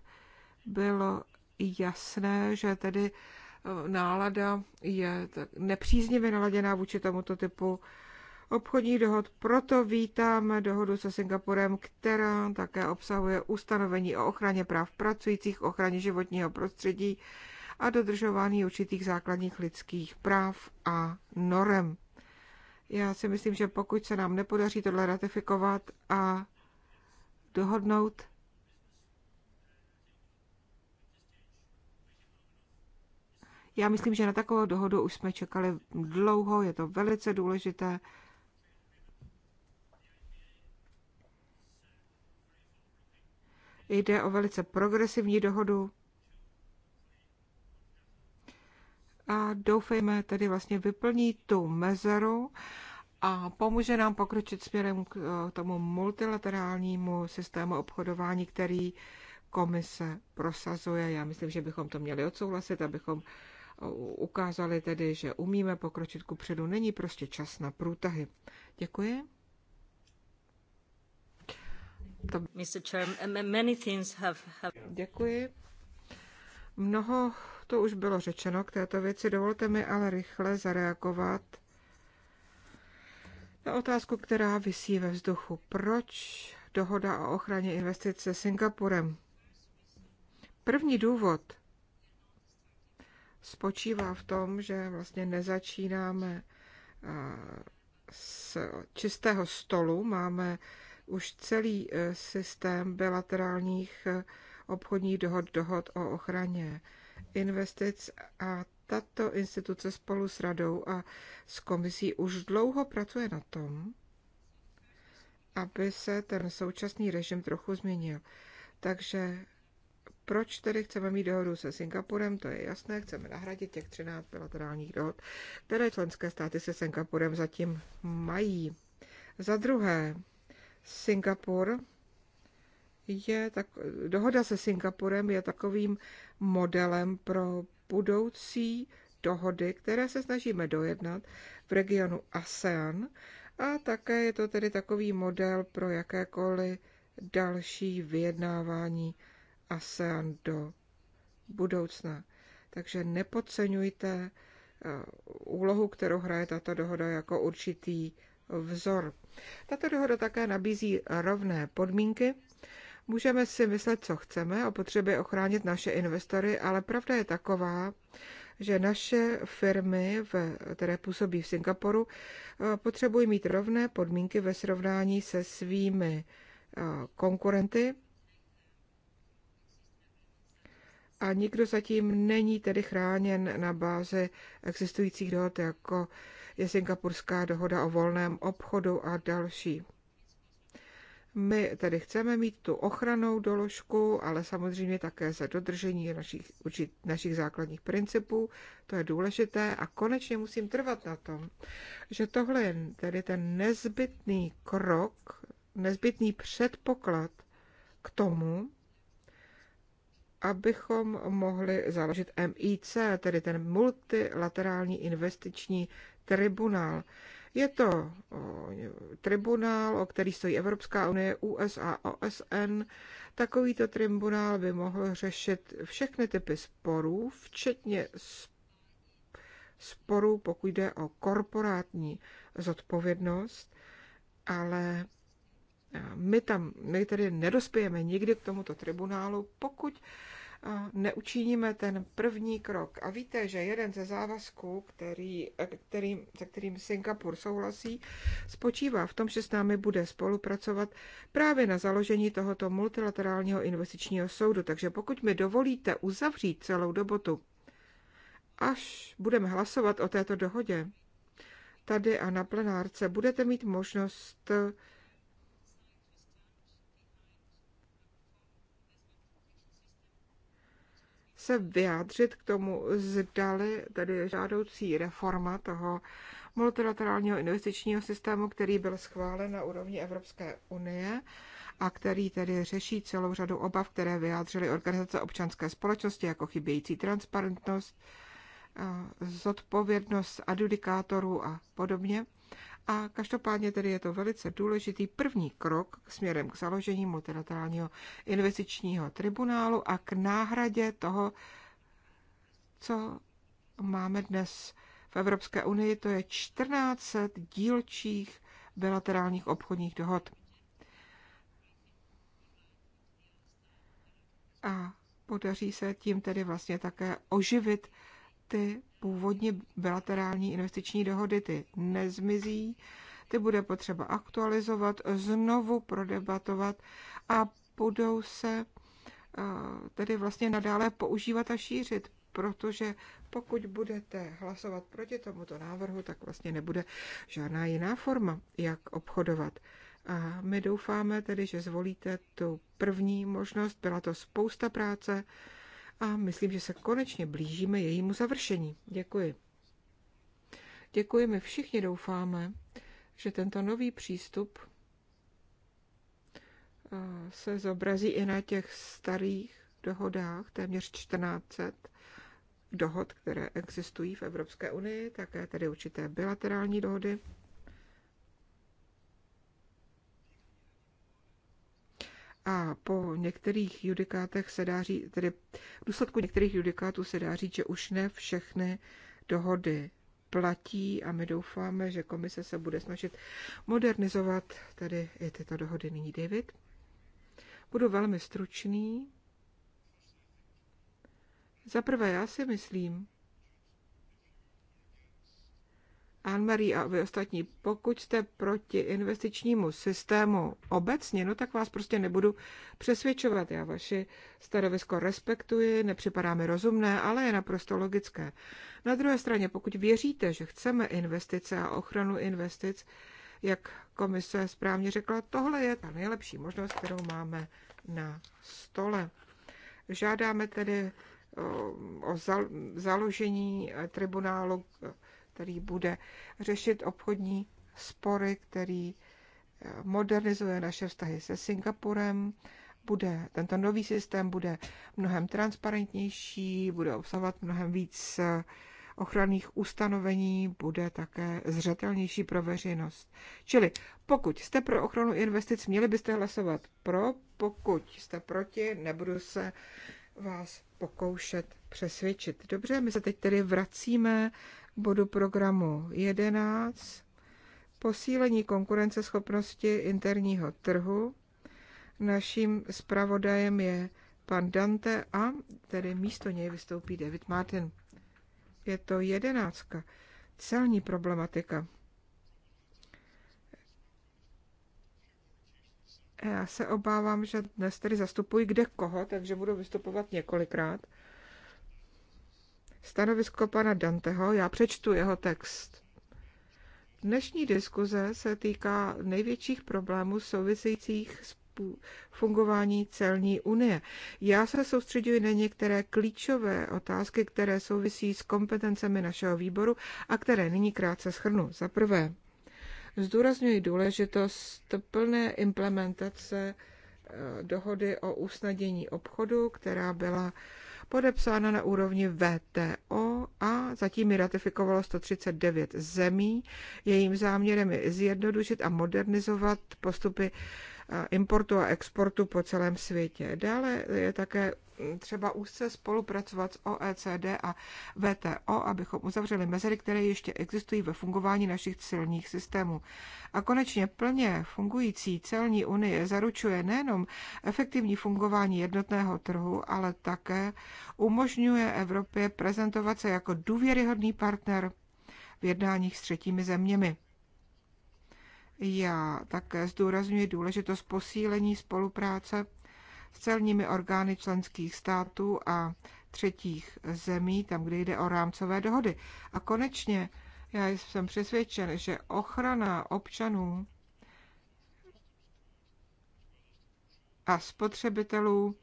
bylo jasné, že tedy eh, nálada je nepříznivě naladěná vůči tomuto typu obchodní dohod. Proto vítáme dohodu se Singapurem, která také obsahuje ustanovení o ochraně práv pracujících, ochraně životního prostředí a dodržování určitých základních lidských práv a norem. Já si myslím, že pokud se nám nepodaří tohle ratifikovat a dohodnout, Já myslím, že na takovou dohodu už jsme čekali dlouho, je to velice důležité. Jde o velice progresivní dohodu. a doufejme tedy vlastně vyplní tu mezeru a pomůže nám pokročit směrem k eh, tomu multilaterálnímu systému obchodování, který komise prosazuje. Já myslím, že bychom to měli odsouhlasit, abychom eh, ukázali tedy, že umíme pokročit ku předu. Není prostě čas na průtahy. Děkuji. To... Mr. many things have, have... Děkuji. Mnoho to už bylo řečeno k této věci, dovolte mi ale rychle zareagovat na otázku, která vysí ve vzduchu. Proč dohoda o ochraně investic se Singapurem? První důvod spočívá v tom, že vlastně nezačínáme z čistého stolu, máme už celý e, systém bilaterálních e, obchodních dohod, dohod o ochraně investic a tato instituce spolu s radou a s komisí už dlouho pracuje na tom, aby se ten současný režim trochu změnil. Takže proč tedy chceme mít dohodu se Singapurem, to je jasné, chceme nahradit těch 13 bilaterálních dohod, které členské státy se Singapurem zatím mají. Za druhé, Singapur je tak, dohoda se Singapurem je takovým modelem pro budoucí dohody, které se snažíme dojednat v regionu ASEAN a také je to tedy takový model pro jakékoliv další vyjednávání ASEAN do budoucna. Takže nepodceňujte eh, úlohu, kterou hraje tato dohoda jako určitý vzor. Tato dohoda také nabízí rovné podmínky Můžeme si myslet, co chceme o potřebě ochránit naše investory, ale pravda je taková, že naše firmy, které působí v Singapuru, eh, potřebují mít rovné podmínky ve srovnání se svými eh, konkurenty. A nikdo zatím není tedy chráněn na bázi existujících dohod, jako je Singapurská dohoda o volném obchodu a další. My tedy chceme mít tu ochranou doložku, ale samozřejmě také za dodržení našich, učit, našich základních principů. To je důležité a konečně musím trvat na tom, že tohle je tedy ten nezbytný krok, nezbytný předpoklad k tomu, abychom mohli založit MIC, tedy ten multilaterální investiční tribunál. Je to tribunál, o který stojí Evropská unie, USA, OSN. Takovýto tribunál by mohl řešit všechny typy sporů, včetně sporů, pokud jde o korporátní zodpovědnost, ale my tam, my tedy nedospějeme nikdy k tomuto tribunálu, pokud neučiníme ten první krok. A víte, že jeden ze závazků, který, který, se kterým Singapur souhlasí, spočívá v tom, že s námi bude spolupracovat právě na založení tohoto multilaterálního investičního soudu. Takže pokud mi dovolíte uzavřít celou dobotu, až budeme hlasovat o této dohodě, tady a na plenárce budete mít možnost se vyjádřit k tomu, zdali tady žádoucí reforma toho multilaterálního investičního systému, který byl schválen na úrovni Evropské unie a který tedy řeší celou řadu obav, které vyjádřily organizace občanské společnosti, jako chybějící transparentnost, zodpovědnost adjudikátorů a podobně. A každopádně tedy je to velice důležitý první krok směrem k založení multilaterálního investičního tribunálu a k náhradě toho, co máme dnes v Evropské unii, to je 14 dílčích bilaterálních obchodních dohod. A podaří se tím tedy vlastně také oživit ty původně bilaterální investiční dohody, ty nezmizí, ty bude potřeba aktualizovat, znovu prodebatovat a budou se eh, tedy vlastně nadále používat a šířit, protože pokud budete hlasovat proti tomuto návrhu, tak vlastně nebude žádná jiná forma, jak obchodovat. A my doufáme tedy, že zvolíte tu první možnost. Byla to spousta práce, a myslím, že se konečně blížíme jejímu završení. Děkuji. Děkuji, my všichni doufáme, že tento nový přístup eh, se zobrazí i na těch starých dohodách, téměř 1400 dohod, které existují v Evropské unii, také tedy určité bilaterální dohody. A po některých judikátech se dá říct, tedy v důsledku některých judikátů se dá říct, že už ne všechny dohody platí a my doufáme, že komise se bude snažit modernizovat tady i tyto dohody. Nyní David. Budu velmi stručný. Za prvé, já si myslím, Anne-Marie a vy ostatní, pokud jste proti investičnímu systému obecně, no tak vás prostě nebudu přesvědčovat. Já vaše stanovisko respektuji, nepřipadá mi rozumné, ale je naprosto logické. Na druhé straně, pokud věříte, že chceme investice a ochranu investic, jak komise správně řekla, tohle je ta nejlepší možnost, kterou máme na stole. Žádáme tedy eh, o založení tribunálu který bude řešit obchodní spory, který eh, modernizuje naše vztahy se Singapurem. Bude, tento nový systém bude mnohem transparentnější, bude obsahovat mnohem víc eh, ochranných ustanovení bude také zřetelnější pro veřejnost. Čili pokud jste pro ochranu investic, měli byste hlasovat pro, pokud jste proti, nebudu se vás pokoušet přesvědčit. Dobře, my se teď tedy vracíme bodu programu 11 posílení konkurenceschopnosti interního trhu. Naším zpravodajem je pan Dante a tedy místo něj vystoupí David Martin. Je to jedenáctka. Celní problematika. Já se obávám, že dnes tedy zastupuji kde koho, takže budu vystupovat několikrát stanovisko pana Danteho, já přečtu jeho text. Dnešní diskuze se týká největších problémů souvisejících s fungování celní unie. Já se soustředuji na některé klíčové otázky, které souvisí s kompetencemi našeho výboru a které nyní krátce schrnu. Za prvé, zdůrazňuji důležitost plné implementace eh, dohody o usnadění obchodu, která byla podepsána na úrovni VTO a zatím ji ratifikovalo 139 zemí. Jejím záměrem je zjednodušit a modernizovat postupy importu a exportu po celém světě. Dále je také třeba úzce spolupracovat s OECD a VTO, abychom uzavřeli mezery, které ještě existují ve fungování našich celních systémů. A konečně plně fungující celní unie zaručuje nejenom efektivní fungování jednotného trhu, ale také umožňuje Evropě prezentovat se jako důvěryhodný partner v jednáních s třetími zeměmi. Já také zdůrazňuji důležitost posílení spolupráce s celními orgány členských států a třetích zemí, tam, kde jde o rámcové dohody. A konečně já jsem přesvědčen, že ochrana občanů a spotřebitelů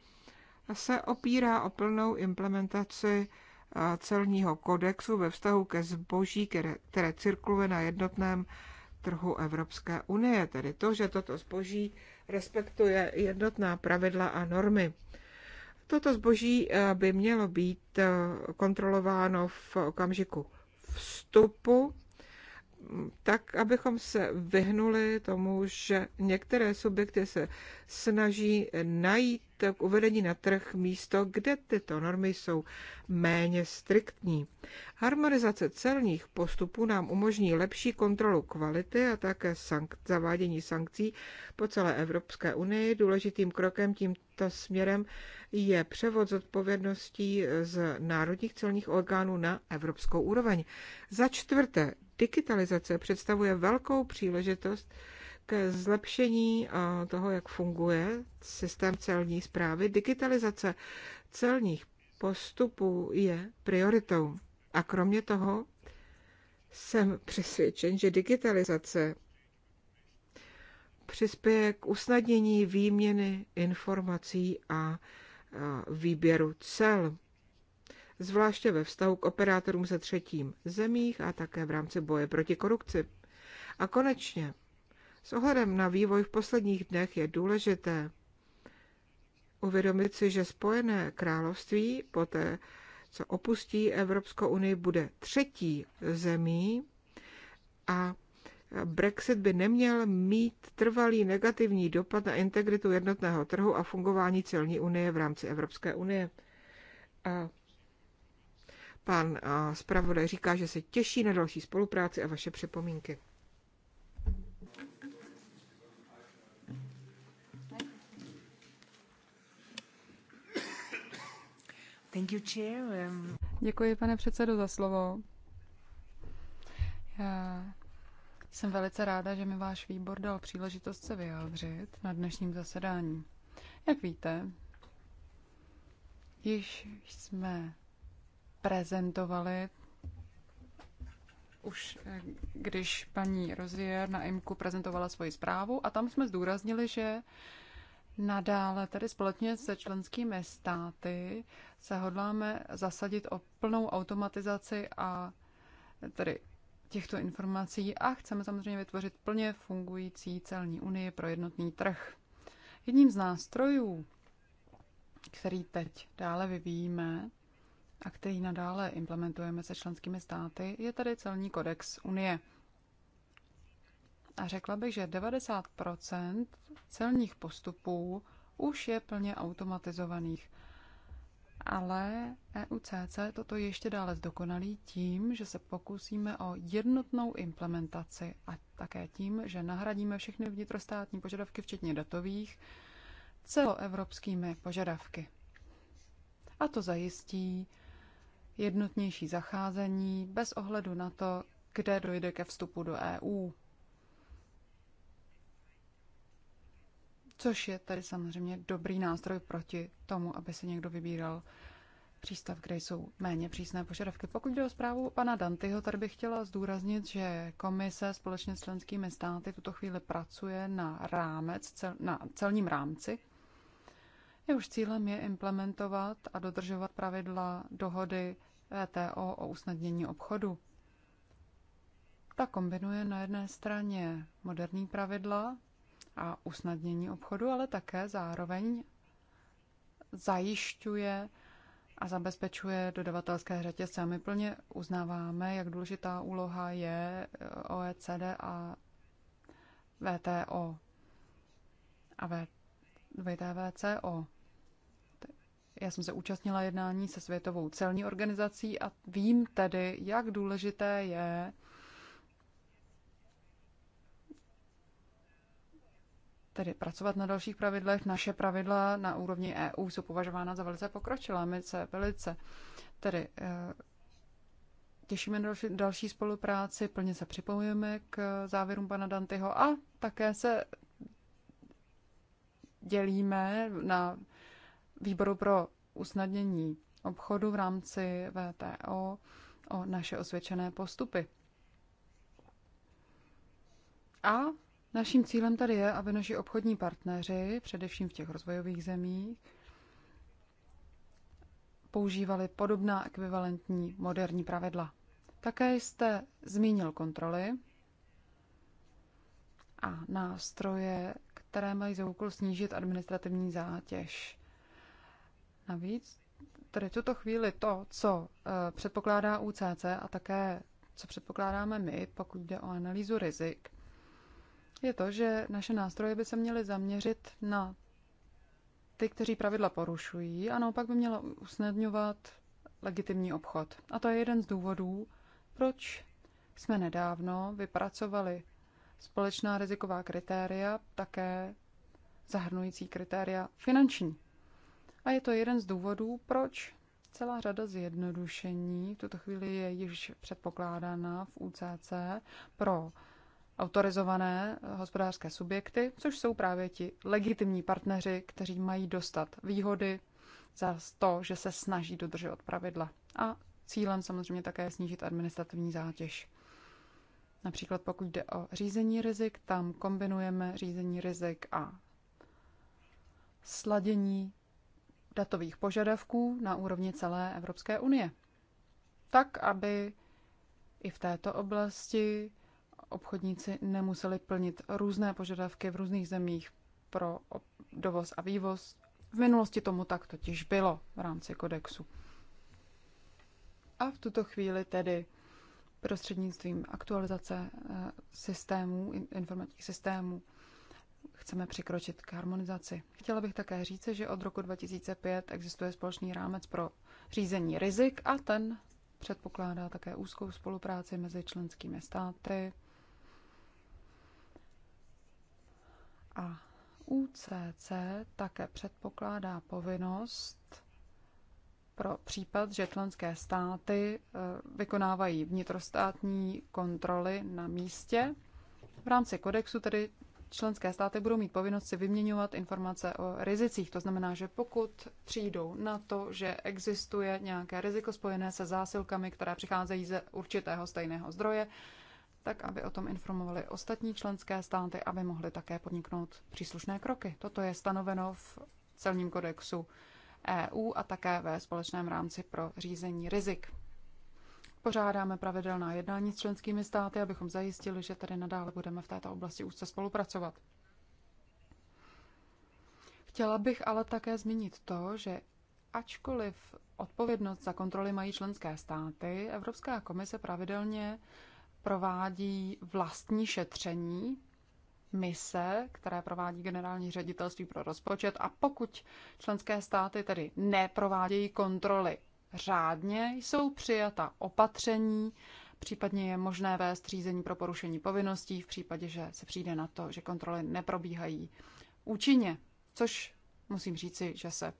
se opírá o plnou implementaci eh, celního kodexu ve vztahu ke zboží, které, které cirkuluje na jednotném trhu Evropské unie. Tedy to, že toto zboží respektuje jednotná pravidla a normy. Toto zboží eh, by mělo být eh, kontrolováno v okamžiku vstupu, tak, abychom se vyhnuli tomu, že některé subjekty se snaží najít k uvedení na trh místo, kde tyto normy jsou méně striktní. Harmonizace celních postupů nám umožní lepší kontrolu kvality a také sank- zavádění sankcí po celé Evropské unii. Důležitým krokem tímto směrem je převod zodpovědností z národních celních orgánů na evropskou úroveň. Za čtvrté, digitalizace představuje velkou příležitost ke zlepšení toho, jak funguje systém celní zprávy. Digitalizace celních postupů je prioritou. A kromě toho jsem [LAUGHS] přesvědčen, že digitalizace přispěje k usnadnění výměny informací a výběru cel, zvláště ve vztahu k operátorům ze třetím zemích a také v rámci boje proti korupci. A konečně s ohledem na vývoj v posledních dnech je důležité uvědomit si, že Spojené království poté, co opustí Evropskou unii, bude třetí zemí a Brexit by neměl mít trvalý negativní dopad na integritu jednotného trhu a fungování celní unie v rámci Evropské unie. A pan zpravodaj říká, že se těší na další spolupráci a vaše připomínky. Um, Děkuji, pane předsedo, za slovo. Já jsem velice ráda, že mi váš výbor dal příležitost se vyjádřit na dnešním zasedání. Jak víte, již jsme prezentovali už eh, když paní Rozier na IMKU prezentovala svoji zprávu a tam jsme zdůraznili, že Nadále tedy společně se členskými státy se hodláme zasadit o plnou automatizaci a tedy těchto informací a chceme samozřejmě vytvořit plně fungující celní unii pro jednotný trh. Jedním z nástrojů, který teď dále vyvíjíme a který nadále implementujeme se členskými státy, je tady celní kodex Unie a řekla bych, že 90 celních postupů už je plně automatizovaných. Ale EUCC toto ještě dále zdokonalí tím, že se pokusíme o jednotnou implementaci a také tím, že nahradíme všechny vnitrostátní požadavky, včetně datových, celoevropskými požadavky. A to zajistí jednotnější zacházení bez ohledu na to, kde dojde ke vstupu do EU. což je tady samozřejmě dobrý nástroj proti tomu, aby se někdo vybíral přístav, kde jsou méně přísné požadavky. Pokud jde o zprávu pana Dantyho, tady bych chtěla zdůraznit, že komise společně s členskými státy v tuto chvíli pracuje na, rámec, cel, na celním rámci. Jehož cílem je implementovat a dodržovat pravidla dohody VTO e o usnadnění obchodu. Ta kombinuje na jedné straně moderní pravidla a usnadnění obchodu, ale také zároveň zajišťuje a zabezpečuje dodavatelské řetězce. A my plně uznáváme, jak důležitá úloha je eh, OECD a VTO a VTVCO. Já jsem se účastnila jednání se Světovou celní organizací a vím tedy, jak důležité je tedy pracovat na dalších pravidlech. Naše pravidla na úrovni EU jsou považována za velice pokročilá. My se velice tedy eh, těšíme na další, další spolupráci, plně se připojujeme k závěrům pana Dantyho a také se dělíme na výboru pro usnadnění obchodu v rámci VTO o naše osvědčené postupy. A Naším cílem tady je, aby naši obchodní partneři, především v těch rozvojových zemích, používali podobná ekvivalentní moderní pravidla. Také jste zmínil kontroly a nástroje, které mají za úkol snížit administrativní zátěž. Navíc, tedy tuto chvíli to, co eh, předpokládá UCC a také co předpokládáme my, pokud jde o analýzu rizik, je to, že naše nástroje by se měly zaměřit na ty, kteří pravidla porušují, a naopak by měla usnadňovat legitimní obchod. A to je jeden z důvodů, proč jsme nedávno vypracovali společná riziková kritéria, také zahrnující kritéria finanční. A je to jeden z důvodů, proč celá řada zjednodušení v tuto chvíli je již předpokládána v UCC pro autorizované eh, hospodářské subjekty, což jsou právě ti legitimní partneři, kteří mají dostat výhody za to, že se snaží dodržovat pravidla. A cílem samozřejmě také je snížit administrativní zátěž. Například pokud jde o řízení rizik, tam kombinujeme řízení rizik a sladění datových požadavků na úrovni celé Evropské unie. Tak, aby i v této oblasti obchodníci nemuseli plnit různé požadavky v různých zemích pro dovoz a vývoz. V minulosti tomu tak totiž bylo v rámci kodexu. A v tuto chvíli tedy prostřednictvím aktualizace eh, systémů, informačních systémů, chceme přikročit k harmonizaci. Chtěla bych také říct, že od roku 2005 existuje společný rámec pro řízení rizik a ten předpokládá také úzkou spolupráci mezi členskými státy A UCC také předpokládá povinnost pro případ, že členské státy e, vykonávají vnitrostátní kontroly na místě. V rámci kodexu tedy členské státy budou mít povinnost si vyměňovat informace o rizicích. To znamená, že pokud přijdou na to, že existuje nějaké riziko spojené se zásilkami, které přicházejí ze určitého stejného zdroje, tak aby o tom informovali ostatní členské státy, aby mohly také podniknout příslušné kroky. Toto je stanoveno v celním kodexu EU a také ve společném rámci pro řízení rizik. Pořádáme pravidelná jednání s členskými státy, abychom zajistili, že tady nadále budeme v této oblasti úzce spolupracovat. Chtěla bych ale také zmínit to, že ačkoliv odpovědnost za kontroly mají členské státy, Evropská komise pravidelně provádí vlastní šetření mise, které provádí generální ředitelství pro rozpočet a pokud členské státy tedy neprovádějí kontroly řádně, jsou přijata opatření, případně je možné vést řízení pro porušení povinností v případě, že se přijde na to, že kontroly neprobíhají účinně, což musím říci, že se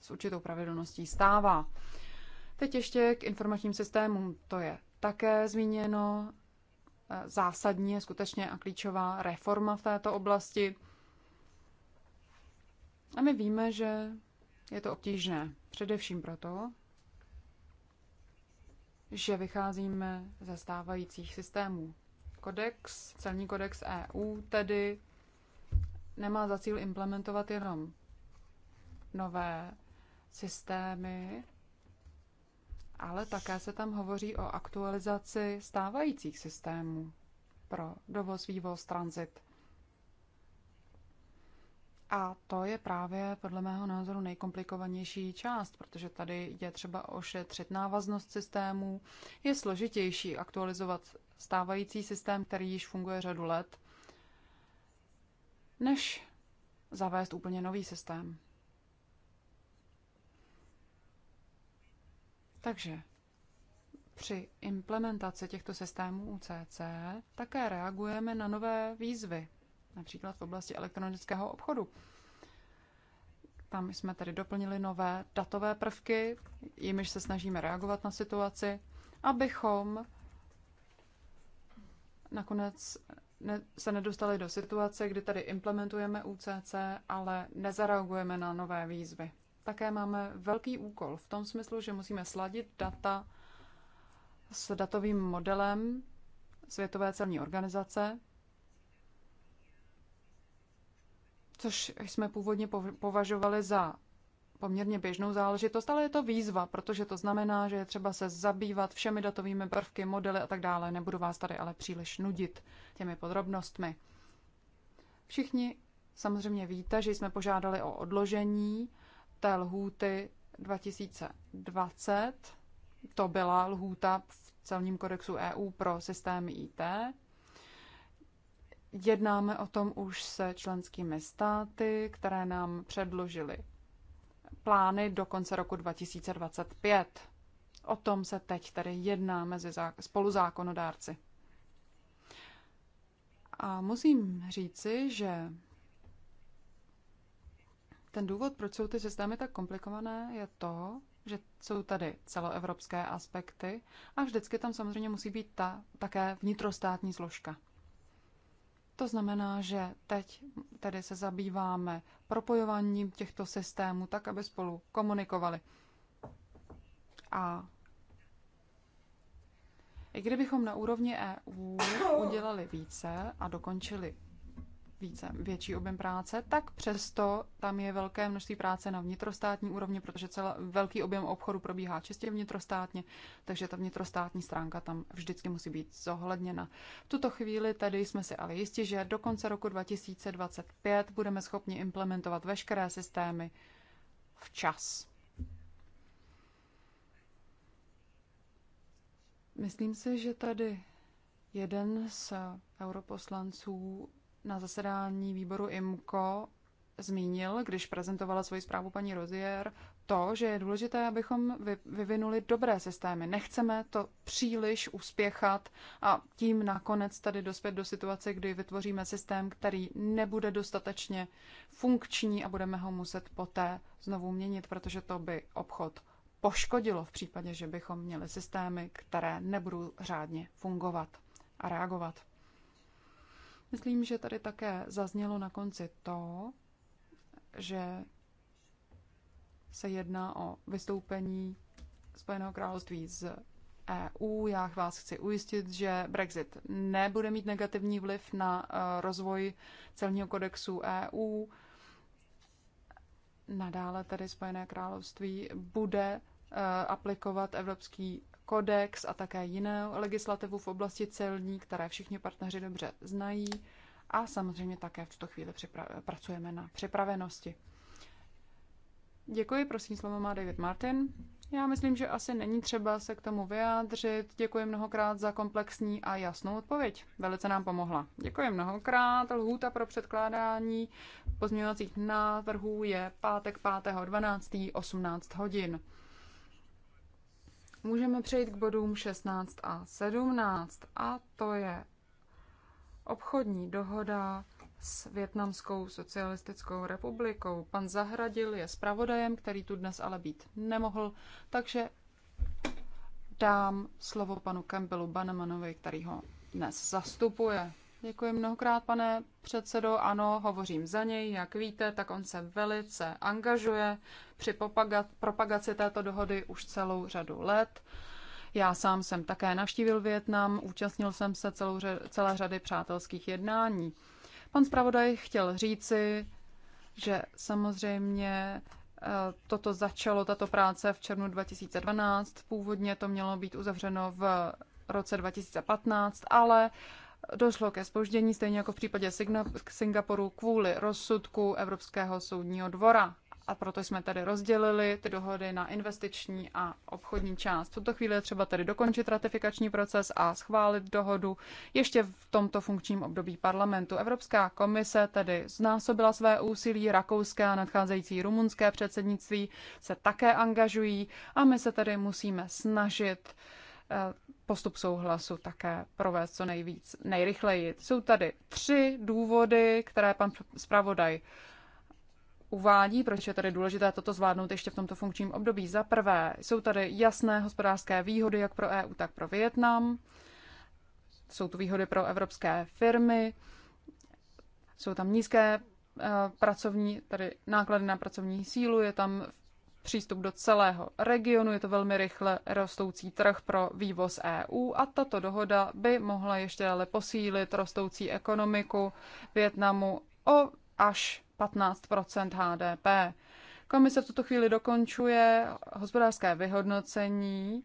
s určitou pravidelností stává. Teď ještě k informačním systémům. To je také zmíněno. Eh, Zásadní je skutečně a klíčová reforma v této oblasti. A my víme, že je to obtížné. Především proto, že vycházíme ze stávajících systémů. Kodex, celní kodex EU tedy nemá za cíl implementovat jenom nové systémy, ale také se tam hovoří o aktualizaci stávajících systémů pro dovoz, vývoz, tranzit. A to je právě podle mého názoru nejkomplikovanější část, protože tady je třeba ošetřit návaznost systémů. Je složitější aktualizovat stávající systém, který již funguje řadu let, než zavést úplně nový systém. Takže při implementaci těchto systémů UCC také reagujeme na nové výzvy, například v oblasti elektronického obchodu. Tam jsme tedy doplnili nové datové prvky, jimiž se snažíme reagovat na situaci, abychom nakonec ne, se nedostali do situace, kdy tady implementujeme UCC, ale nezareagujeme na nové výzvy také máme velký úkol v tom smyslu, že musíme sladit data s datovým modelem Světové celní organizace, což jsme původně považovali za poměrně běžnou záležitost, ale je to výzva, protože to znamená, že je třeba se zabývat všemi datovými prvky, modely a tak dále. Nebudu vás tady ale příliš nudit těmi podrobnostmi. Všichni samozřejmě víte, že jsme požádali o odložení té lhůty 2020. To byla lhůta v celním kodexu EU pro systémy IT. Jednáme o tom už se členskými státy, které nám předložily plány do konce roku 2025. O tom se teď tady jedná mezi spoluzákonodárci. A musím říci, že ten důvod, proč jsou ty systémy tak komplikované, je to, že jsou tady celoevropské aspekty a vždycky tam samozřejmě musí být ta také vnitrostátní složka. To znamená, že teď tady se zabýváme propojováním těchto systémů tak, aby spolu komunikovali. A i kdybychom na úrovni EU udělali více a dokončili více, větší objem práce, tak přesto tam je velké množství práce na vnitrostátní úrovni, protože celý velký objem obchodu probíhá čistě vnitrostátně, takže ta vnitrostátní stránka tam vždycky musí být zohledněna. V tuto chvíli tedy jsme si ale jistí, že do konce roku 2025 budeme schopni implementovat veškeré systémy včas. Myslím si, že tady jeden z europoslanců na zasedání výboru IMCO zmínil, když prezentovala svoji zprávu paní Rozier, to, že je důležité, abychom vyvinuli dobré systémy. Nechceme to příliš uspěchat a tím nakonec tady dospět do situace, kdy vytvoříme systém, který nebude dostatečně funkční a budeme ho muset poté znovu měnit, protože to by obchod poškodilo v případě, že bychom měli systémy, které nebudou řádně fungovat a reagovat. Myslím, že tady také zaznělo na konci to, že se jedná o vystoupení Spojeného království z EU. Já vás chci ujistit, že Brexit nebude mít negativní vliv na eh, rozvoj celního kodexu EU. Nadále tedy Spojené království bude eh, aplikovat evropský kodex a také jiné legislativu v oblasti celní, které všichni partneři dobře znají. A samozřejmě také v tuto chvíli pracujeme na připravenosti. Děkuji, prosím, slovo má David Martin. Já myslím, že asi není třeba se k tomu vyjádřit. Děkuji mnohokrát za komplexní a jasnou odpověď. Velice nám pomohla. Děkuji mnohokrát. Lhůta pro předkládání pozměňovacích návrhů je pátek 5.12. 18 hodin. Můžeme přejít k bodům 16 a 17 a to je obchodní dohoda s Větnamskou socialistickou republikou. Pan Zahradil je zpravodajem, který tu dnes ale být nemohl, takže dám slovo panu Campbellu Banemanovi, který ho dnes zastupuje. Děkuji mnohokrát, pane předsedo. Ano, hovořím za něj. Jak víte, tak on se velice angažuje při propagaci této dohody už celou řadu let. Já sám jsem také navštívil Větnam, účastnil jsem se celou, celé řady přátelských jednání. Pan zpravodaj chtěl říci, že samozřejmě eh, toto začalo, tato práce v červnu 2012. Původně to mělo být uzavřeno v roce 2015, ale Došlo ke spoždění, stejně jako v případě Singapuru, kvůli rozsudku Evropského soudního dvora. A proto jsme tady rozdělili ty dohody na investiční a obchodní část. V tuto chvíli je třeba tedy dokončit ratifikační proces a schválit dohodu ještě v tomto funkčním období parlamentu. Evropská komise tedy znásobila své úsilí, rakouské a nadcházející rumunské předsednictví se také angažují a my se tedy musíme snažit postup souhlasu také provést co nejvíc, nejrychleji. Jsou tady tři důvody, které pan zpravodaj uvádí, proč je tady důležité toto zvládnout ještě v tomto funkčním období. Za prvé, jsou tady jasné hospodářské výhody jak pro EU, tak pro Vietnam. Jsou tu výhody pro evropské firmy, jsou tam nízké eh, pracovní, tady náklady na pracovní sílu, je tam přístup do celého regionu. Je to velmi rychle rostoucí trh pro vývoz EU a tato dohoda by mohla ještě dále posílit rostoucí ekonomiku Větnamu o až 15 HDP. Komise v tuto chvíli dokončuje hospodářské vyhodnocení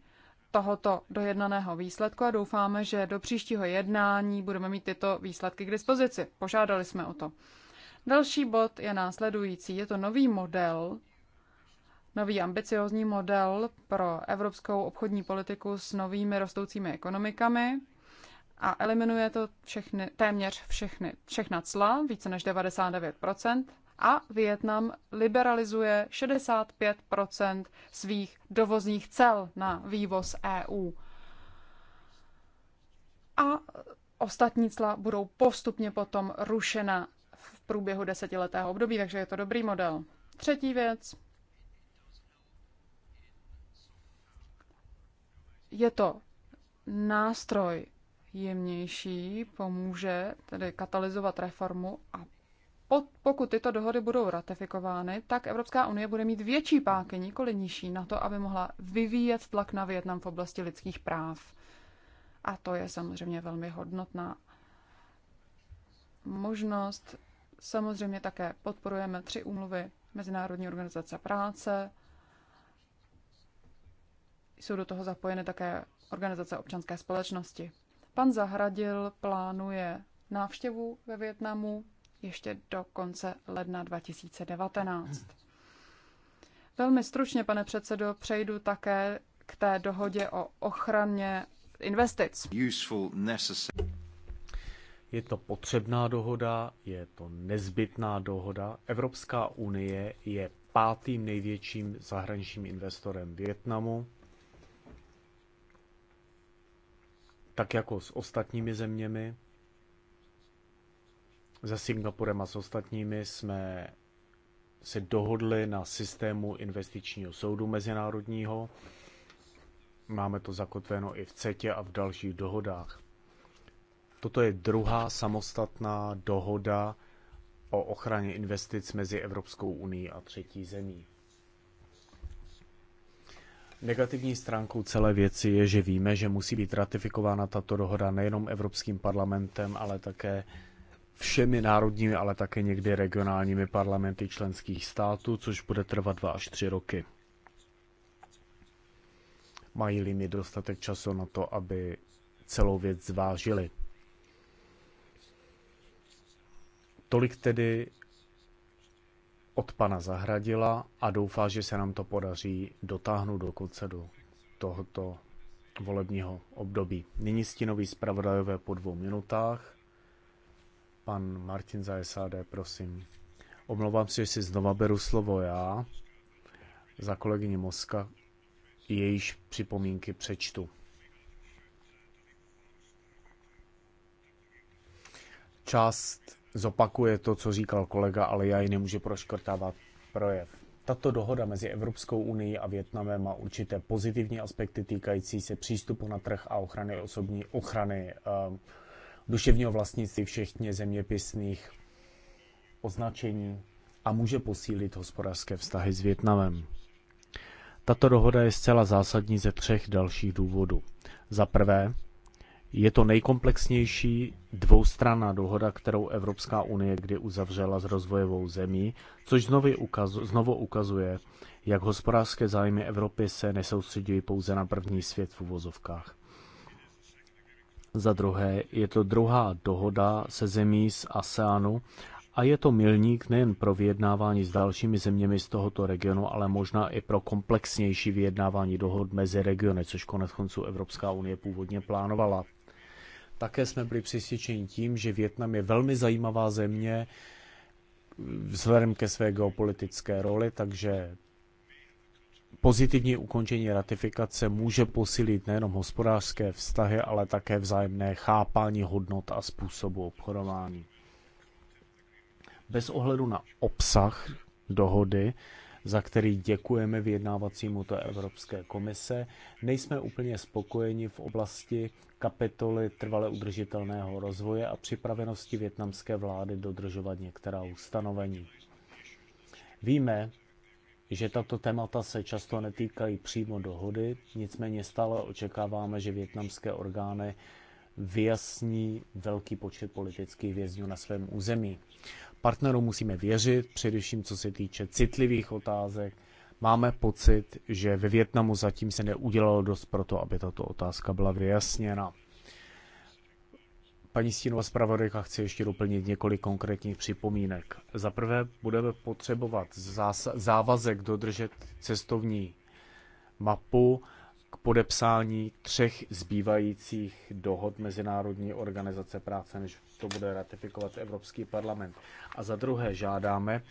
tohoto dojednaného výsledku a doufáme, že do příštího jednání budeme mít tyto výsledky k dispozici. Požádali jsme o to. Další bod je následující. Je to nový model nový ambiciozní model pro evropskou obchodní politiku s novými rostoucími ekonomikami a eliminuje to všechny, téměř všechny, všechna cla, více než 99%, a Vietnam liberalizuje 65% svých dovozních cel na vývoz EU. A ostatní cla budou postupně potom rušena v průběhu desetiletého období, takže je to dobrý model. Třetí věc, Je to nástroj jemnější, pomůže tedy katalyzovat reformu a pokud tyto dohody budou ratifikovány, tak Evropská unie bude mít větší páky, nikoli nižší, na to, aby mohla vyvíjet tlak na Větnam v oblasti lidských práv. A to je samozřejmě velmi hodnotná možnost. Samozřejmě také podporujeme tři úmluvy Mezinárodní organizace práce, jsou do toho zapojeny také organizace občanské společnosti. Pan Zahradil plánuje návštěvu ve Větnamu ještě do konce ledna 2019. Velmi stručně, pane předsedo, přejdu také k té dohodě o ochraně investic. Je to potřebná dohoda, je to nezbytná dohoda. Evropská unie je pátým největším zahraničním investorem Větnamu. tak jako s ostatními zeměmi. Se Singapurem a s ostatními jsme se dohodli na systému investičního soudu mezinárodního. Máme to zakotveno i v CETě a v dalších dohodách. Toto je druhá samostatná dohoda o ochraně investic mezi Evropskou unii a třetí zemí. Negativní stránkou celé věci je, že víme, že musí být ratifikována tato dohoda nejenom Evropským parlamentem, ale také všemi národními, ale také někdy regionálními parlamenty členských států, což bude trvat dva až tři roky. Mají-li mít dostatek času na to, aby celou věc zvážili. Tolik tedy od pana Zahradila a doufá, že se nám to podaří dotáhnout do konce do tohoto volebního období. Nyní stínový zpravodajové po dvou minutách. Pan Martin za SAD, prosím. Omlouvám se, že si znova beru slovo já za kolegyně Moska, jejíž připomínky přečtu. Část zopakuje to, co říkal kolega, ale já ji nemůžu proškrtávat projev. Tato dohoda mezi Evropskou unii a Větnamem má určité pozitivní aspekty týkající se přístupu na trh a ochrany osobní ochrany uh, duševního vlastnictví všech zeměpisných označení a může posílit hospodářské vztahy s Větnamem. Tato dohoda je zcela zásadní ze třech dalších důvodů. Za prvé, je to nejkomplexnější dvoustranná dohoda, kterou Evropská unie kdy uzavřela s rozvojovou zemí, což znovu, ukazu, znovu ukazuje, jak hospodářské zájmy Evropy se nesoustředují pouze na první svět v uvozovkách. Za druhé, je to druhá dohoda se zemí z ASEANu a je to milník nejen pro vyjednávání s dalšími zeměmi z tohoto regionu, ale možná i pro komplexnější vyjednávání dohod mezi regiony, což konec konců Evropská unie původně plánovala. Také jsme byli přesvědčeni tím, že Větnam je velmi zajímavá země vzhledem ke své geopolitické roli, takže pozitivní ukončení ratifikace může posílit nejenom hospodářské vztahy, ale také vzájemné chápání hodnot a způsobu obchodování. Bez ohledu na obsah dohody za který děkujeme vyjednávacímu to Evropské komise. Nejsme úplně spokojeni v oblasti kapitoly trvale udržitelného rozvoje a připravenosti větnamské vlády dodržovat některá ustanovení. Víme, že tato témata se často netýkají přímo dohody, nicméně stále očekáváme, že větnamské orgány vyjasní velký počet politických vězňů na svém území. Partnerům musíme věřit, především co se týče citlivých otázek. Máme pocit, že ve Větnamu zatím se neudělalo dost pro to, aby tato otázka byla vyjasněna. Paní stínová zpravodajka chce ještě doplnit několik konkrétních připomínek. Za prvé budeme potřebovat závazek dodržet cestovní mapu k podepsání třech zbývajících dohod Mezinárodní organizace práce, než to bude ratifikovat Evropský parlament. A za druhé žádáme,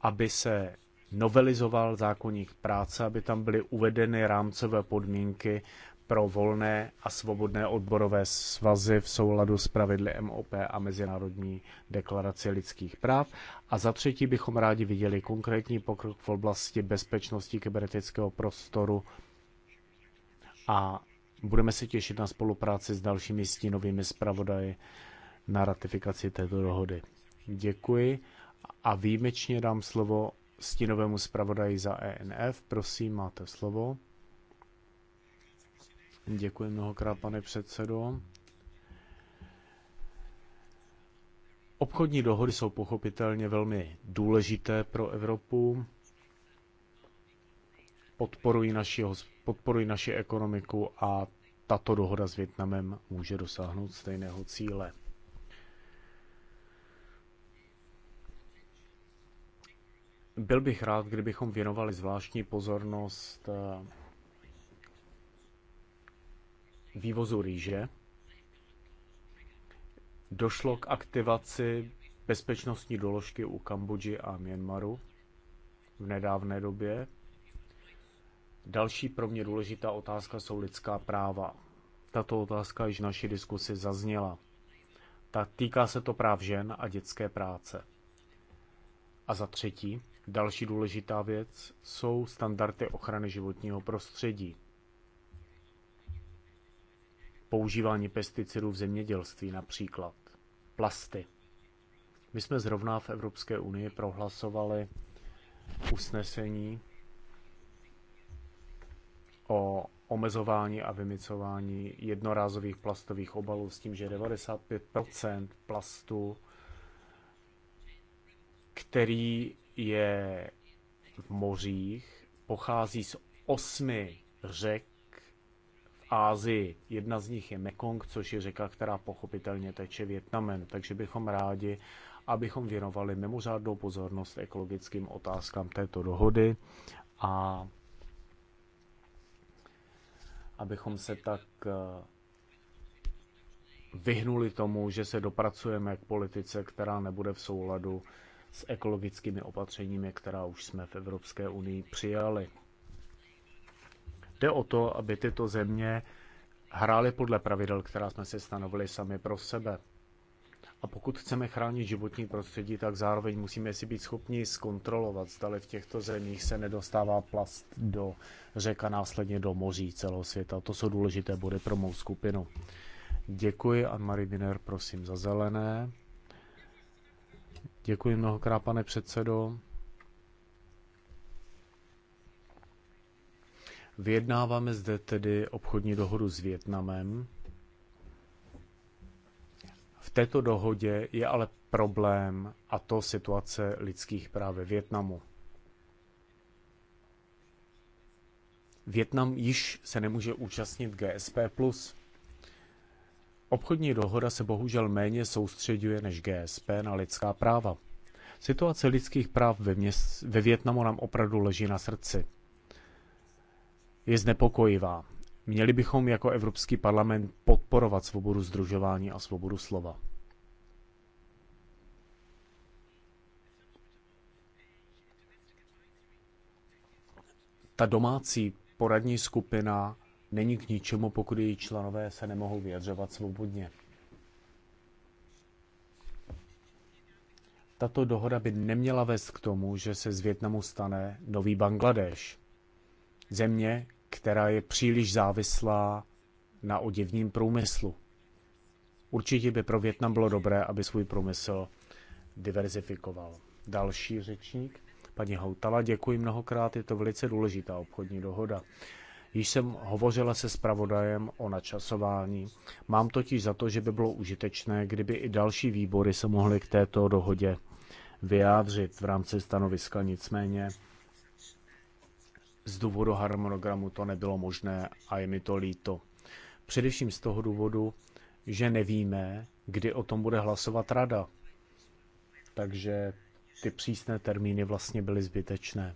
aby se novelizoval zákonník práce, aby tam byly uvedeny rámcové podmínky pro volné a svobodné odborové svazy v souladu s pravidly MOP a Mezinárodní deklaraci lidských práv. A za třetí bychom rádi viděli konkrétní pokrok v oblasti bezpečnosti kybernetického prostoru a budeme se těšit na spolupráci s dalšími stínovými zpravodaji na ratifikaci této dohody. Děkuji a výjimečně dám slovo stínovému zpravodaji za ENF. Prosím, máte slovo. Děkuji mnohokrát, pane předsedo. Obchodní dohody jsou pochopitelně velmi důležité pro Evropu podporují naši, podporují naši ekonomiku a tato dohoda s Větnamem může dosáhnout stejného cíle. Byl bych rád, kdybychom věnovali zvláštní pozornost eh, vývozu rýže. Došlo k aktivaci bezpečnostní doložky u Kambodži a Myanmaru v nedávné době, Další pro mě důležitá otázka jsou lidská práva. Tato otázka již v naší diskusi zazněla. Ta týká se to práv žen a dětské práce. A za třetí, další důležitá věc jsou standardy ochrany životního prostředí. Používání pesticidů v zemědělství například. Plasty. My jsme zrovna v Evropské unii prohlasovali usnesení o omezování a vymicování jednorázových plastových obalů s tím, že 95% plastu, který je v mořích, pochází z osmi řek v Ázii. Jedna z nich je Mekong, což je řeka, která pochopitelně teče Větnamem. Takže bychom rádi, abychom věnovali mimořádnou pozornost ekologickým otázkám této dohody a abychom se tak eh, vyhnuli tomu, že se dopracujeme k politice, která nebude v souladu s ekologickými opatřeními, která už jsme v Evropské unii přijali. Jde o to, aby tyto země hrály podle pravidel, která jsme si stanovili sami pro sebe. A pokud chceme chránit životní prostředí, tak zároveň musíme si být schopni zkontrolovat, zda v těchto zemích se nedostává plast do řek a následně do moří celého světa. To jsou důležité body pro mou skupinu. Děkuji, Anne-Marie Biner, prosím, za zelené. Děkuji mnohokrát, pane předsedo. Vyjednáváme zde tedy obchodní dohodu s Větnamem této dohodě je ale problém a to situace lidských práv ve Větnamu. Větnam již se nemůže účastnit GSP+. Obchodní dohoda se bohužel méně soustředuje než GSP na lidská práva. Situace lidských práv ve, měst, ve Větnamu nám opravdu leží na srdci. Je znepokojivá. Měli bychom jako Evropský parlament podporovat svobodu združování a svobodu slova. Ta domácí poradní skupina není k ničemu, pokud její členové se nemohou vyjadřovat svobodně. Tato dohoda by neměla vést k tomu, že se z Větnamu stane nový Bangladeš. Země, která je příliš závislá na oděvním průmyslu. Určitě by pro Větnam bylo dobré, aby svůj průmysl diverzifikoval. Další řečník, paní Houtala, děkuji mnohokrát, je to velice důležitá obchodní dohoda. Již jsem hovořila se spravodajem o načasování. Mám totiž za to, že by bylo užitečné, kdyby i další výbory se mohly k této dohodě vyjádřit v rámci stanoviska. Nicméně z důvodu harmonogramu to nebylo možné a je mi to líto. Především z toho důvodu, že nevíme, kdy o tom bude hlasovat rada. Takže ty přísné termíny vlastně byly zbytečné.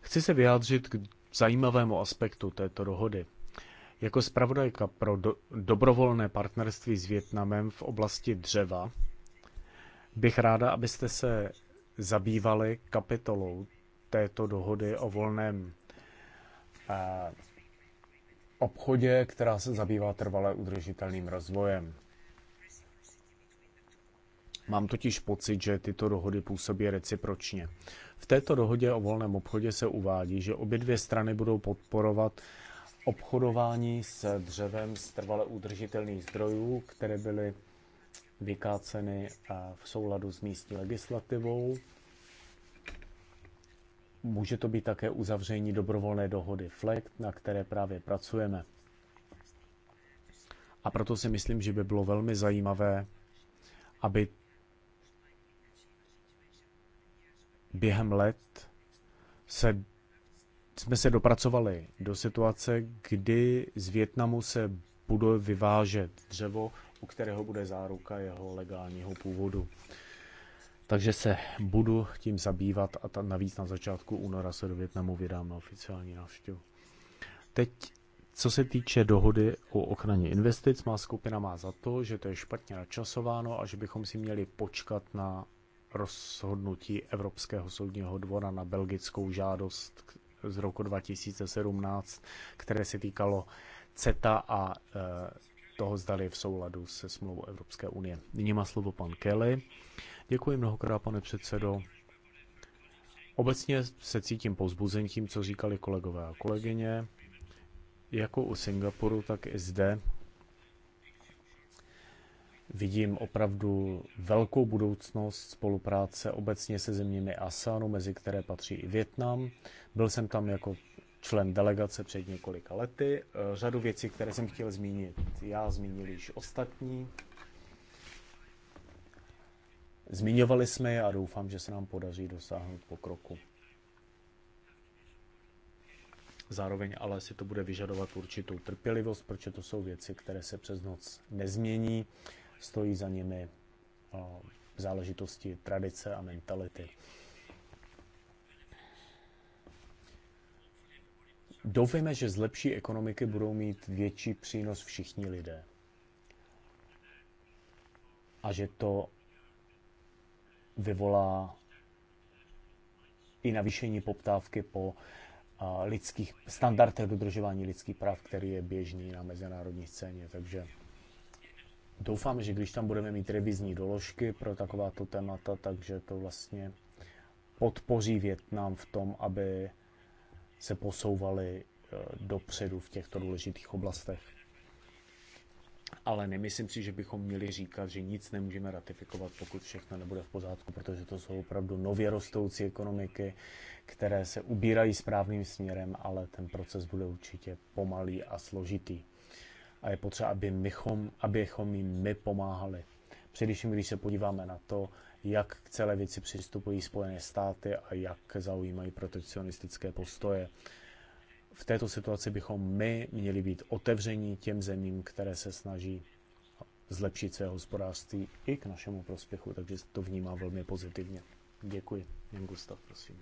Chci se vyjádřit k zajímavému aspektu této dohody. Jako zpravodajka pro do- dobrovolné partnerství s Větnamem v oblasti dřeva bych ráda, abyste se zabývali kapitolou této dohody o volném eh, obchodě, která se zabývá trvalé udržitelným rozvojem. Mám totiž pocit, že tyto dohody působí recipročně. V této dohodě o volném obchodě se uvádí, že obě dvě strany budou podporovat obchodování s dřevem z trvale udržitelných zdrojů, které byly vykáceny v souladu s místní legislativou. Může to být také uzavření dobrovolné dohody FLECT, na které právě pracujeme. A proto si myslím, že by bylo velmi zajímavé, aby během let se, jsme se dopracovali do situace, kdy z Větnamu se bude vyvážet dřevo u kterého bude záruka jeho legálního původu. Takže se budu tím zabývat a ta, navíc na začátku února se do Větnamu vydám na oficiální návštěvu. Teď, co se týče dohody o ochraně investic, má skupina má za to, že to je špatně načasováno a že bychom si měli počkat na rozhodnutí Evropského soudního dvora na belgickou žádost z roku 2017, které se týkalo CETA a e, toho zdali v souladu se smlouvou Evropské unie. Nyní má slovo pan Kelly. Děkuji mnohokrát, pane předsedo. Obecně se cítím pozbuzen tím, co říkali kolegové a kolegyně. Jako u Singapuru, tak i zde vidím opravdu velkou budoucnost spolupráce obecně se zeměmi ASEANu, mezi které patří i Větnam. Byl jsem tam jako člen delegace před několika lety. Eh, řadu věcí, které jsem chtěl zmínit, já zmínil již ostatní. Zmiňovali jsme je a doufám, že se nám podaří dosáhnout pokroku. Zároveň ale si to bude vyžadovat určitou trpělivost, protože to jsou věci, které se přes noc nezmění. Stojí za nimi eh, záležitosti tradice a mentality. Doufejme, že z lepší ekonomiky budou mít větší přínos všichni lidé. A že to vyvolá i navýšení poptávky po lidských standardech dodržování lidských práv, který je běžný na mezinárodní scéně. Takže doufám, že když tam budeme mít revizní doložky pro takováto témata, takže to vlastně podpoří Větnam v tom, aby se posouvali eh, dopředu v těchto důležitých oblastech. Ale nemyslím si, že bychom měli říkat, že nic nemůžeme ratifikovat, pokud všechno nebude v pořádku, protože to jsou opravdu nově rostoucí ekonomiky, které se ubírají správným směrem, ale ten proces bude určitě pomalý a složitý. A je potřeba, aby mychom, abychom jim my pomáhali. Především, když se podíváme na to, jak k celé věci přistupují Spojené státy a jak zaujímají protekcionistické postoje. V této situaci bychom my měli být otevření těm zemím, které se snaží zlepšit své hospodářství i k našemu prospěchu, takže to vnímá velmi pozitivně. Děkuji. Jan Gustav, prosím.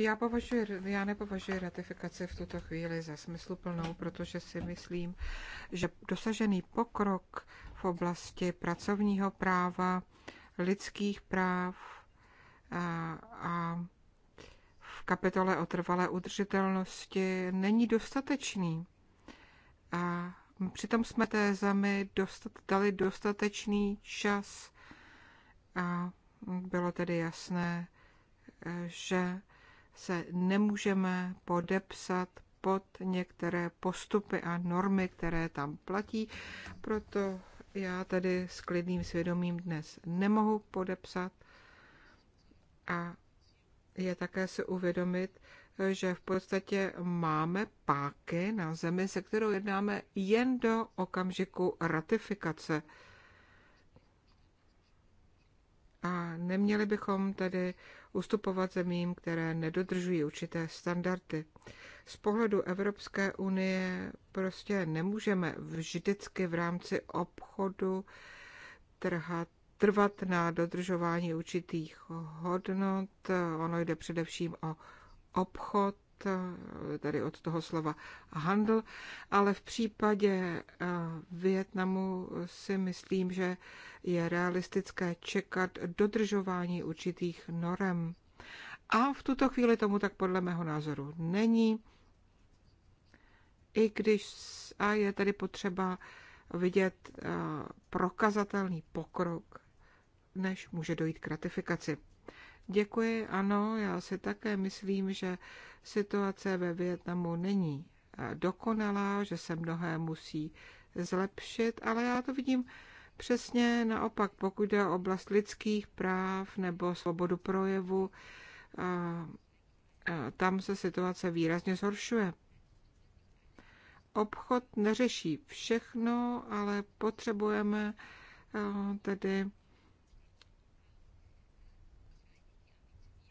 Já, považuji, já nepovažuji ratifikaci v tuto chvíli za smysluplnou, protože si myslím, že dosažený pokrok v oblasti pracovního práva, lidských práv a, a v kapitole o trvalé udržitelnosti není dostatečný. A přitom jsme té zemi dostat, dali dostatečný čas a bylo tedy jasné, že se nemůžeme podepsat pod některé postupy a normy, které tam platí, proto já tady s klidným svědomím dnes nemohu podepsat a je také se uvědomit, že v podstatě máme páky na zemi, se kterou jednáme jen do okamžiku ratifikace. A neměli bychom tedy ustupovat zemím, které nedodržují určité standardy. Z pohledu Evropské unie prostě nemůžeme vždycky v rámci obchodu trhat trvat na dodržování určitých hodnot. Ono jde především o obchod tady eh, od toho slova handel, ale v případě eh, Vietnamu si myslím, že je realistické čekat dodržování určitých norem. A v tuto chvíli tomu tak podle mého názoru není. I když a je tady potřeba vidět eh, prokazatelný pokrok, než může dojít k ratifikaci. Děkuji, ano, já si také myslím, že situace ve Větnamu není eh, dokonalá, že se mnohé musí zlepšit, ale já to vidím přesně naopak, pokud jde o oblast lidských práv nebo svobodu projevu, tam se situace výrazně zhoršuje. Obchod neřeší všechno, ale potřebujeme eh, tedy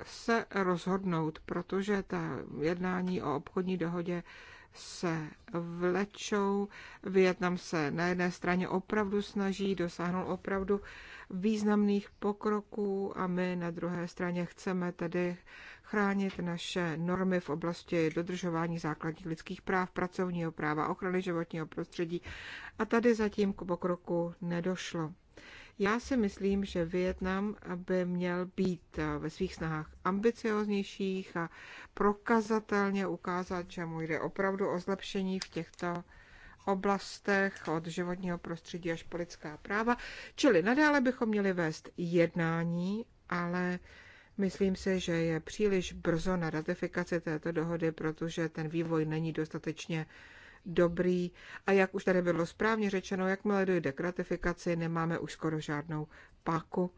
se rozhodnout, protože ta jednání o obchodní dohodě se vlečou. Vietnam se na jedné straně opravdu snaží dosáhnout opravdu významných pokroků a my na druhé straně chceme tedy chránit naše normy v oblasti dodržování základních lidských práv, pracovního práva, ochrany životního prostředí a tady zatím k pokroku nedošlo. Já si myslím, že Vietnam by měl být eh, ve svých snahách ambicioznějších a prokazatelně ukázat, že mu jde opravdu o zlepšení v těchto oblastech od životního prostředí až po práva. Čili nadále bychom měli vést jednání, ale Myslím si, že je příliš brzo na ratifikaci této dohody, protože ten vývoj není dostatečně dobrý a jak už tady bylo správně řečeno, jakmile dojde k ratifikaci, nemáme už skoro žádnou páku.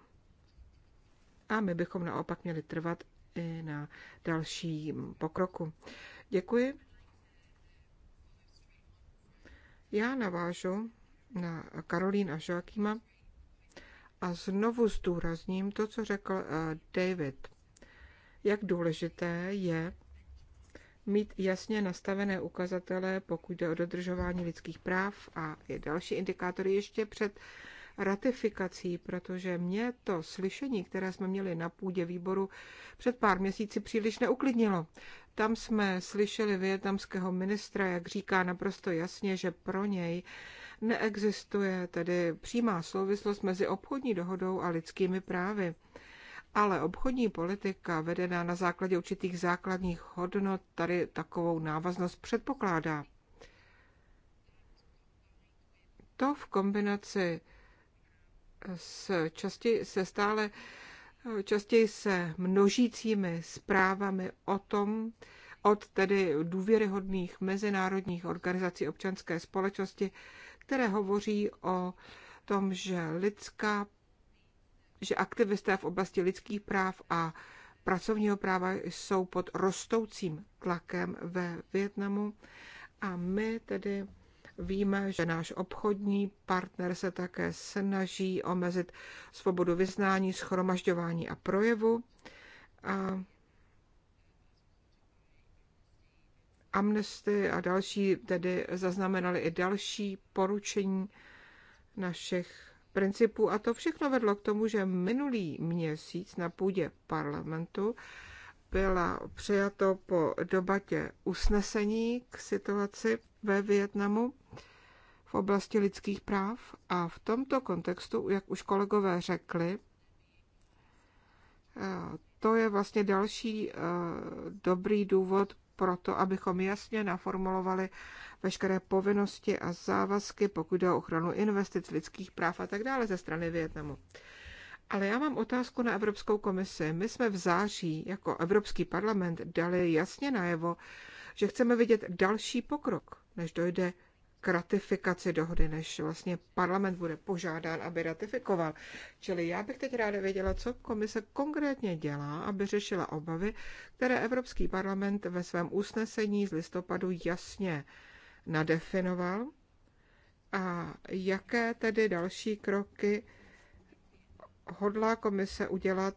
A my bychom naopak měli trvat i na dalším pokroku. Děkuji. Já navážu na Karolín a Joakima a znovu zdůrazním to, co řekl eh, David. Jak důležité je mít jasně nastavené ukazatele, pokud jde o dodržování lidských práv a je další indikátory ještě před ratifikací, protože mě to slyšení, které jsme měli na půdě výboru před pár měsíci, příliš neuklidnilo. Tam jsme slyšeli větnamského ministra, jak říká naprosto jasně, že pro něj neexistuje tedy přímá souvislost mezi obchodní dohodou a lidskými právy. Ale obchodní politika vedená na základě určitých základních hodnot tady takovou návaznost předpokládá. To v kombinaci s častěji, se stále častěji se množícími zprávami o tom, od tedy důvěryhodných mezinárodních organizací občanské společnosti, které hovoří o tom, že lidská že aktivisté v oblasti lidských práv a pracovního práva jsou pod rostoucím tlakem ve Větnamu a my tedy víme, že náš obchodní partner se také snaží omezit svobodu vyznání, schromažďování a projevu. A Amnesty a další tedy zaznamenali i další poručení našich principů a to všechno vedlo k tomu, že minulý měsíc na půdě parlamentu byla přijato po dobatě usnesení k situaci ve Vietnamu v oblasti lidských práv a v tomto kontextu, jak už kolegové řekli, eh, to je vlastně další eh, dobrý důvod proto, abychom jasně naformulovali veškeré povinnosti a závazky, pokud jde o ochranu investic, lidských práv a tak dále ze strany Větnamu. Ale já mám otázku na Evropskou komisi. My jsme v září jako Evropský parlament dali jasně najevo, že chceme vidět další pokrok, než dojde k ratifikaci dohody, než vlastně parlament bude požádán, aby ratifikoval. Čili já bych teď ráda věděla, co komise konkrétně dělá, aby řešila obavy, které Evropský parlament ve svém usnesení z listopadu jasně nadefinoval a jaké tedy další kroky hodlá komise udělat,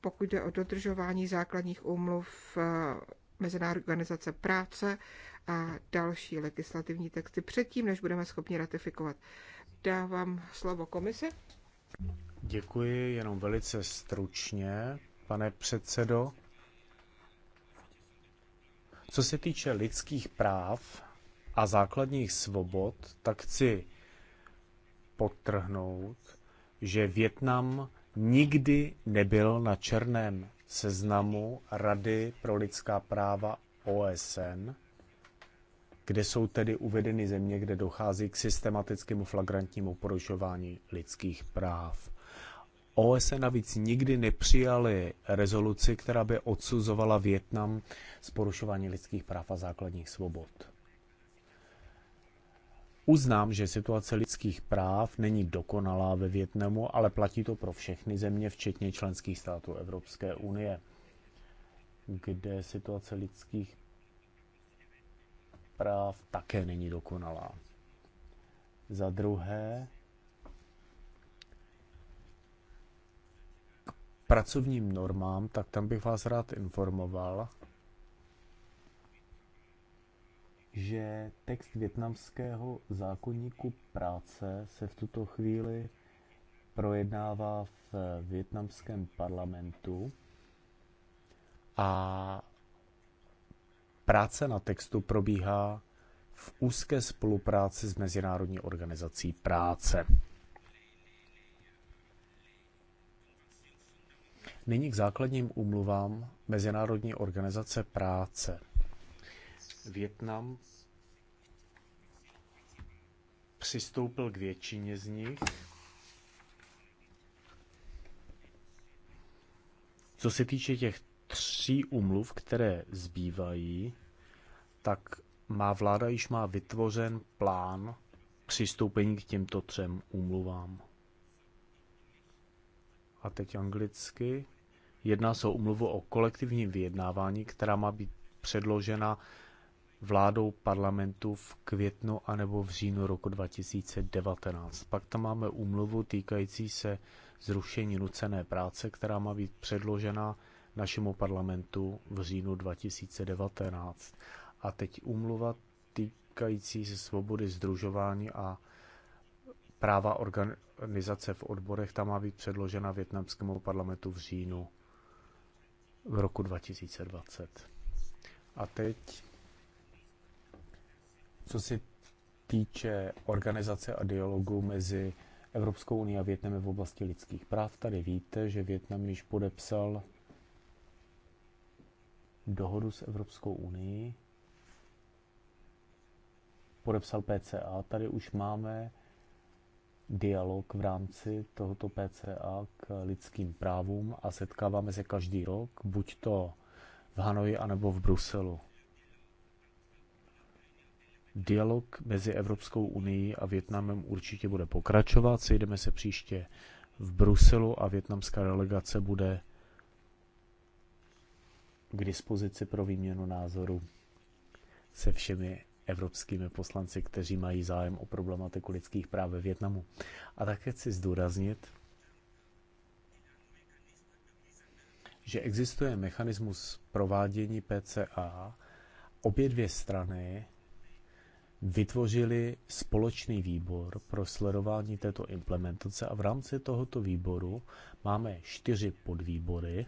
pokud jde o dodržování základních úmluv eh, Mezinárodní organizace práce a další legislativní texty předtím, než budeme schopni ratifikovat. Dávám slovo komise. Děkuji, jenom velice stručně, pane předsedo. Co se týče lidských práv a základních svobod, tak chci podtrhnout, že Větnam nikdy nebyl na černém seznamu Rady pro lidská práva OSN kde jsou tedy uvedeny země, kde dochází k systematickému flagrantnímu porušování lidských práv. OSN navíc nikdy nepřijali rezoluci, která by odsuzovala Větnam z porušování lidských práv a základních svobod. Uznám, že situace lidských práv není dokonalá ve Větnamu, ale platí to pro všechny země, včetně členských států Evropské unie, kde situace lidských práv také není dokonalá. Za druhé, k pracovním normám, tak tam bych vás rád informoval, že text větnamského zákonníku práce se v tuto chvíli projednává v větnamském parlamentu a Práce na textu probíhá v úzké spolupráci s Mezinárodní organizací práce. Nyní k základním úmluvám Mezinárodní organizace práce. Větnam přistoupil k většině z nich. Co se týče těch tří umluv, které zbývají, tak má vláda již má vytvořen plán přistoupení k těmto třem umluvám. A teď anglicky. Jedná se o umluvu o kolektivním vyjednávání, která má být předložena vládou parlamentu v květnu anebo v říjnu roku 2019. Pak tam máme umluvu týkající se zrušení nucené práce, která má být předložena našemu parlamentu v říjnu 2019. A teď umluva týkající se svobody združování a práva organizace v odborech, ta má být předložena větnamskému parlamentu v říjnu v roku 2020. A teď, co se týče organizace a dialogu mezi Evropskou unii a Větnamem v oblasti lidských práv, tady víte, že Větnam již podepsal dohodu s Evropskou unii. Podepsal PCA. Tady už máme dialog v rámci tohoto PCA k lidským právům a setkáváme se každý rok, buď to v Hanoji anebo v Bruselu. Dialog mezi Evropskou unii a Větnamem určitě bude pokračovat. Sejdeme se příště v Bruselu a větnamská delegace bude k dispozici pro výměnu názorů se všemi evropskými poslanci, kteří mají zájem o problematiku lidských práv ve Větnamu. A také chci zdůraznit, že existuje mechanismus provádění PCA. Obě dvě strany vytvořili společný výbor pro sledování této implementace a v rámci tohoto výboru máme čtyři podvýbory,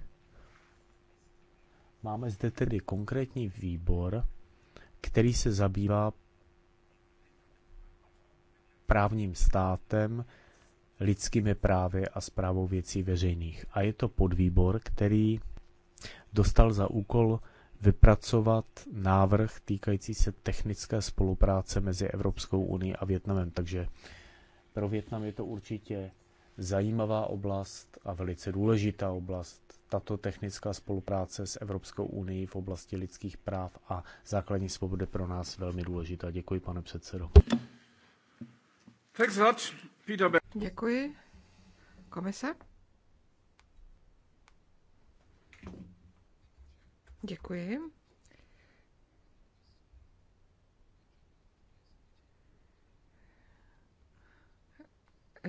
Máme zde tedy konkrétní výbor, který se zabývá právním státem, lidskými právy a zprávou věcí veřejných. A je to podvýbor, který dostal za úkol vypracovat návrh týkající se technické spolupráce mezi Evropskou unii a Větnamem. Takže pro Větnam je to určitě zajímavá oblast a velice důležitá oblast tato technická spolupráce s Evropskou unii v oblasti lidských práv a základní svobody pro nás velmi důležitá. Děkuji, pane předsedo. Děkuji. Komise? Děkuji.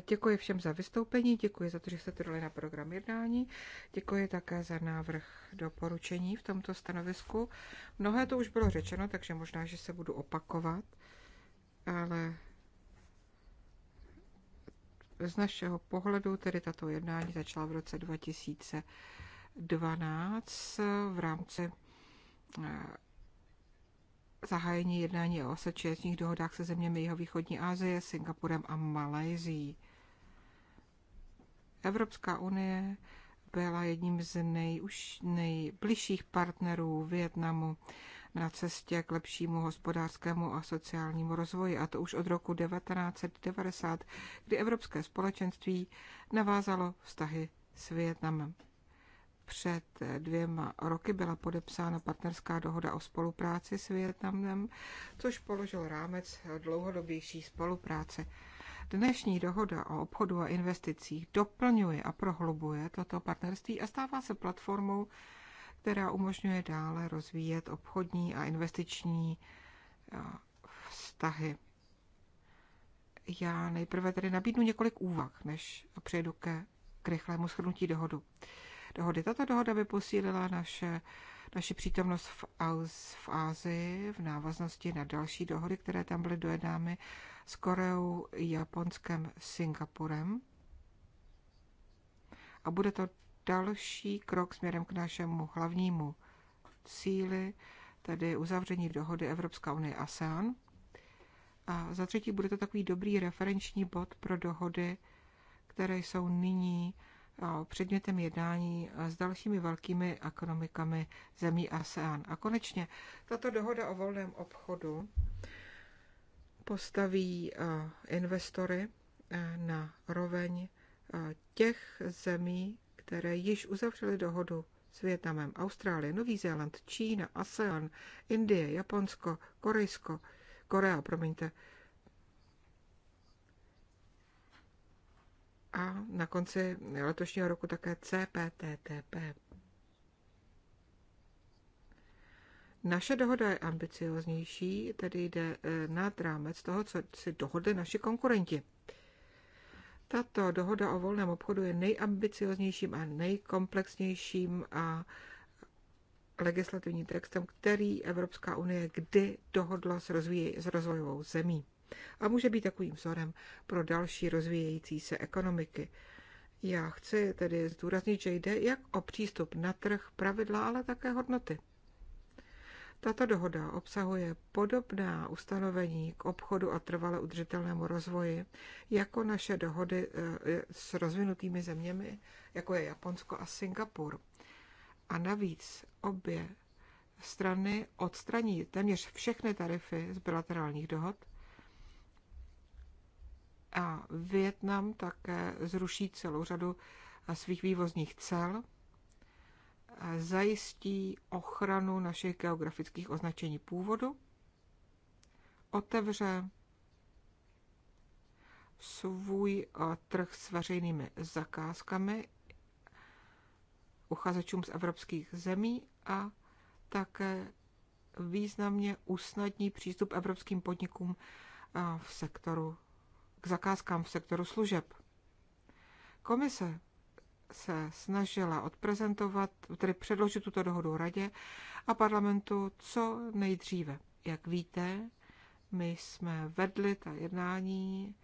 Děkuji všem za vystoupení, děkuji za to, že jste to dali na program jednání, děkuji také za návrh doporučení v tomto stanovisku. Mnohé to už bylo řečeno, takže možná, že se budu opakovat, ale z našeho pohledu tedy tato jednání začala v roce 2012 v rámci eh, zahájení jednání o asociačních dohodách se zeměmi jihovýchodní Asie, Singapurem a Malajzí. Evropská unie byla jedním z nejuž, nejbližších partnerů Větnamu na cestě k lepšímu hospodářskému a sociálnímu rozvoji, a to už od roku 1990, kdy Evropské společenství navázalo vztahy s Větnamem před dvěma roky byla podepsána partnerská dohoda o spolupráci s Vietnamem, což položil rámec dlouhodobější spolupráce. Dnešní dohoda o obchodu a investicích doplňuje a prohlubuje toto partnerství a stává se platformou, která umožňuje dále rozvíjet obchodní a investiční vztahy. Já nejprve tedy nabídnu několik úvah, než přejdu ke k rychlému shrnutí dohodu dohody. Tato dohoda by posílila naše, naši přítomnost v, Aus, v Ázii v návaznosti na další dohody, které tam byly dojednány s Koreou, Japonskem, Singapurem. A bude to další krok směrem k našemu hlavnímu cíli, tedy uzavření dohody Evropská unie ASEAN. A za třetí bude to takový dobrý referenční bod pro dohody, které jsou nyní předmětem jednání eh, s dalšími velkými ekonomikami zemí ASEAN. A konečně tato dohoda o volném obchodu postaví eh, investory eh, na roveň těch zemí, které již uzavřely dohodu s Větnamem, Austrálie, Nový Zéland, Čína, ASEAN, Indie, Japonsko, Korejsko, Korea, promiňte, a na konci letošního roku také CPTTP. Naše dohoda je ambicioznější, tedy jde e, nad rámec toho, co si dohodli naši konkurenti. Tato dohoda o volném obchodu je nejambicioznějším a nejkomplexnějším a legislativním textem, který Evropská unie kdy dohodla s, rozvíj, s rozvojovou zemí a může být takovým vzorem pro další rozvíjející se ekonomiky. Já chci tedy zdůraznit, že jde jak o přístup na trh, pravidla, ale také hodnoty. Tato dohoda obsahuje podobná ustanovení k obchodu a trvale udržitelnému rozvoji jako naše dohody eh, s rozvinutými zeměmi, jako je Japonsko a Singapur. A navíc obě strany odstraní téměř všechny tarify z bilaterálních dohod a Vietnam také zruší celou řadu eh, svých vývozních cel, zajistí ochranu našich geografických označení původu, otevře svůj eh, trh s veřejnými zakázkami uchazečům z evropských zemí a také významně usnadní přístup evropským podnikům eh, v sektoru k zakázkám v sektoru služeb. Komise se snažila odprezentovat, tedy předložit tuto dohodu radě a parlamentu co nejdříve. Jak víte, my jsme vedli ta jednání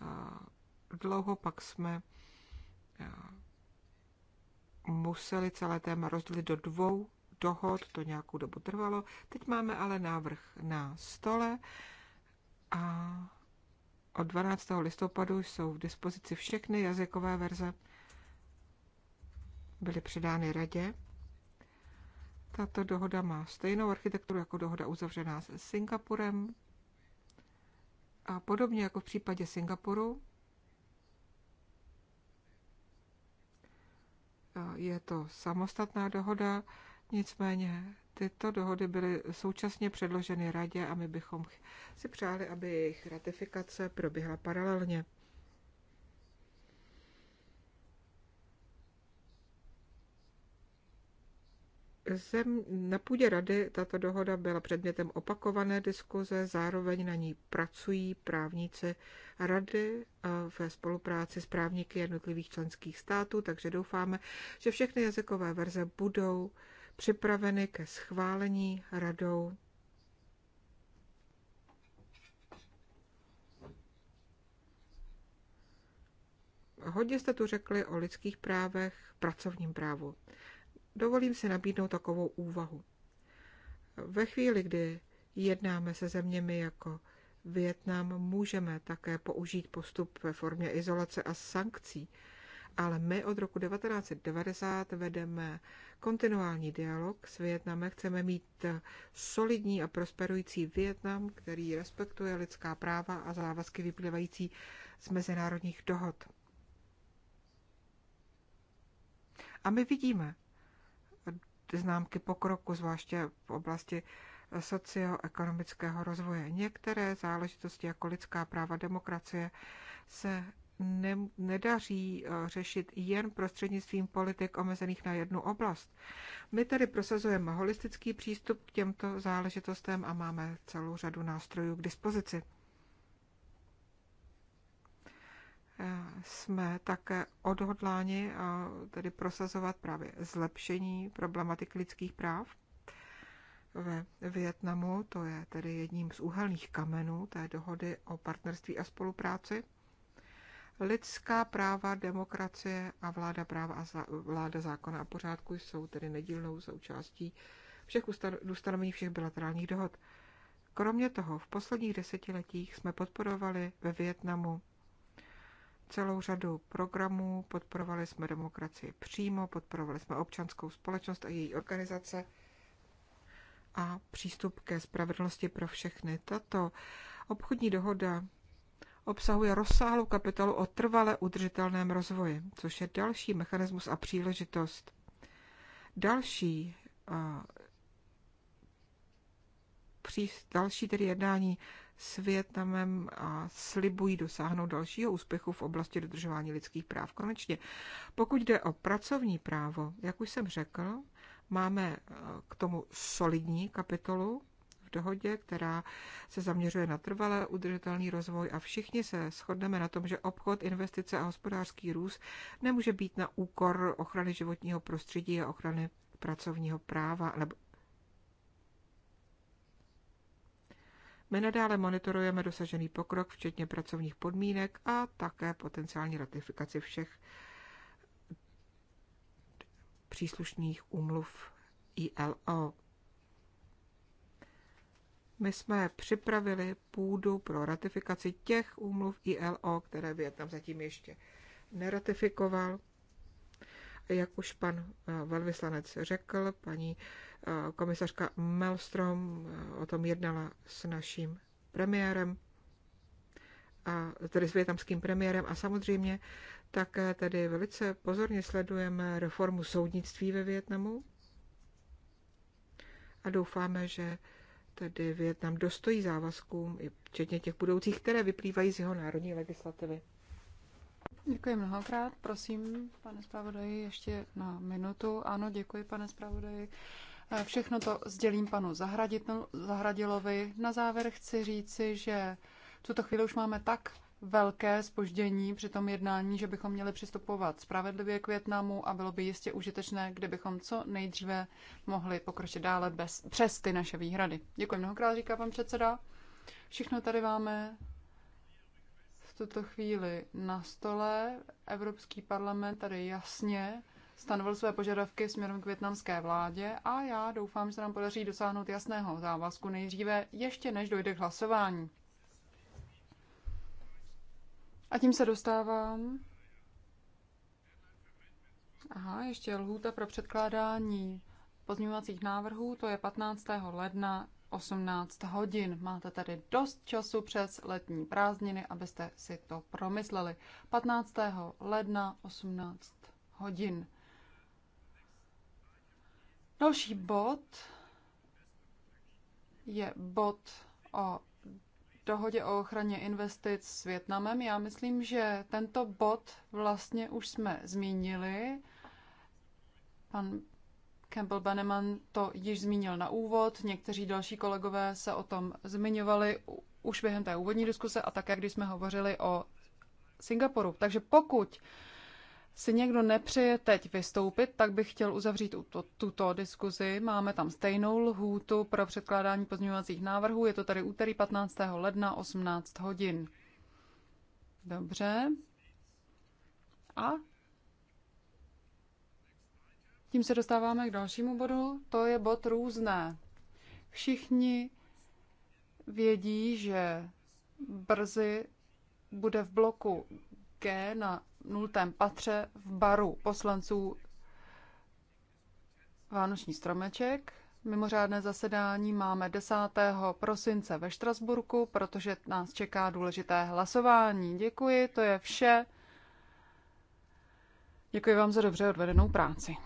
a dlouho, pak jsme museli celé téma rozdělit do dvou dohod, to nějakou dobu trvalo. Teď máme ale návrh na stole a od 12. listopadu jsou v dispozici všechny jazykové verze. Byly předány radě. Tato dohoda má stejnou architekturu jako dohoda uzavřená s Singapurem. A podobně jako v případě Singapuru, eh, je to samostatná dohoda, nicméně Tyto dohody byly současně předloženy radě a my bychom si přáli, aby jejich ratifikace proběhla paralelně. Zem, na půdě rady tato dohoda byla předmětem opakované diskuze, zároveň na ní pracují právníci rady ve spolupráci s právníky jednotlivých členských států, takže doufáme, že všechny jazykové verze budou připraveny ke schválení radou. Hodně jste tu řekli o lidských právech, pracovním právu. Dovolím si nabídnout takovou úvahu. Ve chvíli, kdy jednáme se zeměmi jako Vietnam, můžeme také použít postup ve formě izolace a sankcí, ale my od roku 1990 vedeme kontinuální dialog s Větnamem. Chceme mít solidní a prosperující Větnam, který respektuje lidská práva a závazky vyplývající z mezinárodních dohod. A my vidíme známky pokroku, zvláště v oblasti socioekonomického rozvoje. Některé záležitosti jako lidská práva, demokracie se ne, nedaří eh, řešit jen prostřednictvím politik omezených na jednu oblast. My tedy prosazujeme holistický přístup k těmto záležitostem a máme celou řadu nástrojů k dispozici. Eh, jsme také odhodláni eh, tedy prosazovat právě zlepšení problematik lidských práv ve Vietnamu, to je tedy jedním z úhelných kamenů té dohody o partnerství a spolupráci. Lidská práva, demokracie a vláda práva a vláda zákona a pořádku jsou tedy nedílnou součástí všech ustanovení všech bilaterálních dohod. Kromě toho, v posledních desetiletích jsme podporovali ve Větnamu celou řadu programů, podporovali jsme demokracii přímo, podporovali jsme občanskou společnost a její organizace a přístup ke spravedlnosti pro všechny. Tato obchodní dohoda obsahuje rozsáhlou kapitolu o trvale udržitelném rozvoji, což je další mechanismus a příležitost. Další pří, další tedy jednání s Větnamem a slibují dosáhnout dalšího úspěchu v oblasti dodržování lidských práv. Konečně, pokud jde o pracovní právo, jak už jsem řekl, máme k tomu solidní kapitolu, dohodě, která se zaměřuje na trvalé udržitelný rozvoj a všichni se shodneme na tom, že obchod, investice a hospodářský růst nemůže být na úkor ochrany životního prostředí a ochrany pracovního práva nebo My nadále monitorujeme dosažený pokrok, včetně pracovních podmínek a také potenciální ratifikaci všech příslušných úmluv ILO. My jsme připravili půdu pro ratifikaci těch úmluv ILO, které Větnam zatím ještě neratifikoval. Jak už pan eh, velvyslanec řekl, paní eh, komisařka Melstrom eh, o tom jednala s naším premiérem, a tedy s větnamským premiérem a samozřejmě také tedy velice pozorně sledujeme reformu soudnictví ve Větnamu a doufáme, že tedy Větnam dostojí závazkům, včetně těch budoucích, které vyplývají z jeho národní legislativy. Děkuji mnohokrát. Prosím, pane zpravodaji, ještě na minutu. Ano, děkuji, pane zpravodaji. Eh, všechno to sdělím panu Zahradilovi. Na závěr chci říci, že v tuto chvíli už máme tak velké spoždění při tom jednání, že bychom měli přistupovat spravedlivě k Větnamu a bylo by jistě užitečné, kdybychom co nejdříve mohli pokročit dále bez, přes ty naše výhrady. Děkuji mnohokrát, říká pan předseda. Všechno tady máme v tuto chvíli na stole. Evropský parlament tady jasně stanovil své požadavky směrem k větnamské vládě a já doufám, že se nám podaří dosáhnout jasného závazku nejdříve, ještě než dojde k hlasování. A tím se dostávám. Aha, ještě lhůta pro předkládání pozměňovacích návrhů, to je 15. ledna 18 hodin. Máte tady dost času přes letní prázdniny, abyste si to promysleli. 15. ledna 18 hodin. Další bod je bod o dohodě o ochraně investic s Větnamem. Já myslím, že tento bod vlastně už jsme zmínili. Pan Campbell Banneman to již zmínil na úvod, někteří další kolegové se o tom zmiňovali už během té úvodní diskuse a také, když jsme hovořili o Singapuru. Takže pokud si někdo nepřeje teď vystoupit, tak bych chtěl uzavřít tuto, tuto diskuzi. Máme tam stejnou lhůtu pro předkládání pozměňovacích návrhů. Je to tady úterý 15. ledna 18 hodin. Dobře. A tím se dostáváme k dalšímu bodu. To je bod různé. Všichni vědí, že brzy bude v bloku G na nultém patře v baru poslanců Vánoční stromeček. Mimořádné zasedání máme 10. prosince ve Štrasburku, protože nás čeká důležité hlasování. Děkuji, to je vše. Děkuji vám za dobře odvedenou práci.